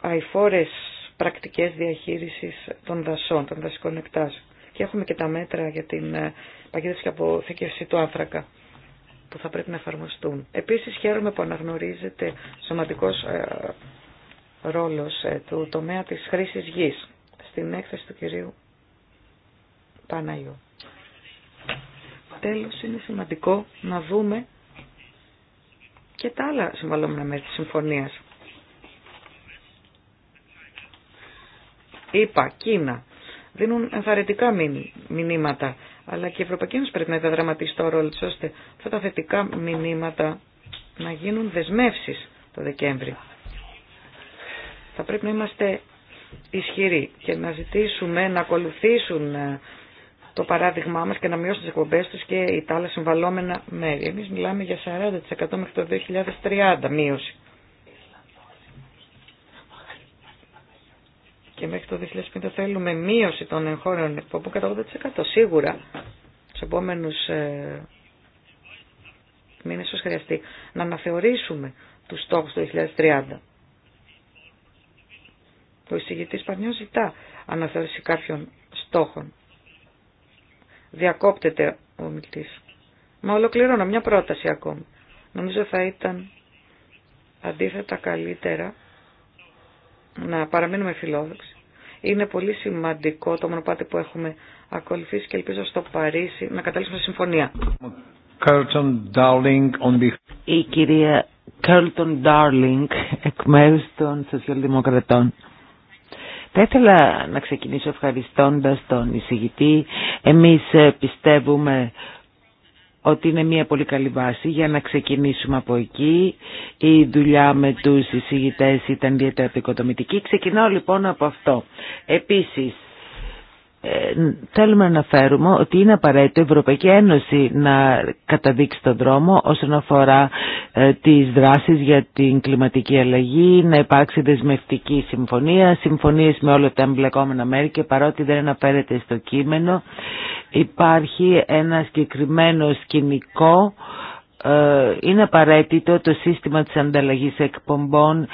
αϊφόρες πρακτικές διαχείρισης των δασών, των δασικών εκτάσεων. Και έχουμε και τα μέτρα για την ε, παγίδευση και αποθήκευση του άνθρακα που θα πρέπει να εφαρμοστούν. Επίσης χαίρομαι που αναγνωρίζεται σωματικός ε, ρόλος ε, του τομέα της χρήσης γης στην έκθεση του κυρίου Παναγιώ. Τέλος, είναι σημαντικό να δούμε και τα άλλα συμβαλόμενα μέρη τη συμφωνίας. Είπα, Κίνα, δίνουν ενθαρρυντικά μηνύματα, αλλά και η Ευρωπαϊκή Ένωση πρέπει να διαδραματίσει το ρόλο της, ώστε αυτά τα θετικά μηνύματα να γίνουν δεσμεύσεις το Δεκέμβρη. Θα πρέπει να είμαστε ισχυροί και να ζητήσουμε να ακολουθήσουν ε, το παράδειγμά μας και να μειώσουν τις εκπομπές τους και οι τα άλλα μέρη. Εμείς μιλάμε για 40% μέχρι το 2030 μείωση. Και μέχρι το 2050 θέλουμε μείωση των εγχώριων εκπομπών κατά 80% σίγουρα Σε επόμενους ε, μήνες όσο χρειαστεί να αναθεωρήσουμε τους στόχους του 2030. Ο εισηγητή Πανιός ζητά αναθεώρηση κάποιων στόχων. Διακόπτεται ο μιλτής. Μα ολοκληρώνω μια πρόταση ακόμη. Νομίζω θα ήταν αντίθετα καλύτερα να παραμείνουμε φιλόδοξοι. Είναι πολύ σημαντικό το μονοπάτι που έχουμε ακολουθήσει και ελπίζω στο Παρίσι να καταλήξουμε συμφωνία. Η κυρία Κέρλτον Ντάρλινγκ εκ μέρους των Σοσιαλδημοκρατών. Θα ήθελα να ξεκινήσω ευχαριστώντας τον εισηγητή. Εμείς ε, πιστεύουμε ότι είναι μια πολύ καλή βάση για να ξεκινήσουμε από εκεί. Η δουλειά με τους εισηγητές ήταν ιδιαίτερα επικοδομητική. Ξεκινάω λοιπόν από αυτό. Επίσης, ε, θέλουμε να αναφέρουμε ότι είναι απαραίτητο η Ευρωπαϊκή Ένωση να καταδείξει τον δρόμο όσον αφορά ε, τις δράσεις για την κλιματική αλλαγή, να υπάρξει δεσμευτική συμφωνία, συμφωνίες με όλα τα εμπλεκόμενα μέρη και παρότι δεν αναφέρεται στο κείμενο υπάρχει ένα συγκεκριμένο σκηνικό ε, είναι απαραίτητο το σύστημα της ανταλλαγής εκπομπών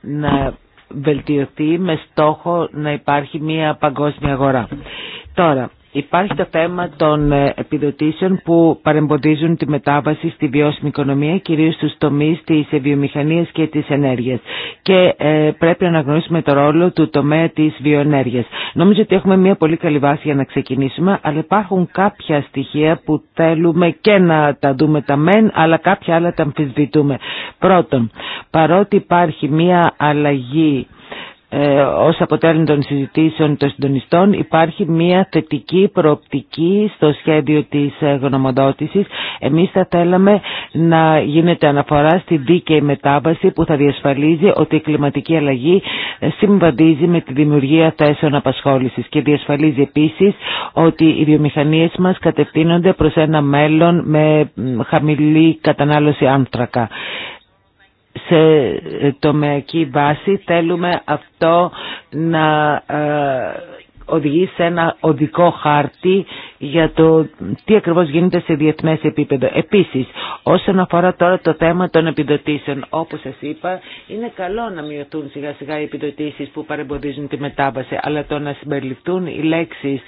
να βελτιωθεί με στόχο να υπάρχει μια παγκόσμια αγορά. Τώρα, Υπάρχει το θέμα των ε, επιδοτήσεων που παρεμποδίζουν τη μετάβαση στη βιώσιμη οικονομία, κυρίως στους τομείς της βιομηχανίας και της ενέργειας. Και ε, πρέπει να αναγνωρίσουμε το ρόλο του τομέα της βιοενέργειας. Νομίζω ότι έχουμε μια πολύ καλή βάση για να ξεκινήσουμε, αλλά υπάρχουν κάποια στοιχεία που θέλουμε και να τα δούμε τα μεν, αλλά κάποια άλλα τα αμφισβητούμε. Πρώτον, παρότι υπάρχει μια αλλαγή ε, ως αποτέλεσμα των συζητήσεων των συντονιστών υπάρχει μια θετική προοπτική στο σχέδιο της ε, γνωμοδότησης. Εμείς θα θέλαμε να γίνεται αναφορά στη δίκαιη μετάβαση που θα διασφαλίζει ότι η κλιματική αλλαγή ε, συμβαδίζει με τη δημιουργία θέσεων απασχόλησης και διασφαλίζει επίσης ότι οι βιομηχανίες μας κατευθύνονται προς ένα μέλλον με χαμηλή κατανάλωση άνθρακα σε τομεακή βάση θέλουμε αυτό να ε, οδηγεί σε ένα οδικό χάρτη για το τι ακριβώς γίνεται σε διεθνές επίπεδο. Επίσης, όσον αφορά τώρα το θέμα των επιδοτήσεων, όπως σας είπα, είναι καλό να μειωθούν σιγά σιγά οι επιδοτήσεις που παρεμποδίζουν τη μετάβαση, αλλά το να συμπεριληφθούν οι λέξεις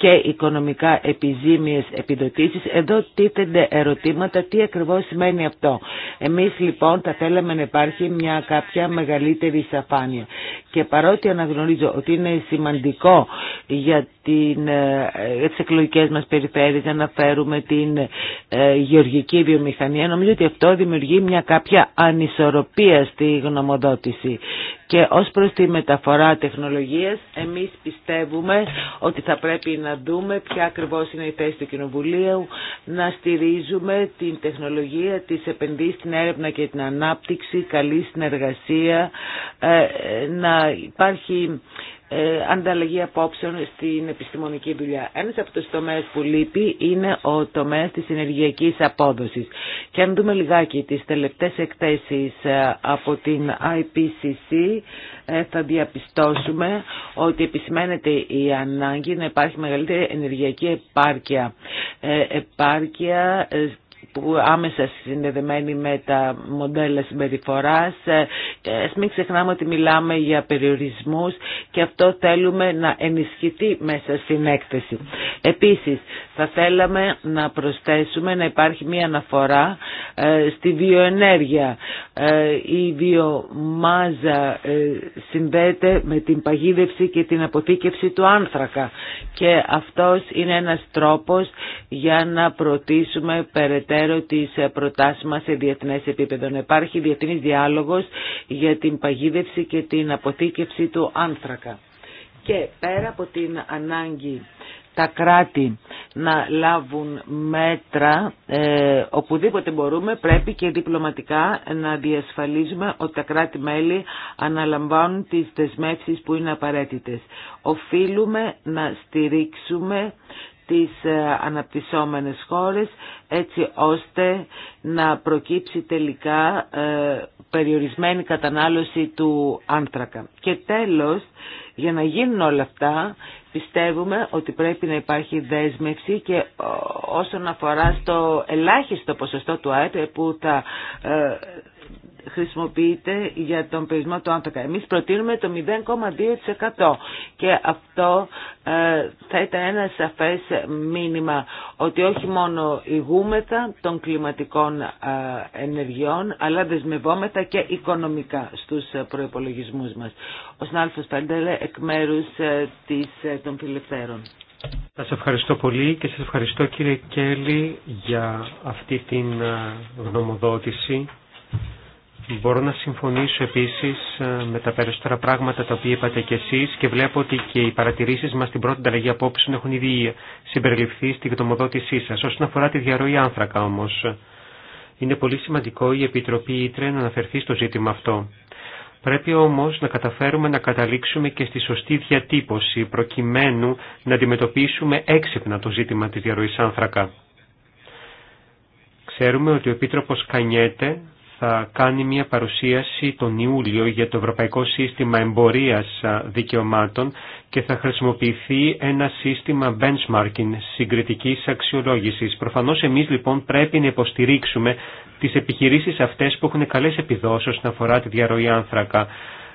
και οικονομικά επιζήμιες επιδοτήσεις. Εδώ τίθενται ερωτήματα τι ακριβώς σημαίνει αυτό. Εμείς λοιπόν θα θέλαμε να υπάρχει μια κάποια μεγαλύτερη σαφάνεια. Και παρότι αναγνωρίζω ότι είναι σημαντικό για, την, για ε, ε, τις εκλογικές μας περιφέρειες να αναφέρουμε την ε, γεωργική βιομηχανία, νομίζω ότι αυτό δημιουργεί μια κάποια ανισορροπία στη γνωμοδότηση. Και ως προς τη μεταφορά τεχνολογίας, εμείς πιστεύουμε ότι θα πρέπει να δούμε ποια ακριβώς είναι η θέση του Κοινοβουλίου, να στηρίζουμε την τεχνολογία της επενδύσεις στην έρευνα και την ανάπτυξη, καλή συνεργασία, ε, ε, να υπάρχει ε, ανταλλαγή απόψεων στην επιστημονική δουλειά. Ένας από τους τομέες που λείπει είναι ο τομέας της ενεργειακής απόδοσης. Και αν δούμε λιγάκι τις τελευταίες εκθέσεις ε, από την IPCC ε, θα διαπιστώσουμε ότι επισημαίνεται η ανάγκη να υπάρχει μεγαλύτερη ενεργειακή επάρκεια. Επάρκεια που άμεσα συνδεδεμένη με τα μοντέλα συμπεριφοράς. Ε, ας μην ξεχνάμε ότι μιλάμε για περιορισμούς και αυτό θέλουμε να ενισχυθεί μέσα στην έκθεση. Επίσης, θα θέλαμε να προσθέσουμε να υπάρχει μια αναφορά ε, στη βιοενέργεια. Ε, η βιομάζα συνδέεται με την παγίδευση και την αποθήκευση του άνθρακα και αυτός είναι ένας τρόπος για να προωθήσουμε περαιτέρω αναφέρω τις ε, προτάσεις σε διεθνές επίπεδο. υπάρχει διεθνής διάλογος για την παγίδευση και την αποθήκευση του άνθρακα. Και πέρα από την ανάγκη τα κράτη να λάβουν μέτρα ε, οπουδήποτε μπορούμε πρέπει και διπλωματικά να διασφαλίζουμε ότι τα κράτη-μέλη αναλαμβάνουν τις δεσμεύσεις που είναι απαραίτητες. Οφείλουμε να στηρίξουμε τις ε, αναπτυσσόμενες χώρες έτσι ώστε να προκύψει τελικά ε, περιορισμένη κατανάλωση του άνθρακα. Και τέλος, για να γίνουν όλα αυτά, πιστεύουμε ότι πρέπει να υπάρχει δέσμευση και ε, όσον αφορά στο ελάχιστο ποσοστό του ΑΕΠ που θα χρησιμοποιείται για τον περιορισμό του άνθρακα. Εμείς προτείνουμε το 0,2% και αυτό ε, θα ήταν ένα σαφές μήνυμα ότι όχι μόνο ηγούμεθα των κλιματικών ε, ενεργειών αλλά δεσμευόμεθα και οικονομικά στους προϋπολογισμούς μας. Ο Σνάλφος Πέντελε εκ μέρους ε, των φιλελευθέρων. Σα ευχαριστώ πολύ και σας ευχαριστώ κύριε Κέλλη για αυτή την γνωμοδότηση Μπορώ να συμφωνήσω επίσης ε, με τα περισσότερα πράγματα τα οποία είπατε κι εσείς και βλέπω ότι και οι παρατηρήσεις μας στην πρώτη ανταλλαγή απόψεων έχουν ήδη συμπεριληφθεί στην γνωμοδότησή σας. Όσον αφορά τη διαρροή άνθρακα όμως, είναι πολύ σημαντικό η Επιτροπή Ήτρε να αναφερθεί στο ζήτημα αυτό. Πρέπει όμως να καταφέρουμε να καταλήξουμε και στη σωστή διατύπωση προκειμένου να αντιμετωπίσουμε έξυπνα το ζήτημα της διαρροής άνθρακα. Ξέρουμε ότι ο Επίτροπος Κανιέται θα κάνει μια παρουσίαση τον Ιούλιο για το Ευρωπαϊκό Σύστημα Εμπορίας Δικαιωμάτων και θα χρησιμοποιηθεί ένα σύστημα benchmarking, συγκριτικής αξιολόγησης. Προφανώς εμείς λοιπόν πρέπει να υποστηρίξουμε τις επιχειρήσεις αυτές που έχουν καλές επιδόσεις όσον αφορά τη διαρροή άνθρακα.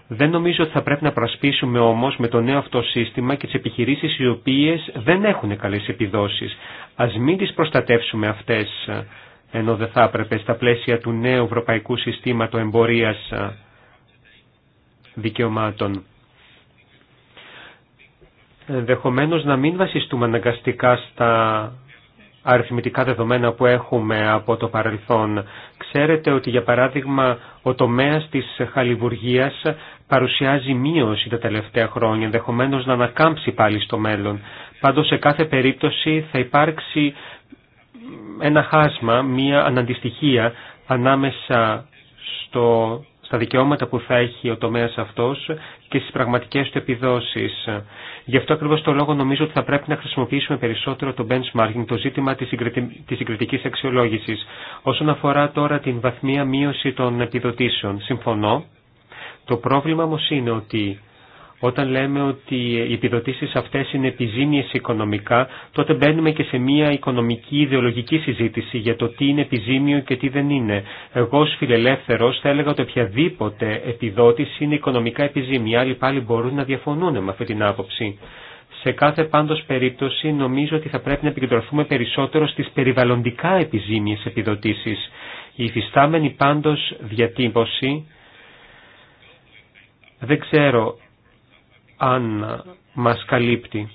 Δεν νομίζω ότι θα πρέπει να προσπίσουμε όμως με το νέο αυτό σύστημα και τις επιχειρήσεις οι οποίες δεν έχουν καλές επιδόσεις. Ας μην τις προστατεύσουμε αυτές ενώ δεν θα έπρεπε στα πλαίσια του νέου ευρωπαϊκού συστήματο εμπορίας δικαιωμάτων. Ενδεχομένως να μην βασιστούμε αναγκαστικά στα αριθμητικά δεδομένα που έχουμε από το παρελθόν. Ξέρετε ότι για παράδειγμα ο τομέας της χαλιβουργίας παρουσιάζει μείωση τα τελευταία χρόνια, ενδεχομένως να ανακάμψει πάλι στο μέλλον. Πάντως σε κάθε περίπτωση θα υπάρξει ένα χάσμα, μία αναντιστοιχία ανάμεσα στο, στα δικαιώματα που θα έχει ο τομέας αυτός και στις πραγματικές του επιδόσεις. Γι' αυτό ακριβώς το λόγο νομίζω ότι θα πρέπει να χρησιμοποιήσουμε περισσότερο το benchmarking, το ζήτημα της, συγκριτι... της συγκριτικής αξιολόγησης. Όσον αφορά τώρα την βαθμία μείωση των επιδοτήσεων, συμφωνώ. Το πρόβλημα όμω είναι ότι όταν λέμε ότι οι επιδοτήσεις αυτές είναι επιζήμιες οικονομικά, τότε μπαίνουμε και σε μια οικονομική ιδεολογική συζήτηση για το τι είναι επιζήμιο και τι δεν είναι. Εγώ ως φιλελεύθερος θα έλεγα ότι οποιαδήποτε επιδότηση είναι οικονομικά επιζήμια, άλλοι πάλι μπορούν να διαφωνούν με αυτή την άποψη. Σε κάθε πάντως περίπτωση νομίζω ότι θα πρέπει να επικεντρωθούμε περισσότερο στις περιβαλλοντικά επιζήμιες επιδοτήσεις. Η υφιστάμενη πάντως διατύπωση δεν ξέρω αν μας καλύπτει.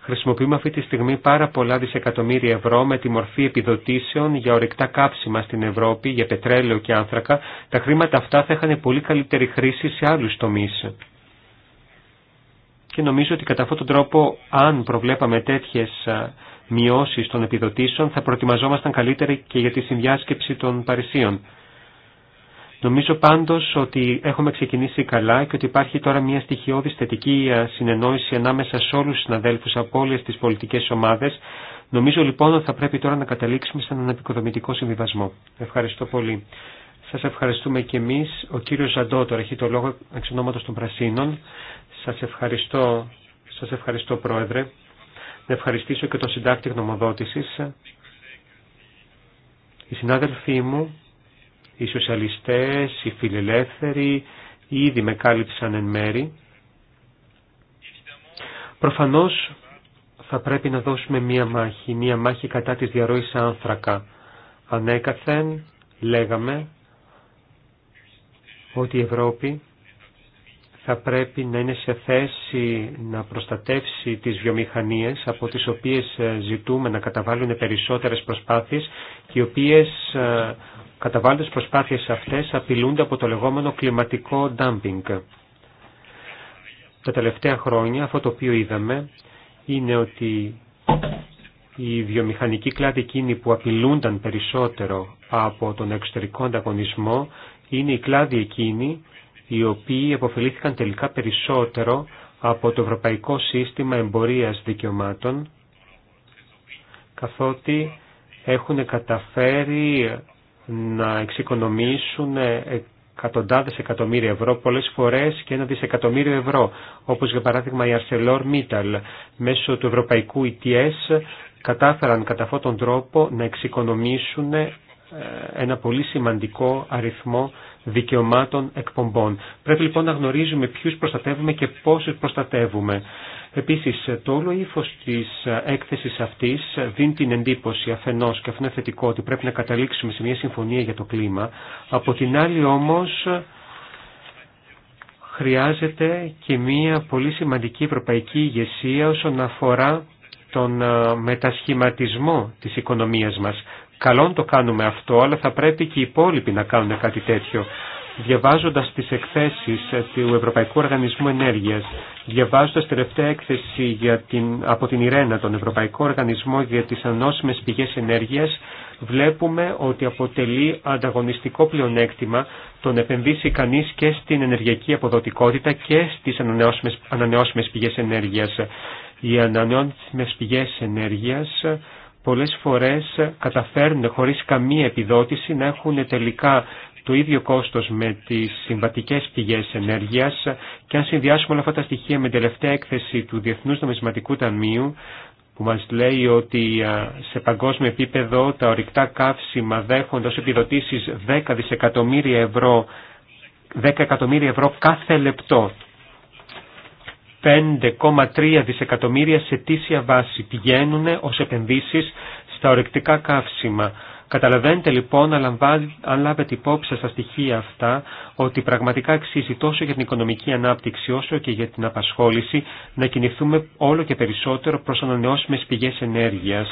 Χρησιμοποιούμε αυτή τη στιγμή πάρα πολλά δισεκατομμύρια ευρώ με τη μορφή επιδοτήσεων για ορεικτά κάψιμα στην Ευρώπη, για πετρέλαιο και άνθρακα. Τα χρήματα αυτά θα είχαν πολύ καλύτερη χρήση σε άλλους τομείς. Και νομίζω ότι κατά αυτόν τον τρόπο, αν προβλέπαμε τέτοιες μειώσεις των επιδοτήσεων, θα προετοιμαζόμασταν καλύτερα και για τη συνδιάσκεψη των Παρισίων. Νομίζω πάντως ότι έχουμε ξεκινήσει καλά και ότι υπάρχει τώρα μια στοιχειώδη θετική ε, συνεννόηση ανάμεσα σε όλους τους συναδέλφους από όλες τις πολιτικές ομάδες. Νομίζω λοιπόν ότι θα πρέπει τώρα να καταλήξουμε σε έναν επικοδομητικό συμβιβασμό. Ευχαριστώ πολύ. Σας ευχαριστούμε και εμείς. Ο κύριος Ζαντό τώρα έχει το λόγο εξ των Πρασίνων. Σας ευχαριστώ, σας ευχαριστώ Πρόεδρε. Να ευχαριστήσω και τον συντάκτη γνωμοδότηση Οι συνάδελφοί μου οι σοσιαλιστές, οι φιλελεύθεροι ήδη με κάλυψαν εν μέρη. Προφανώς θα πρέπει να δώσουμε μία μάχη, μία μάχη κατά της διαρροής άνθρακα. Ανέκαθεν λέγαμε ότι η Ευρώπη θα πρέπει να είναι σε θέση να προστατεύσει τις βιομηχανίες από τις οποίες ε, ζητούμε να καταβάλουν περισσότερες προσπάθειες και οι οποίες ε, καταβάλλοντας προσπάθειες αυτές απειλούνται από το λεγόμενο κλιματικό dumping. Τα τελευταία χρόνια αυτό το οποίο είδαμε είναι ότι η βιομηχανική κλάδη εκείνη που απειλούνταν περισσότερο από τον εξωτερικό ανταγωνισμό είναι η κλάδη εκείνοι οι οποίοι αποφελήθηκαν τελικά περισσότερο από το Ευρωπαϊκό Σύστημα Εμπορίας Δικαιωμάτων καθότι έχουν καταφέρει να εξοικονομήσουν εκατοντάδες εκατομμύρια ευρώ, πολλές φορές και ένα δισεκατομμύριο ευρώ, όπως για παράδειγμα η Arcelor μέσω του ευρωπαϊκού ETS κατάφεραν κατά αυτόν τον τρόπο να εξοικονομήσουν ε, ένα πολύ σημαντικό αριθμό δικαιωμάτων εκπομπών. Πρέπει λοιπόν να γνωρίζουμε ποιους προστατεύουμε και πόσους προστατεύουμε. Επίσης, το όλο ύφος της έκθεσης αυτής δίνει την εντύπωση αφενός και αυτό είναι θετικό ότι πρέπει να καταλήξουμε σε μια συμφωνία για το κλίμα. Από την άλλη όμως χρειάζεται και μια πολύ σημαντική ευρωπαϊκή ηγεσία όσον αφορά τον ε, μετασχηματισμό της οικονομίας μας. Καλόν το κάνουμε αυτό, αλλά θα πρέπει και οι υπόλοιποι να κάνουν κάτι τέτοιο διαβάζοντας τις εκθέσεις ε, του Ευρωπαϊκού Οργανισμού Ενέργειας, διαβάζοντας τελευταία έκθεση για την, από την Ιρένα, τον Ευρωπαϊκό Οργανισμό για τις Ανώσιμες Πηγές Ενέργειας, βλέπουμε ότι αποτελεί ανταγωνιστικό πλεονέκτημα τον επενδύσει κανείς και στην ενεργειακή αποδοτικότητα και στις ανανεώσιμες, ανανεώσιμες πηγές ενέργειας. Οι ανανεώσιμες πηγές ενέργειας ε, πολλές φορές καταφέρνουν χωρίς καμία επιδότηση να έχουν τελικά το ίδιο κόστος με τις συμβατικές πηγές ενέργειας και αν συνδυάσουμε όλα αυτά τα στοιχεία με την τελευταία έκθεση του Διεθνούς Νομισματικού Ταμείου που μας λέει ότι σε παγκόσμιο επίπεδο τα ορυκτά καύσιμα δέχονται ως επιδοτήσεις 10 δισεκατομμύρια ευρώ, 10 εκατομμύρια ευρώ κάθε λεπτό. 5,3 δισεκατομμύρια σε τήσια βάση πηγαίνουν ως επενδύσεις στα ορυκτικά καύσιμα. Καταλαβαίνετε λοιπόν, αν λάβετε υπόψη στα στοιχεία αυτά, ότι πραγματικά αξίζει τόσο για την οικονομική ανάπτυξη όσο και για την απασχόληση να κινηθούμε όλο και περισσότερο προς ανανεώσιμες πηγές ενέργειας.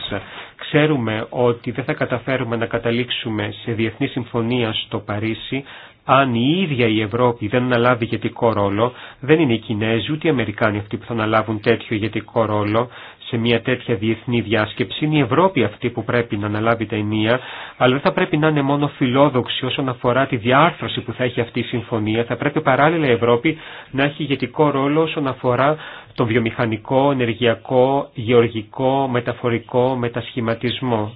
Ξέρουμε ότι δεν θα καταφέρουμε να καταλήξουμε σε διεθνή συμφωνία στο Παρίσι, αν η ίδια η Ευρώπη δεν αναλάβει ηγετικό ρόλο, δεν είναι οι Κινέζοι ούτε οι Αμερικάνοι αυτοί που θα αναλάβουν τέτοιο ηγετικό ρόλο σε μια τέτοια διεθνή διάσκεψη. Είναι η Ευρώπη αυτή που πρέπει να αναλάβει τα ενία, αλλά δεν θα πρέπει να είναι μόνο φιλόδοξη όσον αφορά τη διάρθρωση που θα έχει αυτή η συμφωνία. Θα πρέπει παράλληλα η Ευρώπη να έχει ηγετικό ρόλο όσον αφορά τον βιομηχανικό, ενεργειακό, γεωργικό, μεταφορικό μετασχηματισμό.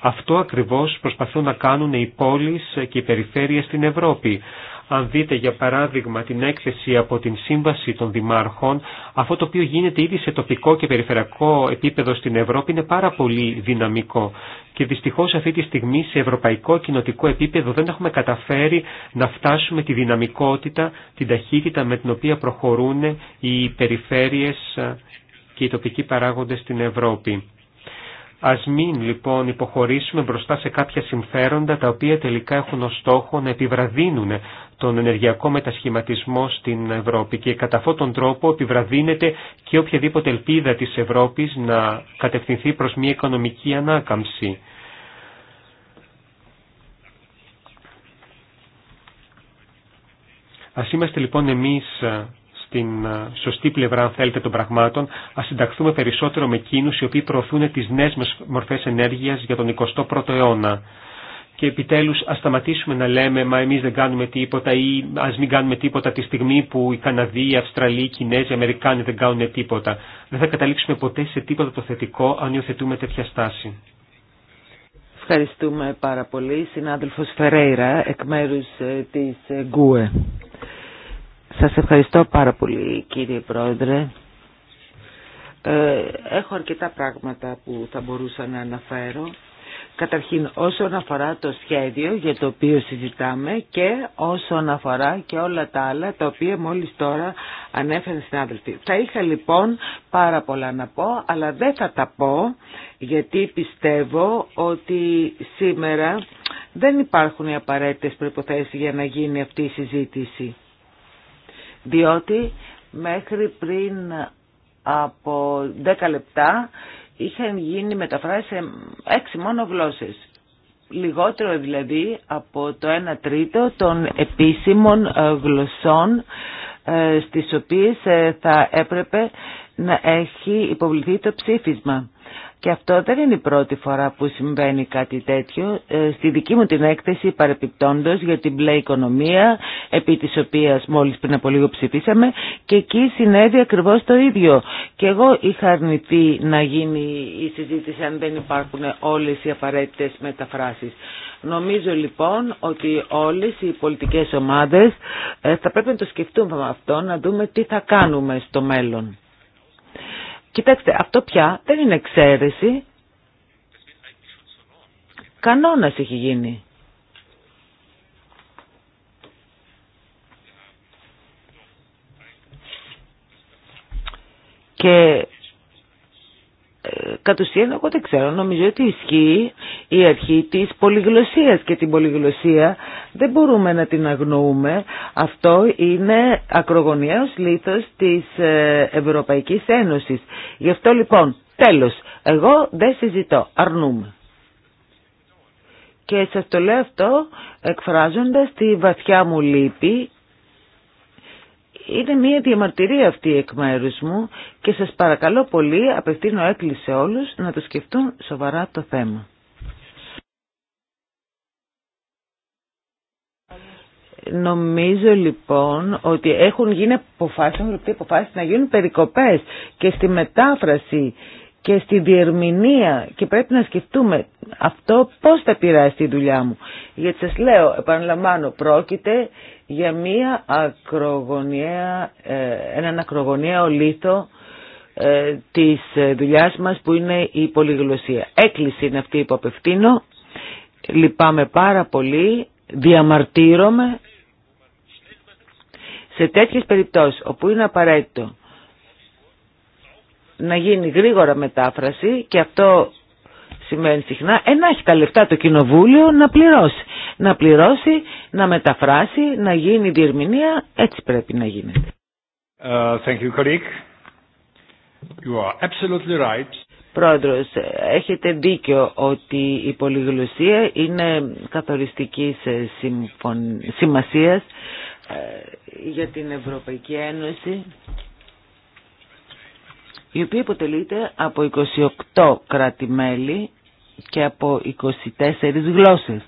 Αυτό ακριβώς προσπαθούν να κάνουν οι πόλεις και οι περιφέρειες στην Ευρώπη. Αν δείτε για παράδειγμα την έκθεση από την Σύμβαση των Δημάρχων, αυτό το οποίο γίνεται ήδη σε τοπικό και περιφερειακό επίπεδο στην Ευρώπη είναι πάρα πολύ δυναμικό. Και δυστυχώς αυτή τη στιγμή σε ευρωπαϊκό κοινοτικό επίπεδο δεν έχουμε καταφέρει να φτάσουμε τη δυναμικότητα, την ταχύτητα με την οποία προχωρούν οι περιφέρειες και οι τοπικοί παράγοντες στην Ευρώπη. Ας μην λοιπόν υποχωρήσουμε μπροστά σε κάποια συμφέροντα τα οποία τελικά έχουν ως στόχο να επιβραδύνουν τον ενεργειακό μετασχηματισμό στην Ευρώπη και κατά αυτόν τον τρόπο επιβραδύνεται και οποιαδήποτε ελπίδα της Ευρώπης να κατευθυνθεί προς μια οικονομική ανάκαμψη. Ας είμαστε λοιπόν εμείς στην ε, σωστή πλευρά, αν θέλετε, των πραγμάτων, α συνταχθούμε περισσότερο με εκείνου οι οποίοι προωθούν τι νέε μορφέ ενέργεια για τον 21ο αιώνα. Και επιτέλου α σταματήσουμε να λέμε Μα εμεί δεν κάνουμε τίποτα ή α μην κάνουμε τίποτα τη στιγμή που οι Καναδοί, οι Αυστραλοί, οι Κινέζοι, οι Αμερικάνοι δεν κάνουν τίποτα. Δεν θα καταλήξουμε ποτέ σε τίποτα το θετικό αν υιοθετούμε τέτοια στάση. Ευχαριστούμε πάρα πολύ. συνάδελφο Φερέιρα, εκ μέρου ε, τη ε, ΓΚΟΕ. Σας ευχαριστώ πάρα πολύ κύριε Πρόεδρε. Ε, έχω αρκετά πράγματα που θα μπορούσα να αναφέρω. Καταρχήν όσον αφορά το σχέδιο για το οποίο συζητάμε και όσον αφορά και όλα τα άλλα τα οποία μόλις τώρα ανέφεραν συνάδελφοι. Θα είχα λοιπόν πάρα πολλά να πω αλλά δεν θα τα πω γιατί πιστεύω ότι σήμερα δεν υπάρχουν οι απαραίτητες προϋποθέσεις για να γίνει αυτή η συζήτηση διότι μέχρι πριν από 10 λεπτά είχαν γίνει μεταφράσει σε 6 μόνο γλώσσες. Λιγότερο δηλαδή από το 1 τρίτο των επίσημων ε, γλωσσών ε, στις οποίες ε, θα έπρεπε να έχει υποβληθεί το ψήφισμα. Και αυτό δεν είναι η πρώτη φορά που συμβαίνει κάτι τέτοιο. Ε, στη δική μου την έκθεση παρεπιπτόντος για την μπλε οικονομία, επί της οποίας μόλις πριν από λίγο ψηφίσαμε, και εκεί συνέβη ακριβώς το ίδιο. Και εγώ είχα αρνηθεί να γίνει η συζήτηση αν δεν υπάρχουν όλες οι απαραίτητες μεταφράσεις. Νομίζω λοιπόν ότι όλες οι πολιτικές ομάδες ε, θα πρέπει να το σκεφτούμε αυτό, να δούμε τι θα κάνουμε στο μέλλον. Κοιτάξτε, αυτό πια δεν είναι εξαίρεση. Κανόνας έχει γίνει. Και κατ' ουσίαν εγώ δεν ξέρω, νομίζω ότι ισχύει η αρχή της πολυγλωσίας και την πολυγλωσία δεν μπορούμε να την αγνοούμε. Αυτό είναι ακρογωνιαίος λήθος της ε, Ευρωπαϊκής Ένωσης. Γι' αυτό λοιπόν, τέλος, εγώ δεν συζητώ, αρνούμε. Και σε το λέω αυτό εκφράζοντας τη βαθιά μου λύπη είναι μια διαμαρτυρία αυτή εκ μου και σας παρακαλώ πολύ απευθύνω έκλεισε όλους να το σκεφτούν σοβαρά το θέμα. Νομίζω λοιπόν ότι έχουν γίνει αποφάσεις, έχουν αποφάσεις να γίνουν περικοπές και στη μετάφραση και στη διερμηνία και πρέπει να σκεφτούμε αυτό πώς θα πειράσει τη δουλειά μου. Γιατί σας λέω, επαναλαμβάνω, πρόκειται για μια ακρογωνία, ε, έναν ακρογωνιαίο λίθο ε, της δουλειάς μας που είναι η πολυγλωσία. Έκκληση είναι αυτή που απευθύνω, λυπάμαι πάρα πολύ, διαμαρτύρομαι. Σε τέτοιες περιπτώσεις όπου είναι απαραίτητο να γίνει γρήγορα μετάφραση και αυτό σημαίνει συχνά, έχει τα λεφτά το κοινοβούλιο να πληρώσει. Να πληρώσει, να μεταφράσει, να γίνει διερμηνία, έτσι πρέπει να γίνεται. Uh, Πρόεδρος, έχετε δίκιο ότι η πολυγλωσία είναι καθοριστική ε, συμφων... σημασίας ε, για την Ευρωπαϊκή Ένωση η οποία αποτελείται από 28 κράτη-μέλη και από 24 γλώσσες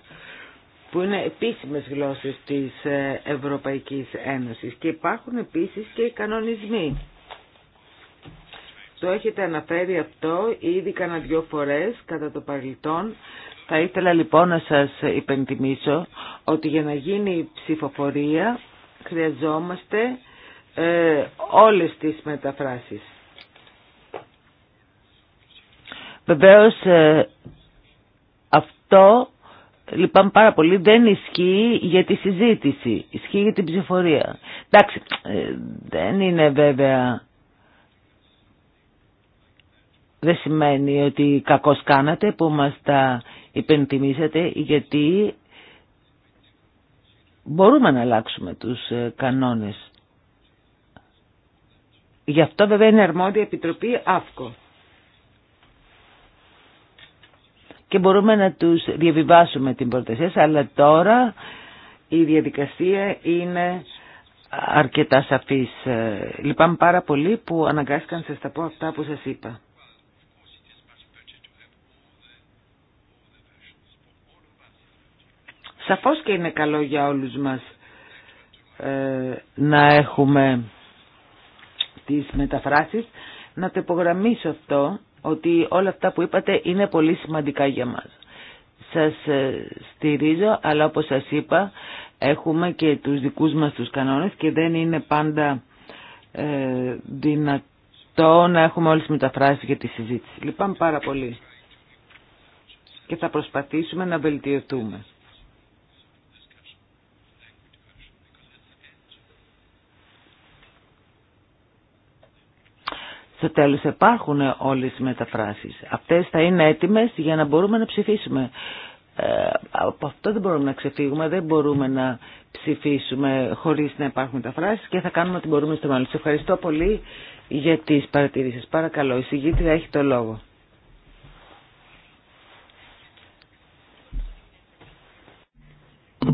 που είναι επίσημες γλώσσες της ε, Ευρωπαϊκής Ένωσης και υπάρχουν επίσης και οι κανονισμοί. Το έχετε αναφέρει αυτό ήδη κάνα δυο φορές κατά το παρελθόν. Θα ήθελα λοιπόν να σας υπενθυμίσω ότι για να γίνει ψηφοφορία χρειαζόμαστε ε, όλες τις μεταφράσεις. Βεβαίως ε, αυτό λυπάμαι πάρα πολύ δεν ισχύει για τη συζήτηση, ισχύει για την ψηφορία. Εντάξει, ε, δεν είναι βέβαια... Δεν σημαίνει ότι κακώς κάνατε που μας τα υπενθυμίσατε γιατί μπορούμε να αλλάξουμε τους ε, κανόνες. Γι' αυτό βέβαια είναι αρμόδια επιτροπή ΑΦΚΟ. και μπορούμε να τους διαβιβάσουμε την πρόταση, αλλά τώρα η διαδικασία είναι αρκετά σαφής. Ε, λυπάμαι πάρα πολύ που αναγκάστηκαν να σας τα πω αυτά που σας είπα. Σαφώς και είναι καλό για όλους μας ε, να έχουμε τις μεταφράσεις. Να το υπογραμμίσω αυτό ότι όλα αυτά που είπατε είναι πολύ σημαντικά για μας. Σας ε, στηρίζω, αλλά όπως σας είπα έχουμε και τους δικούς μας τους κανόνες και δεν είναι πάντα ε, δυνατό να έχουμε όλες τις μεταφράσεις για τη συζήτηση. Λυπάμαι πάρα πολύ και θα προσπαθήσουμε να βελτιωθούμε. Στο τέλος υπάρχουν όλες οι μεταφράσεις. Αυτές θα είναι έτοιμες για να μπορούμε να ψηφίσουμε. Ε, από αυτό δεν μπορούμε να ξεφύγουμε, δεν μπορούμε να ψηφίσουμε χωρίς να υπάρχουν μεταφράσεις και θα κάνουμε ό,τι μπορούμε στο μέλλον. ευχαριστώ πολύ για τις παρατηρήσεις. Παρακαλώ, η συγγήτρια έχει το λόγο.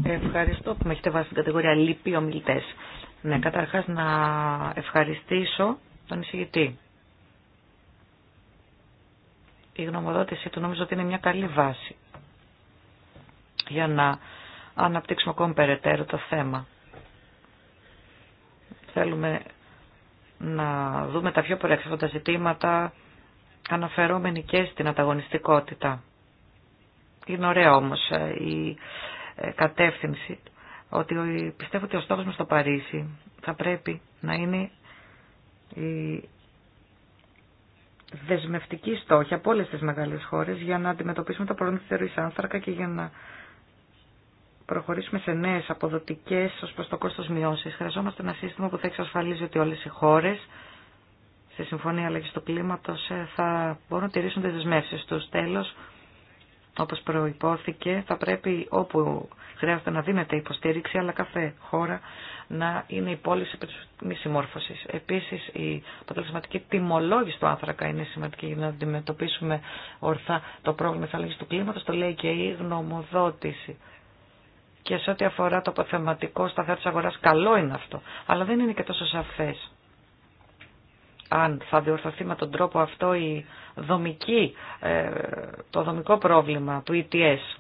Ευχαριστώ που με έχετε βάσει στην κατηγορία λύπη ομιλητέ. Ναι, καταρχάς να ευχαριστήσω τον εισηγητή η γνωμοδότησή του νομίζω ότι είναι μια καλή βάση για να αναπτύξουμε ακόμη περαιτέρω το θέμα. Θέλουμε να δούμε τα πιο προεξέχοντα ζητήματα αναφερόμενοι και στην ανταγωνιστικότητα. Είναι ωραία όμως ε, η ε, κατεύθυνση ότι πιστεύω ότι ο στόχος μας στο Παρίσι θα πρέπει να είναι η δεσμευτική στόχη από όλε τι μεγάλε χώρε για να αντιμετωπίσουμε τα πρόβλημα τη θεωρή άνθρακα και για να προχωρήσουμε σε νέε αποδοτικέ ω προ το κόστο μειώσει. Χρειαζόμαστε ένα σύστημα που θα εξασφαλίζει ότι όλε οι χώρε στη Συμφωνία Αλλαγή του Κλίματο ε, θα μπορούν να τηρήσουν τι δεσμεύσει του. Τέλο, όπω προπόθηκε, θα πρέπει όπου χρειάζεται να δίνεται υποστήριξη, αλλά κάθε χώρα να είναι η πόλη σε μη συμμόρφωση. Επίση, η αποτελεσματική τιμολόγηση του άνθρακα είναι σημαντική για να αντιμετωπίσουμε ορθά το πρόβλημα τη αλλαγή του κλίματο. Το λέει και η γνωμοδότηση. Και σε ό,τι αφορά το αποθεματικό σταθερό τη αγορά, καλό είναι αυτό. Αλλά δεν είναι και τόσο σαφέ αν θα διορθωθεί με τον τρόπο αυτό η δομική, ε, το δομικό πρόβλημα του ETS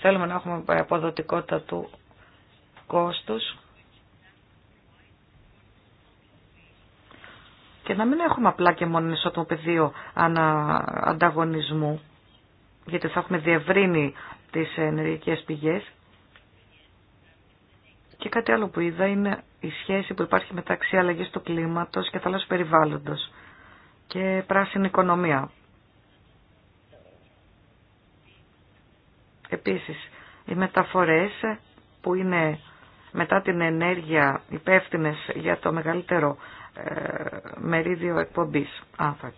Θέλουμε να έχουμε αποδοτικότητα του κόστους και να μην έχουμε απλά και μόνο ισότιμο πεδίο ανταγωνισμού, γιατί θα έχουμε διευρύνει τις ενεργειακές πηγές. Και κάτι άλλο που είδα είναι η σχέση που υπάρχει μεταξύ αλλαγής του κλίματος και θαλάσσου περιβάλλοντος και πράσινη οικονομία. Επίσης, οι μεταφορές που είναι μετά την ενέργεια υπεύθυνε για το μεγαλύτερο ε, μερίδιο εκπομπής, άνθρακ.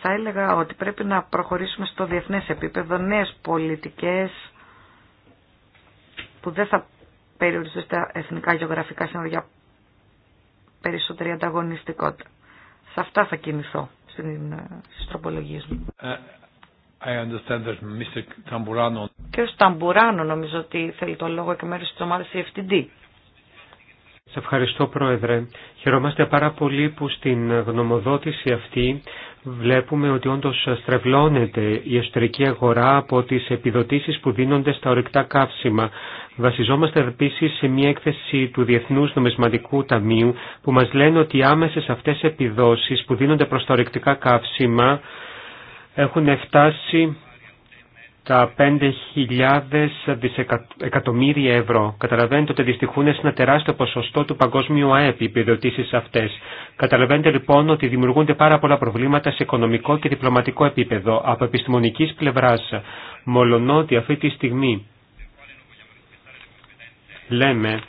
Θα έλεγα ότι πρέπει να προχωρήσουμε στο διεθνές επίπεδο νέες πολιτικές που δεν θα περιοριστούν στα εθνικά γεωγραφικά σύνορα για περισσότερη ανταγωνιστικότητα. Σε αυτά θα κινηθώ στην, ε, στις μου. Ε, I understand Σταμπουράνο νομίζω ότι θέλει το λόγο και μέρος της ομάδας EFTD. Σα ευχαριστώ Πρόεδρε. Χαιρόμαστε πάρα πολύ που στην γνωμοδότηση αυτή βλέπουμε ότι όντως στρεβλώνεται η εσωτερική αγορά από τις επιδοτήσεις που δίνονται στα ορυκτά καύσιμα. Βασιζόμαστε επίσης σε μια έκθεση του Διεθνούς Νομισματικού Ταμείου που μας λένε ότι οι άμεσες αυτές επιδόσεις που δίνονται προς τα ορυκτικά καύσιμα έχουν φτάσει τα 5.000 δισεκατομμύρια ευρώ. Καταλαβαίνετε ότι δυστυχούν σε ένα τεράστιο ποσοστό του παγκόσμιου ΑΕΠ οι επιδοτήσει αυτές. Καταλαβαίνετε λοιπόν ότι δημιουργούνται πάρα πολλά προβλήματα σε οικονομικό και διπλωματικό επίπεδο από επιστημονικής πλευράς. Μολονότι αυτή τη στιγμή λέμε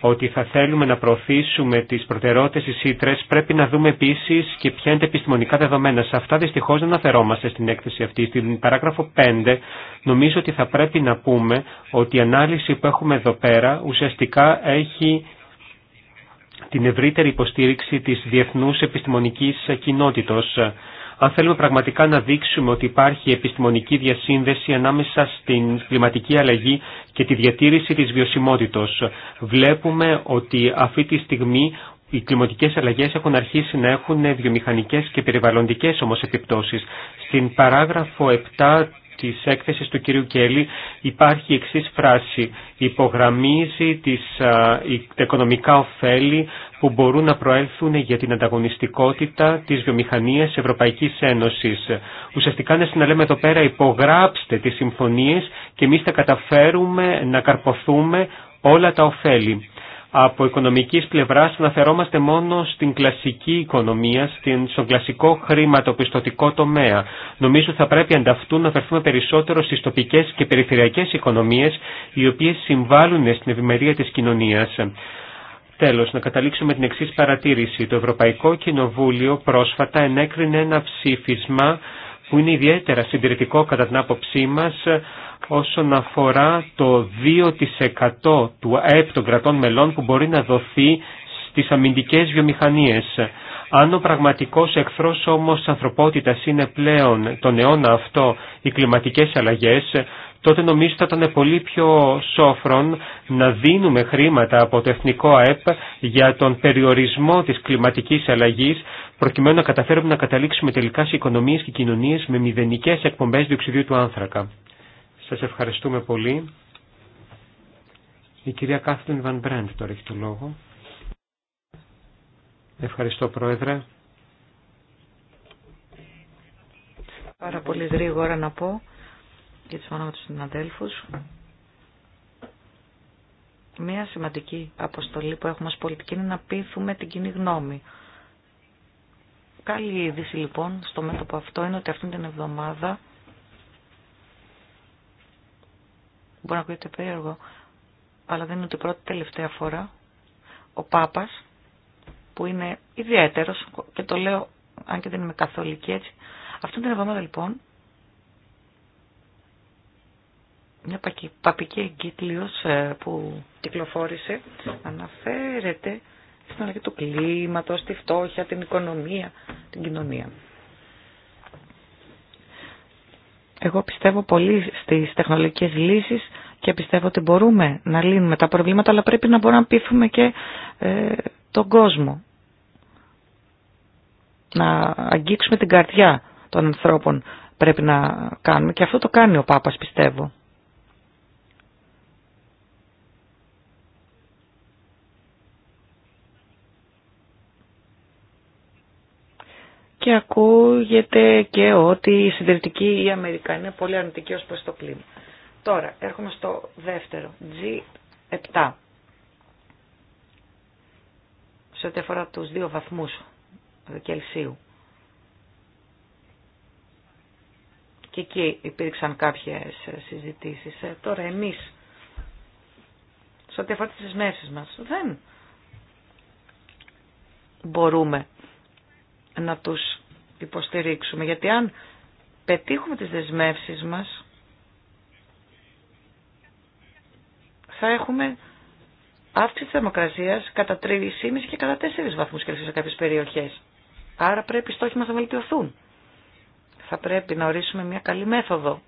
ότι θα θέλουμε να προωθήσουμε τις προτεραιότητες της ΣΥΤΡΕΣ, πρέπει να δούμε επίσης και ποια είναι τα επιστημονικά δεδομένα. Σε αυτά δυστυχώς δεν αναφερόμαστε στην έκθεση αυτή. Στην παράγραφο 5 νομίζω ότι θα πρέπει να πούμε ότι η ανάλυση που έχουμε εδώ πέρα ουσιαστικά έχει την ευρύτερη υποστήριξη της διεθνούς επιστημονικής κοινότητας. Αν θέλουμε πραγματικά να δείξουμε ότι υπάρχει επιστημονική διασύνδεση ανάμεσα στην κλιματική αλλαγή και τη διατήρηση της βιωσιμότητος, βλέπουμε ότι αυτή τη στιγμή οι κλιματικές αλλαγές έχουν αρχίσει να έχουν βιομηχανικές και περιβαλλοντικές όμως επιπτώσεις. Στην παράγραφο 7 της έκθεσης του κυρίου Κέλλη υπάρχει η εξής φράση «Υπογραμμίζει τις, τα οικονομικά ωφέλη που μπορούν να προέλθουν για την ανταγωνιστικότητα της βιομηχανίας Ευρωπαϊκής Ένωσης». Ουσιαστικά ναι, να λέμε εδώ πέρα «Υπογράψτε τις συμφωνίες και εμεί θα καταφέρουμε να καρποθούμε όλα τα ωφέλη» από οικονομικής πλευράς αναφερόμαστε μόνο στην κλασική οικονομία, στον κλασικό χρηματοπιστωτικό τομέα. Νομίζω θα πρέπει ανταυτού να αφαιρθούμε περισσότερο στις τοπικές και περιφερειακές οικονομίες, οι οποίες συμβάλλουν στην ευημερία της κοινωνίας. Τέλος, να καταλήξουμε την εξής παρατήρηση. Το Ευρωπαϊκό Κοινοβούλιο πρόσφατα ενέκρινε ένα ψήφισμα που είναι ιδιαίτερα συντηρητικό κατά την άποψή μας ε, όσον αφορά το 2% του ΑΕΠ των κρατών μελών που μπορεί να δοθεί στις αμυντικές βιομηχανίες. Αν ο πραγματικός εχθρός όμως της ανθρωπότητας είναι πλέον τον αιώνα αυτό οι κλιματικές αλλαγές, τότε νομίζω θα ήταν πολύ πιο σόφρον να δίνουμε χρήματα από το Εθνικό ΑΕΠ για τον περιορισμό της κλιματικής αλλαγής προκειμένου να καταφέρουμε να καταλήξουμε τελικά σε οικονομίες και κοινωνίες με μηδενικές εκπομπές διοξιδίου του άνθρακα. Σας ευχαριστούμε πολύ. Η κυρία Κάθλιν Βαν Μπρέντ τώρα έχει το λόγο. Ευχαριστώ Πρόεδρε. Πάρα πολύ γρήγορα να πω για τους μόνο τους συναδέλφου. Μία σημαντική αποστολή που έχουμε ως πολιτική είναι να πείθουμε την κοινή γνώμη Καλή είδηση λοιπόν στο μέτωπο αυτό είναι ότι αυτήν την εβδομάδα μπορεί να ακούγεται περίεργο αλλά δεν είναι ότι πρώτη τελευταία φορά ο Πάπας που είναι ιδιαίτερος και το λέω αν και δεν είμαι καθολική έτσι αυτήν την εβδομάδα λοιπόν μια παπική εγκύκλειος ε, που κυκλοφόρησε αναφέρεται στην αλλαγή του κλίματος, τη φτώχεια, την οικονομία, την κοινωνία. Εγώ πιστεύω πολύ στις τεχνολογικές λύσεις και πιστεύω ότι μπορούμε να λύνουμε τα προβλήματα, αλλά πρέπει να μπορούμε να πείθουμε και ε, τον κόσμο. Να αγγίξουμε την καρδιά των ανθρώπων πρέπει να κάνουμε και αυτό το κάνει ο Πάπας πιστεύω. Και ακούγεται και ότι η συντηρητική Αμερικανία είναι πολύ αρνητική ως προς το κλίμα. Τώρα, έρχομαι στο δεύτερο, G7. Σε ό,τι αφορά τους δύο βαθμούς Κελσίου. Και εκεί υπήρξαν κάποιες συζητήσεις. Ε, τώρα εμείς, σε ό,τι αφορά τις μέρες μας, δεν μπορούμε να τους υποστηρίξουμε. Γιατί αν πετύχουμε τις δεσμεύσεις μας, θα έχουμε αύξηση της θερμοκρασίας κατά 3,5 και κατά 4 βαθμούς σε κάποιες περιοχές. Άρα πρέπει οι στόχοι μας να βελτιωθούν. Θα πρέπει να ορίσουμε μια καλή μέθοδο.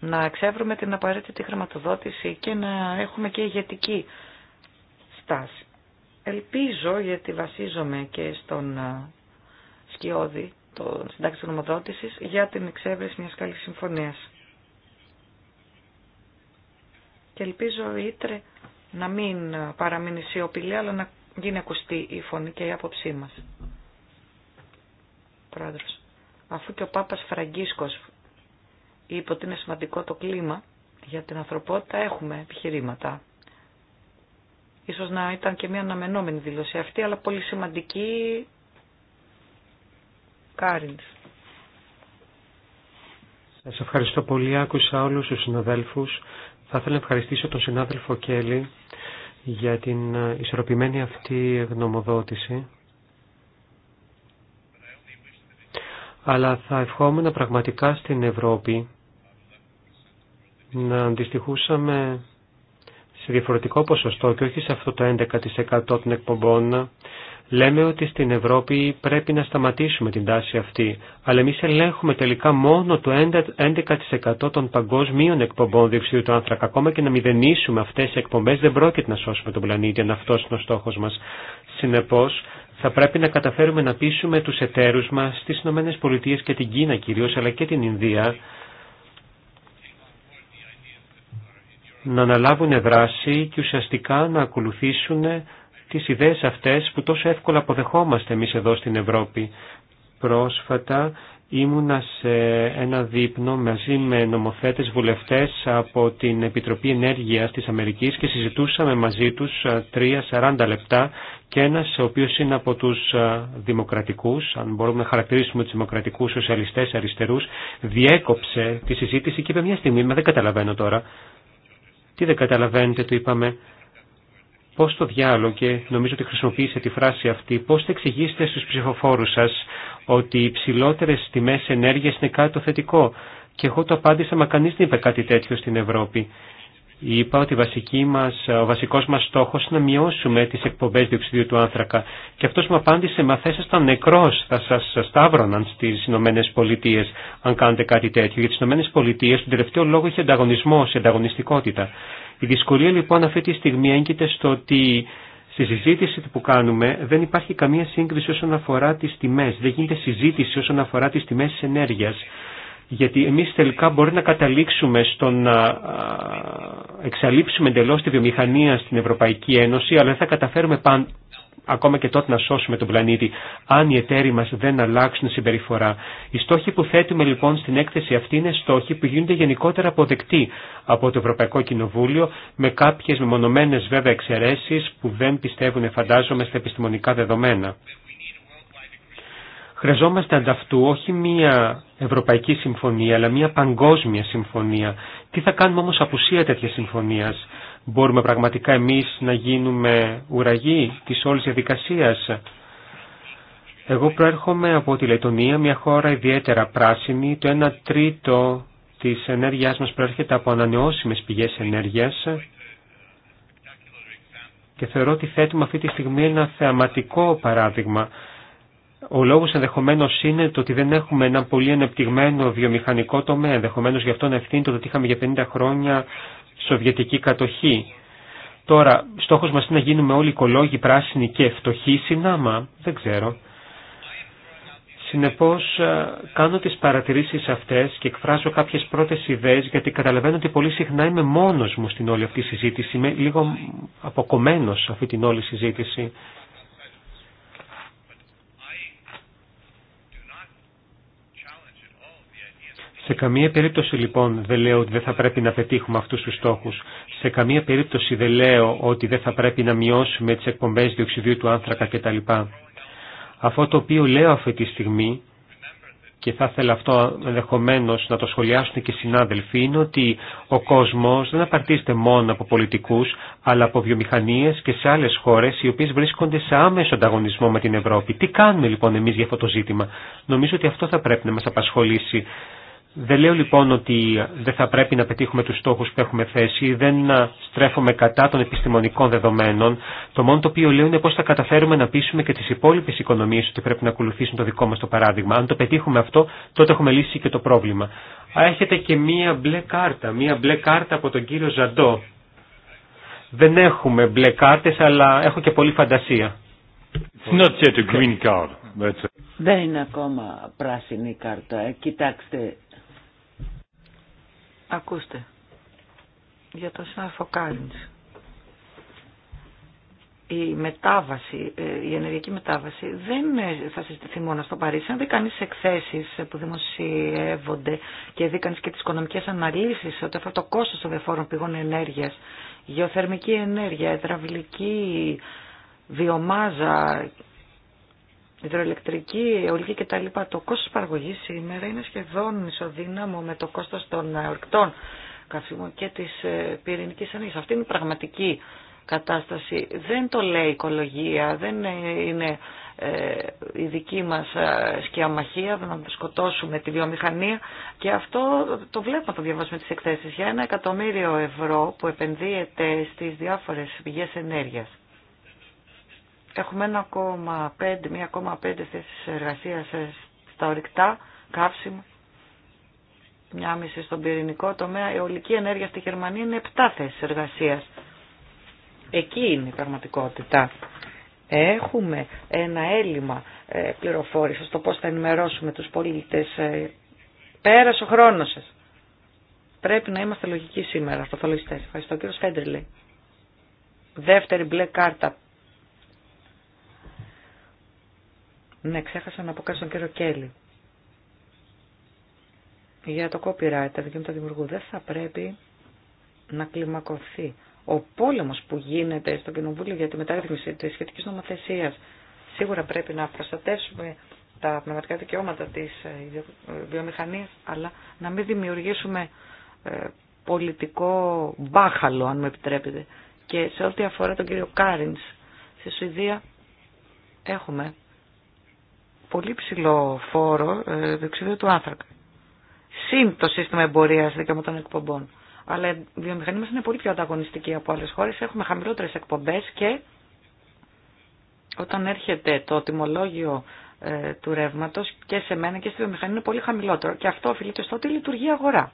Να εξεύρουμε την απαραίτητη χρηματοδότηση και να έχουμε και ηγετική στάση. Ελπίζω, γιατί βασίζομαι και στον σκιώδη των συντάξεων νομοδότηση, για την εξέβρεση μιας καλή συμφωνία. Και ελπίζω η Ήτρε να μην παραμείνει σιωπηλή, αλλά να γίνει ακουστή η φωνή και η άποψή μα. αφού και ο Πάπας Φραγκίσκος είπε ότι είναι σημαντικό το κλίμα για την ανθρωπότητα, έχουμε επιχειρήματα. Ίσως να ήταν και μια αναμενόμενη δήλωση αυτή, αλλά πολύ σημαντική Κάριντς. Σας ευχαριστώ πολύ. Άκουσα όλους τους συναδέλφους. Θα ήθελα να ευχαριστήσω τον συνάδελφο Κέλλη για την ε, ισορροπημένη αυτή γνωμοδότηση. Αλλά θα ευχόμουν πραγματικά στην Ευρώπη να αντιστοιχούσαμε σε διαφορετικό ποσοστό και όχι σε αυτό το 11% των εκπομπών Λέμε ότι στην Ευρώπη πρέπει να σταματήσουμε την τάση αυτή, αλλά εμεί ελέγχουμε τελικά μόνο το 11% των παγκόσμιων εκπομπών διοξιδίου του άνθρακα. Ακόμα και να μηδενίσουμε αυτέ οι εκπομπέ δεν πρόκειται να σώσουμε τον πλανήτη, αν αυτό είναι ο στόχο μα. Συνεπώ, θα πρέπει να καταφέρουμε να πείσουμε του εταίρου μα στι ΗΠΑ και την Κίνα κυρίω, αλλά και την Ινδία, να αναλάβουν δράση και ουσιαστικά να ακολουθήσουν τις ιδέες αυτές που τόσο εύκολα αποδεχόμαστε εμείς εδώ στην Ευρώπη. Πρόσφατα ήμουνα σε ένα δείπνο μαζί με νομοθέτες βουλευτές από την Επιτροπή Ενέργειας της Αμερικής και συζητούσαμε μαζί τους 3-40 λεπτά και ένας ο οποίος είναι από τους δημοκρατικούς, αν μπορούμε να χαρακτηρίσουμε τους δημοκρατικούς σοσιαλιστές αριστερούς, διέκοψε τη συζήτηση και είπε μια στιγμή, μα δεν καταλαβαίνω τώρα. Τι δεν καταλαβαίνετε, του είπαμε, Πώ το διάλογο, νομίζω ότι χρησιμοποίησε τη φράση αυτή, πώ θα εξηγήσετε στου ψηφοφόρου σα ότι οι ψηλότερες τιμέ ενέργεια είναι κάτι το θετικό. Και εγώ το απάντησα, μα κανείς δεν είπε κάτι τέτοιο στην Ευρώπη. Είπα ότι βασική μας, ο βασικό μα στόχο είναι να μειώσουμε τι εκπομπέ διοξιδίου του άνθρακα. Και αυτό μου απάντησε, μα θα ήσασταν νεκρός, θα σας σταύρωναν στι Ηνωμένε Πολιτείε, αν κάνετε κάτι τέτοιο. Για τις Ηνωμένε Πολιτείε, τον τελευταίο λόγο είχε ανταγωνισμό, ανταγωνιστικότητα. Η δυσκολία λοιπόν αυτή τη στιγμή έγκυται στο ότι στη συζήτηση που κάνουμε δεν υπάρχει καμία σύγκριση όσον αφορά τις τιμές, δεν γίνεται συζήτηση όσον αφορά τις τιμές τη ενέργειας. Γιατί εμείς τελικά μπορεί να καταλήξουμε στο να εξαλείψουμε εντελώ τη βιομηχανία στην Ευρωπαϊκή Ένωση, αλλά δεν θα καταφέρουμε ακόμα και τότε να σώσουμε τον πλανήτη, αν οι εταίροι μας δεν αλλάξουν συμπεριφορά. Οι στόχοι που θέτουμε λοιπόν στην έκθεση αυτή είναι στόχοι που γίνονται γενικότερα αποδεκτοί από το Ευρωπαϊκό Κοινοβούλιο, με κάποιες μεμονωμένε βέβαια εξαιρεσει που δεν πιστεύουν φαντάζομαι στα επιστημονικά δεδομένα. Χρειαζόμαστε ανταυτού όχι μία ευρωπαϊκή συμφωνία, αλλά μία παγκόσμια συμφωνία. Τι θα κάνουμε όμως απουσία τέτοια συμφωνίας. Μπορούμε πραγματικά εμείς να γίνουμε ουραγοί της όλης διαδικασίας. Εγώ προέρχομαι από τη Λετωνία, μια χώρα ιδιαίτερα πράσινη. Το 1 τρίτο της ενέργειάς μας προέρχεται από ανανεώσιμες πηγές ενέργειας. Και θεωρώ ότι θέτουμε αυτή τη στιγμή ένα θεαματικό παράδειγμα. Ο λόγος ενδεχομένως είναι το ότι δεν έχουμε ένα πολύ ανεπτυγμένο βιομηχανικό τομέα. Ενδεχομένως γι' αυτό να ευθύνει το ότι είχαμε για 50 χρόνια σοβιετική κατοχή. Τώρα, στόχος μας είναι να γίνουμε όλοι οικολόγοι, πράσινοι και φτωχοί συνάμα, δεν ξέρω. Συνεπώς κάνω τις παρατηρήσεις αυτές και εκφράζω κάποιες πρώτες ιδέες γιατί καταλαβαίνω ότι πολύ συχνά είμαι μόνος μου στην όλη αυτή συζήτηση, είμαι λίγο αποκομμένος αυτή την όλη συζήτηση. Σε καμία περίπτωση λοιπόν δεν λέω ότι δεν θα πρέπει να πετύχουμε αυτούς τους στόχους. Σε καμία περίπτωση δεν λέω ότι δεν θα πρέπει να μειώσουμε τις εκπομπές διοξιδίου του άνθρακα κτλ. Αυτό το οποίο λέω αυτή τη στιγμή και θα ήθελα αυτό ενδεχομένω να το σχολιάσουν και οι συνάδελφοι, είναι ότι ο κόσμο δεν απαρτίζεται μόνο από πολιτικού, αλλά από βιομηχανίε και σε άλλε χώρε οι οποίε βρίσκονται σε άμεσο ανταγωνισμό με την Ευρώπη. Τι κάνουμε λοιπόν εμεί για αυτό το ζήτημα. Νομίζω ότι αυτό θα πρέπει να μα απασχολήσει. Δεν λέω λοιπόν ότι δεν θα πρέπει να πετύχουμε τους στόχους που έχουμε θέσει, δεν στρέφομαι κατά των επιστημονικών δεδομένων. Το μόνο το οποίο λέω είναι πώς θα καταφέρουμε να πείσουμε και τις υπόλοιπες οικονομίες ότι πρέπει να ακολουθήσουν το δικό μας το παράδειγμα. Αν το πετύχουμε αυτό, τότε έχουμε λύσει και το πρόβλημα. Έχετε και μία μπλε κάρτα, μία μπλε κάρτα από τον κύριο Ζαντό. Δεν έχουμε μπλε κάρτες, αλλά έχω και πολλή φαντασία. Δεν είναι ακόμα πράσινη κάρτα. Ε, κοιτάξτε, Ακούστε. Για το Σάφο η μετάβαση, ε, η ενεργειακή μετάβαση δεν ε, θα συζητηθεί μόνο στο Παρίσι. Αν δει κανεί εκθέσει ε, που δημοσιεύονται και δει κανεί και τι οικονομικέ αναλύσει ότι αυτό το κόστο των διαφόρων πηγών ενέργεια, γεωθερμική ενέργεια, εδραυλική βιομάζα υδροελεκτρική, αιωλική κτλ. Το κόστος παραγωγή σήμερα είναι σχεδόν ισοδύναμο με το κόστο των ορκτών καυσίμων και τη ε, πυρηνική ενέργεια. Αυτή είναι η πραγματική κατάσταση. Δεν το λέει η οικολογία, δεν ε, είναι ε, η δική μας σκιαμαχία, να σκοτώσουμε τη βιομηχανία και αυτό το βλέπουμε, το διαβάζουμε τις εκθέσεις. Για ένα εκατομμύριο ευρώ που επενδύεται στις διάφορες πηγές ενέργειας Έχουμε 1,5, 1,5 θέσεις εργασίας ε, στα ορυκτά, καύσιμα, μια μισή στον πυρηνικό τομέα. Η ολική ενέργεια στη Γερμανία είναι 7 θέσεις εργασίας. Εκεί είναι η πραγματικότητα. Έχουμε ένα έλλειμμα ε, πληροφόρησης στο πώς θα ενημερώσουμε τους πολίτες. Ε, πέρασε ο χρόνος σας. Πρέπει να είμαστε λογικοί σήμερα, αυτοθολογιστές. Ευχαριστώ κύριο Φέντριλε. Δεύτερη μπλε κάρτα Ναι, ξέχασα να πω κάτι στον κύριο Κέλλη. Για το copyright, τα δικαιώματα δημιουργού, δεν θα πρέπει να κλιμακωθεί ο πόλεμος που γίνεται στο Κοινοβούλιο για τη μεταρρύθμιση τη σχετική νομοθεσία. Σίγουρα πρέπει να προστατεύσουμε τα πνευματικά δικαιώματα τη ε, ε, βιομηχανία, αλλά να μην δημιουργήσουμε ε, πολιτικό μπάχαλο, αν μου επιτρέπετε. Και σε ό,τι αφορά τον κύριο Κάριν στη Σουηδία έχουμε πολύ ψηλό φόρο ε, του άνθρακα. Συν το σύστημα εμπορία δικαιωμάτων εκπομπών. Αλλά η βιομηχανία μα είναι πολύ πιο ανταγωνιστική από άλλε χώρε. Έχουμε χαμηλότερε εκπομπέ και όταν έρχεται το τιμολόγιο ε, του ρεύματο και σε μένα και στη βιομηχανία είναι πολύ χαμηλότερο. Και αυτό οφείλεται στο ότι λειτουργεί αγορά.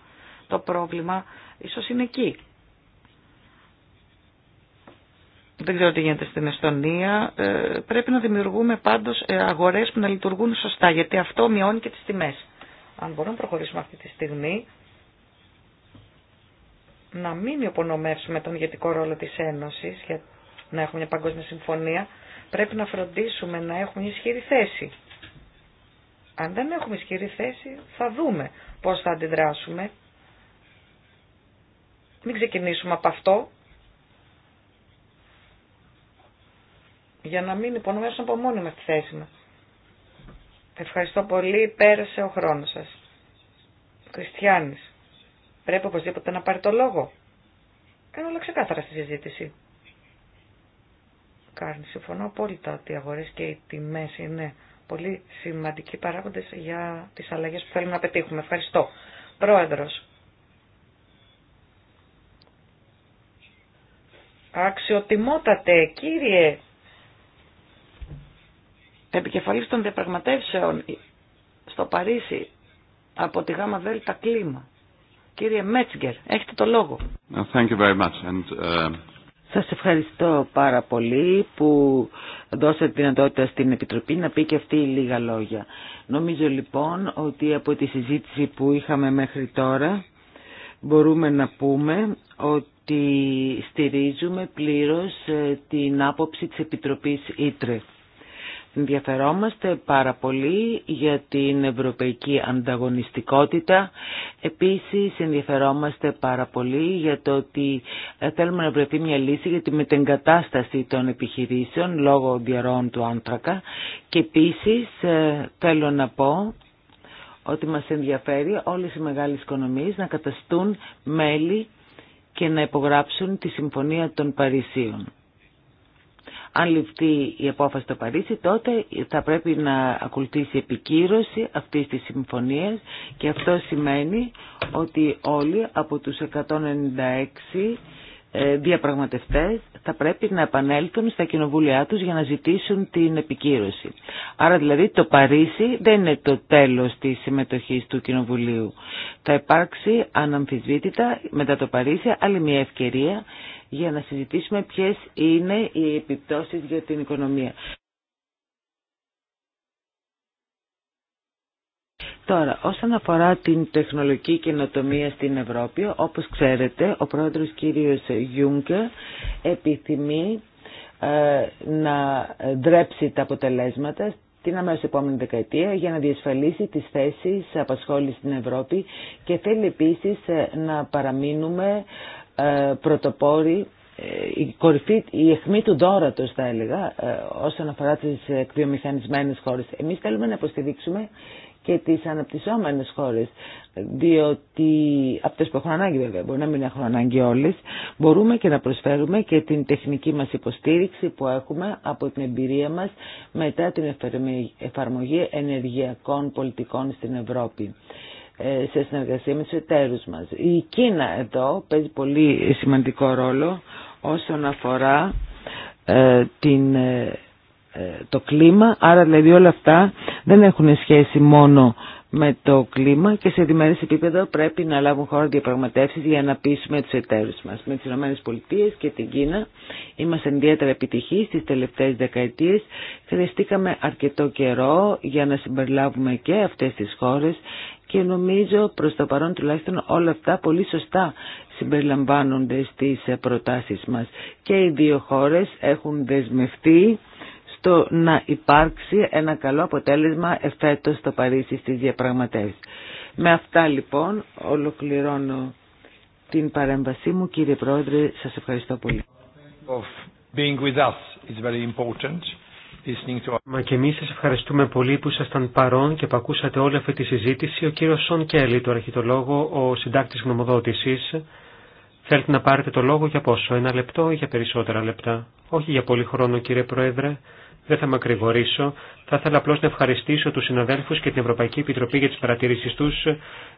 Το πρόβλημα ίσω είναι εκεί δεν ξέρω τι γίνεται στην Εστονία, ε, πρέπει να δημιουργούμε πάντως ε, αγορές που να λειτουργούν σωστά, γιατί αυτό μειώνει και τις τιμές. Αν μπορούμε να προχωρήσουμε αυτή τη στιγμή, να μην υπονομεύσουμε τον ηγετικό ρόλο της Ένωσης για να έχουμε μια παγκόσμια συμφωνία, πρέπει να φροντίσουμε να έχουμε μια ισχυρή θέση. Αν δεν έχουμε ισχυρή θέση, θα δούμε πώς θα αντιδράσουμε. Μην ξεκινήσουμε από αυτό, για να μην υπονομεύσουν από μόνοι μας τη θέση μας. Ευχαριστώ πολύ, πέρασε ο χρόνος σας. Κριστιανής, πρέπει οπωσδήποτε να πάρει το λόγο. Κάνω όλα ξεκάθαρα στη συζήτηση. Κάρνη, συμφωνώ απόλυτα ότι οι αγορές και οι τιμές είναι πολύ σημαντικοί παράγοντες για τις αλλαγές που θέλουμε να πετύχουμε. Ευχαριστώ. Πρόεδρος. Αξιοτιμότατε, κύριε επικεφαλής των διαπραγματεύσεων στο Παρίσι από τη ΓΑΜΑ ΔΕΛΤΑ Κλίμα. Κύριε Μέτσγκερ, έχετε το λόγο. Thank uh, Σας ευχαριστώ πάρα πολύ που δώσατε δυνατότητα στην Επιτροπή να πει και αυτή λίγα λόγια. Νομίζω λοιπόν ότι από τη συζήτηση που είχαμε μέχρι τώρα μπορούμε να πούμε ότι στηρίζουμε πλήρως ε, την άποψη της Επιτροπής Ήτρε. Ενδιαφερόμαστε πάρα πολύ για την ευρωπαϊκή ανταγωνιστικότητα. Επίσης ενδιαφερόμαστε πάρα πολύ για το ότι ε, θέλουμε να βρεθεί μια λύση για τη μετεγκατάσταση των επιχειρήσεων λόγω διαρών του άνθρακα. Και επίσης ε, θέλω να πω ότι μας ενδιαφέρει όλες οι μεγάλες οικονομίες να καταστούν μέλη και να υπογράψουν τη Συμφωνία των Παρισίων. Αν ληφθεί η απόφαση στο Παρίσι, τότε θα πρέπει να ακολουθήσει επικύρωση αυτή της συμφωνίας και αυτό σημαίνει ότι όλοι από τους 196 ε, διαπραγματευτές θα πρέπει να επανέλθουν στα κοινοβούλια τους για να ζητήσουν την επικύρωση. Άρα δηλαδή το Παρίσι δεν είναι το τέλος της συμμετοχής του Κοινοβουλίου. Θα υπάρξει αναμφισβήτητα μετά το Παρίσι άλλη μια ευκαιρία για να συζητήσουμε ποιες είναι οι επιπτώσεις για την οικονομία. Τώρα, όσον αφορά την τεχνολογική καινοτομία στην Ευρώπη, όπως ξέρετε, ο πρόεδρος κύριος Γιούγκερ επιθυμεί ε, να δρέψει τα αποτελέσματα την αμέσως επόμενη δεκαετία για να διασφαλίσει τις θέσεις απασχόλησης στην Ευρώπη και θέλει επίσης ε, να παραμείνουμε ε, πρωτοπόροι, ε, η κορυφή, η αιχμή του δόρατος θα έλεγα ε, όσον αφορά τις εκβιομηχανισμένες χώρες. Εμείς θέλουμε να υποστηρίξουμε και τις αναπτυσσόμενες χώρες διότι αυτές που έχουν ανάγκη βέβαια μπορεί να μην έχουν ανάγκη όλες μπορούμε και να προσφέρουμε και την τεχνική μας υποστήριξη που έχουμε από την εμπειρία μας μετά την εφαρμογή ενεργειακών πολιτικών στην Ευρώπη. Ε, σε συνεργασία με τους εταίρους μας. Η Κίνα εδώ παίζει πολύ σημαντικό ρόλο όσον αφορά ε, την, ε, το κλίμα, άρα δηλαδή όλα αυτά δεν έχουν σχέση μόνο με το κλίμα και σε διμερές επίπεδο πρέπει να λάβουν χώρα διαπραγματεύσεις για να πείσουμε τους εταίρους μας. Με τις ΗΠΑ και την Κίνα είμαστε ιδιαίτερα επιτυχεί στις τελευταίες δεκαετίες. Χρειαστήκαμε αρκετό καιρό για να συμπεριλάβουμε και αυτές τις χώρες και νομίζω προς το παρόν τουλάχιστον όλα αυτά πολύ σωστά συμπεριλαμβάνονται στις ε, προτάσεις μας. Και οι δύο χώρες έχουν δεσμευτεί στο να υπάρξει ένα καλό αποτέλεσμα εφέτος στο Παρίσι στις διαπραγματεύσεις. Με αυτά λοιπόν ολοκληρώνω την παρέμβασή μου. Κύριε Πρόεδρε, σας ευχαριστώ πολύ. Μα και εμεί σας ευχαριστούμε πολύ που ήσασταν παρόν και που ακούσατε όλη αυτή τη συζήτηση. Ο κύριο Σον Κέλλη, το αρχιτολόγο, ο συντάκτη γνωμοδότησης, θέλετε να πάρετε το λόγο για πόσο, ένα λεπτό ή για περισσότερα λεπτά. Όχι για πολύ χρόνο κύριε Πρόεδρε, δεν θα με ακρηγορήσω. Θα ήθελα απλώ να ευχαριστήσω του συναδέλφου και την Ευρωπαϊκή Επιτροπή για τι παρατήρησει του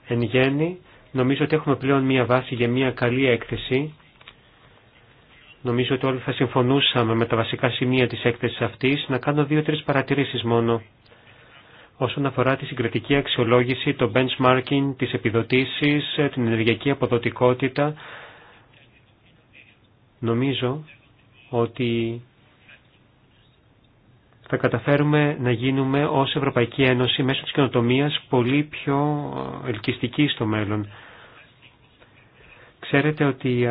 εν γέννη. Νομίζω ότι έχουμε πλέον μία βάση για μία καλή έκθεση Νομίζω ότι όλοι θα συμφωνούσαμε με τα βασικά σημεία της έκθεσης αυτής να κάνω δύο-τρεις παρατηρήσεις μόνο. Όσον αφορά τη συγκριτική αξιολόγηση, το benchmarking, τις επιδοτήσεις, την ενεργειακή αποδοτικότητα, νομίζω ότι θα καταφέρουμε να γίνουμε ως Ευρωπαϊκή Ένωση μέσω της καινοτομίας πολύ πιο ελκυστική στο μέλλον. Ξέρετε ότι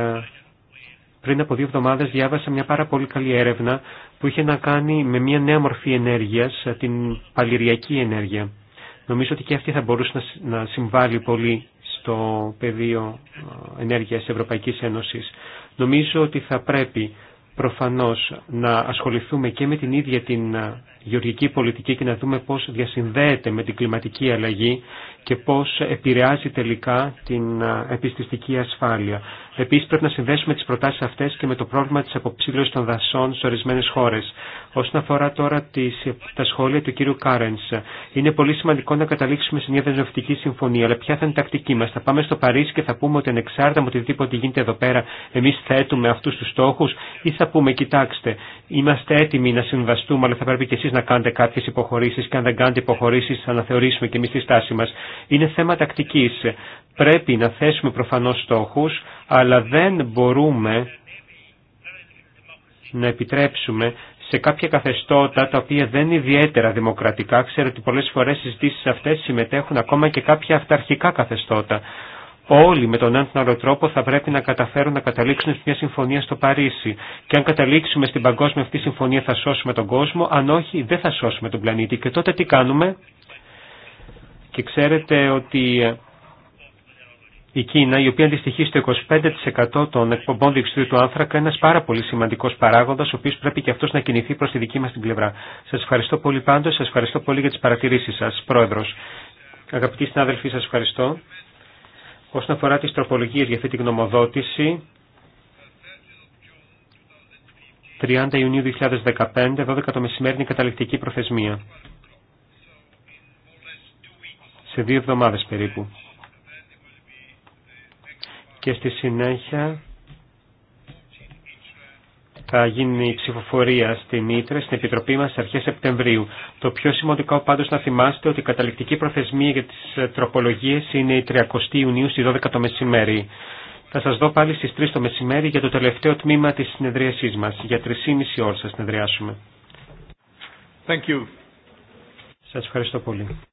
πριν από δύο εβδομάδε διάβασα μια πάρα πολύ καλή έρευνα που είχε να κάνει με μια νέα μορφή ενέργεια, την παλιριακή ενέργεια. Νομίζω ότι και αυτή θα μπορούσε να συμβάλλει πολύ στο πεδίο ε, ενέργειας Ευρωπαϊκής Ένωσης. Νομίζω ότι θα πρέπει προφανώς να ασχοληθούμε και με την ίδια την ε, γεωργική πολιτική και να δούμε πώς διασυνδέεται με την κλιματική αλλαγή και πώς επηρεάζει τελικά την επιστηστική ασφάλεια. Επίσης πρέπει να συνδέσουμε τις προτάσεις αυτές και με το πρόβλημα της αποψήλωσης των δασών σε ορισμένες χώρες. Όσον αφορά τώρα τις, τα σχόλια του κύριου Κάρενς, είναι πολύ σημαντικό να καταλήξουμε σε μια δεσμευτική συμφωνία, αλλά ποια θα είναι η τακτική μας. Θα πάμε στο Παρίσι και θα πούμε ότι ανεξάρτητα με οτιδήποτε γίνεται εδώ πέρα, εμείς θέτουμε αυτούς τους στόχους ή θα πούμε, κοιτάξτε, είμαστε έτοιμοι να συμβαστούμε, αλλά θα πρέπει και εσείς να κάνετε κάποιε υποχωρήσει και αν δεν κάνετε υποχωρήσει θα αναθεωρήσουμε και εμεί τη στάση μα. Είναι θέμα τακτική. Πρέπει να θέσουμε προφανώ στόχου, αλλά δεν μπορούμε να επιτρέψουμε σε κάποια καθεστώτα τα οποία δεν είναι ιδιαίτερα δημοκρατικά. Ξέρω ότι πολλές φορές οι συζητήσεις αυτές συμμετέχουν ακόμα και κάποια αυταρχικά καθεστώτα. Όλοι με τον έναν άλλο τρόπο θα πρέπει να καταφέρουν να καταλήξουν σε μια συμφωνία στο Παρίσι. Και αν καταλήξουμε στην παγκόσμια αυτή συμφωνία θα σώσουμε τον κόσμο, αν όχι δεν θα σώσουμε τον πλανήτη. Και τότε τι κάνουμε. Και ξέρετε ότι ε, η Κίνα, η οποία αντιστοιχεί στο 25% των εκπομπών διοξιδίου του άνθρακα, είναι ένα πάρα πολύ σημαντικό παράγοντα, ο οποίο πρέπει και αυτός να κινηθεί προς τη δική μα την πλευρά. Σα ευχαριστώ πολύ πάντως, σας ευχαριστώ πολύ για τι παρατηρήσει σα, Πρόεδρο. Αγαπητοί συνάδελφοι, σας ευχαριστώ. Όσον αφορά τις τροπολογίες για αυτή την γνωμοδότηση, 30 Ιουνίου 2015, 12 το μεσημέρι είναι η καταληκτική προθεσμία. Σε δύο εβδομάδες περίπου. Και στη συνέχεια θα γίνει η ψηφοφορία στην Ήτρε, στην Επιτροπή μας, στις αρχές Σεπτεμβρίου. Το πιο σημαντικό πάντως να θυμάστε ότι η καταληκτική προθεσμία για τις ε, τροπολογίες είναι η 30 Ιουνίου στις 12 το μεσημέρι. Θα σας δω πάλι στις 3 το μεσημέρι για το τελευταίο τμήμα της συνεδρίασής μας. Για 3,5 ώρες θα συνεδριάσουμε. Thank Σας ευχαριστώ πολύ.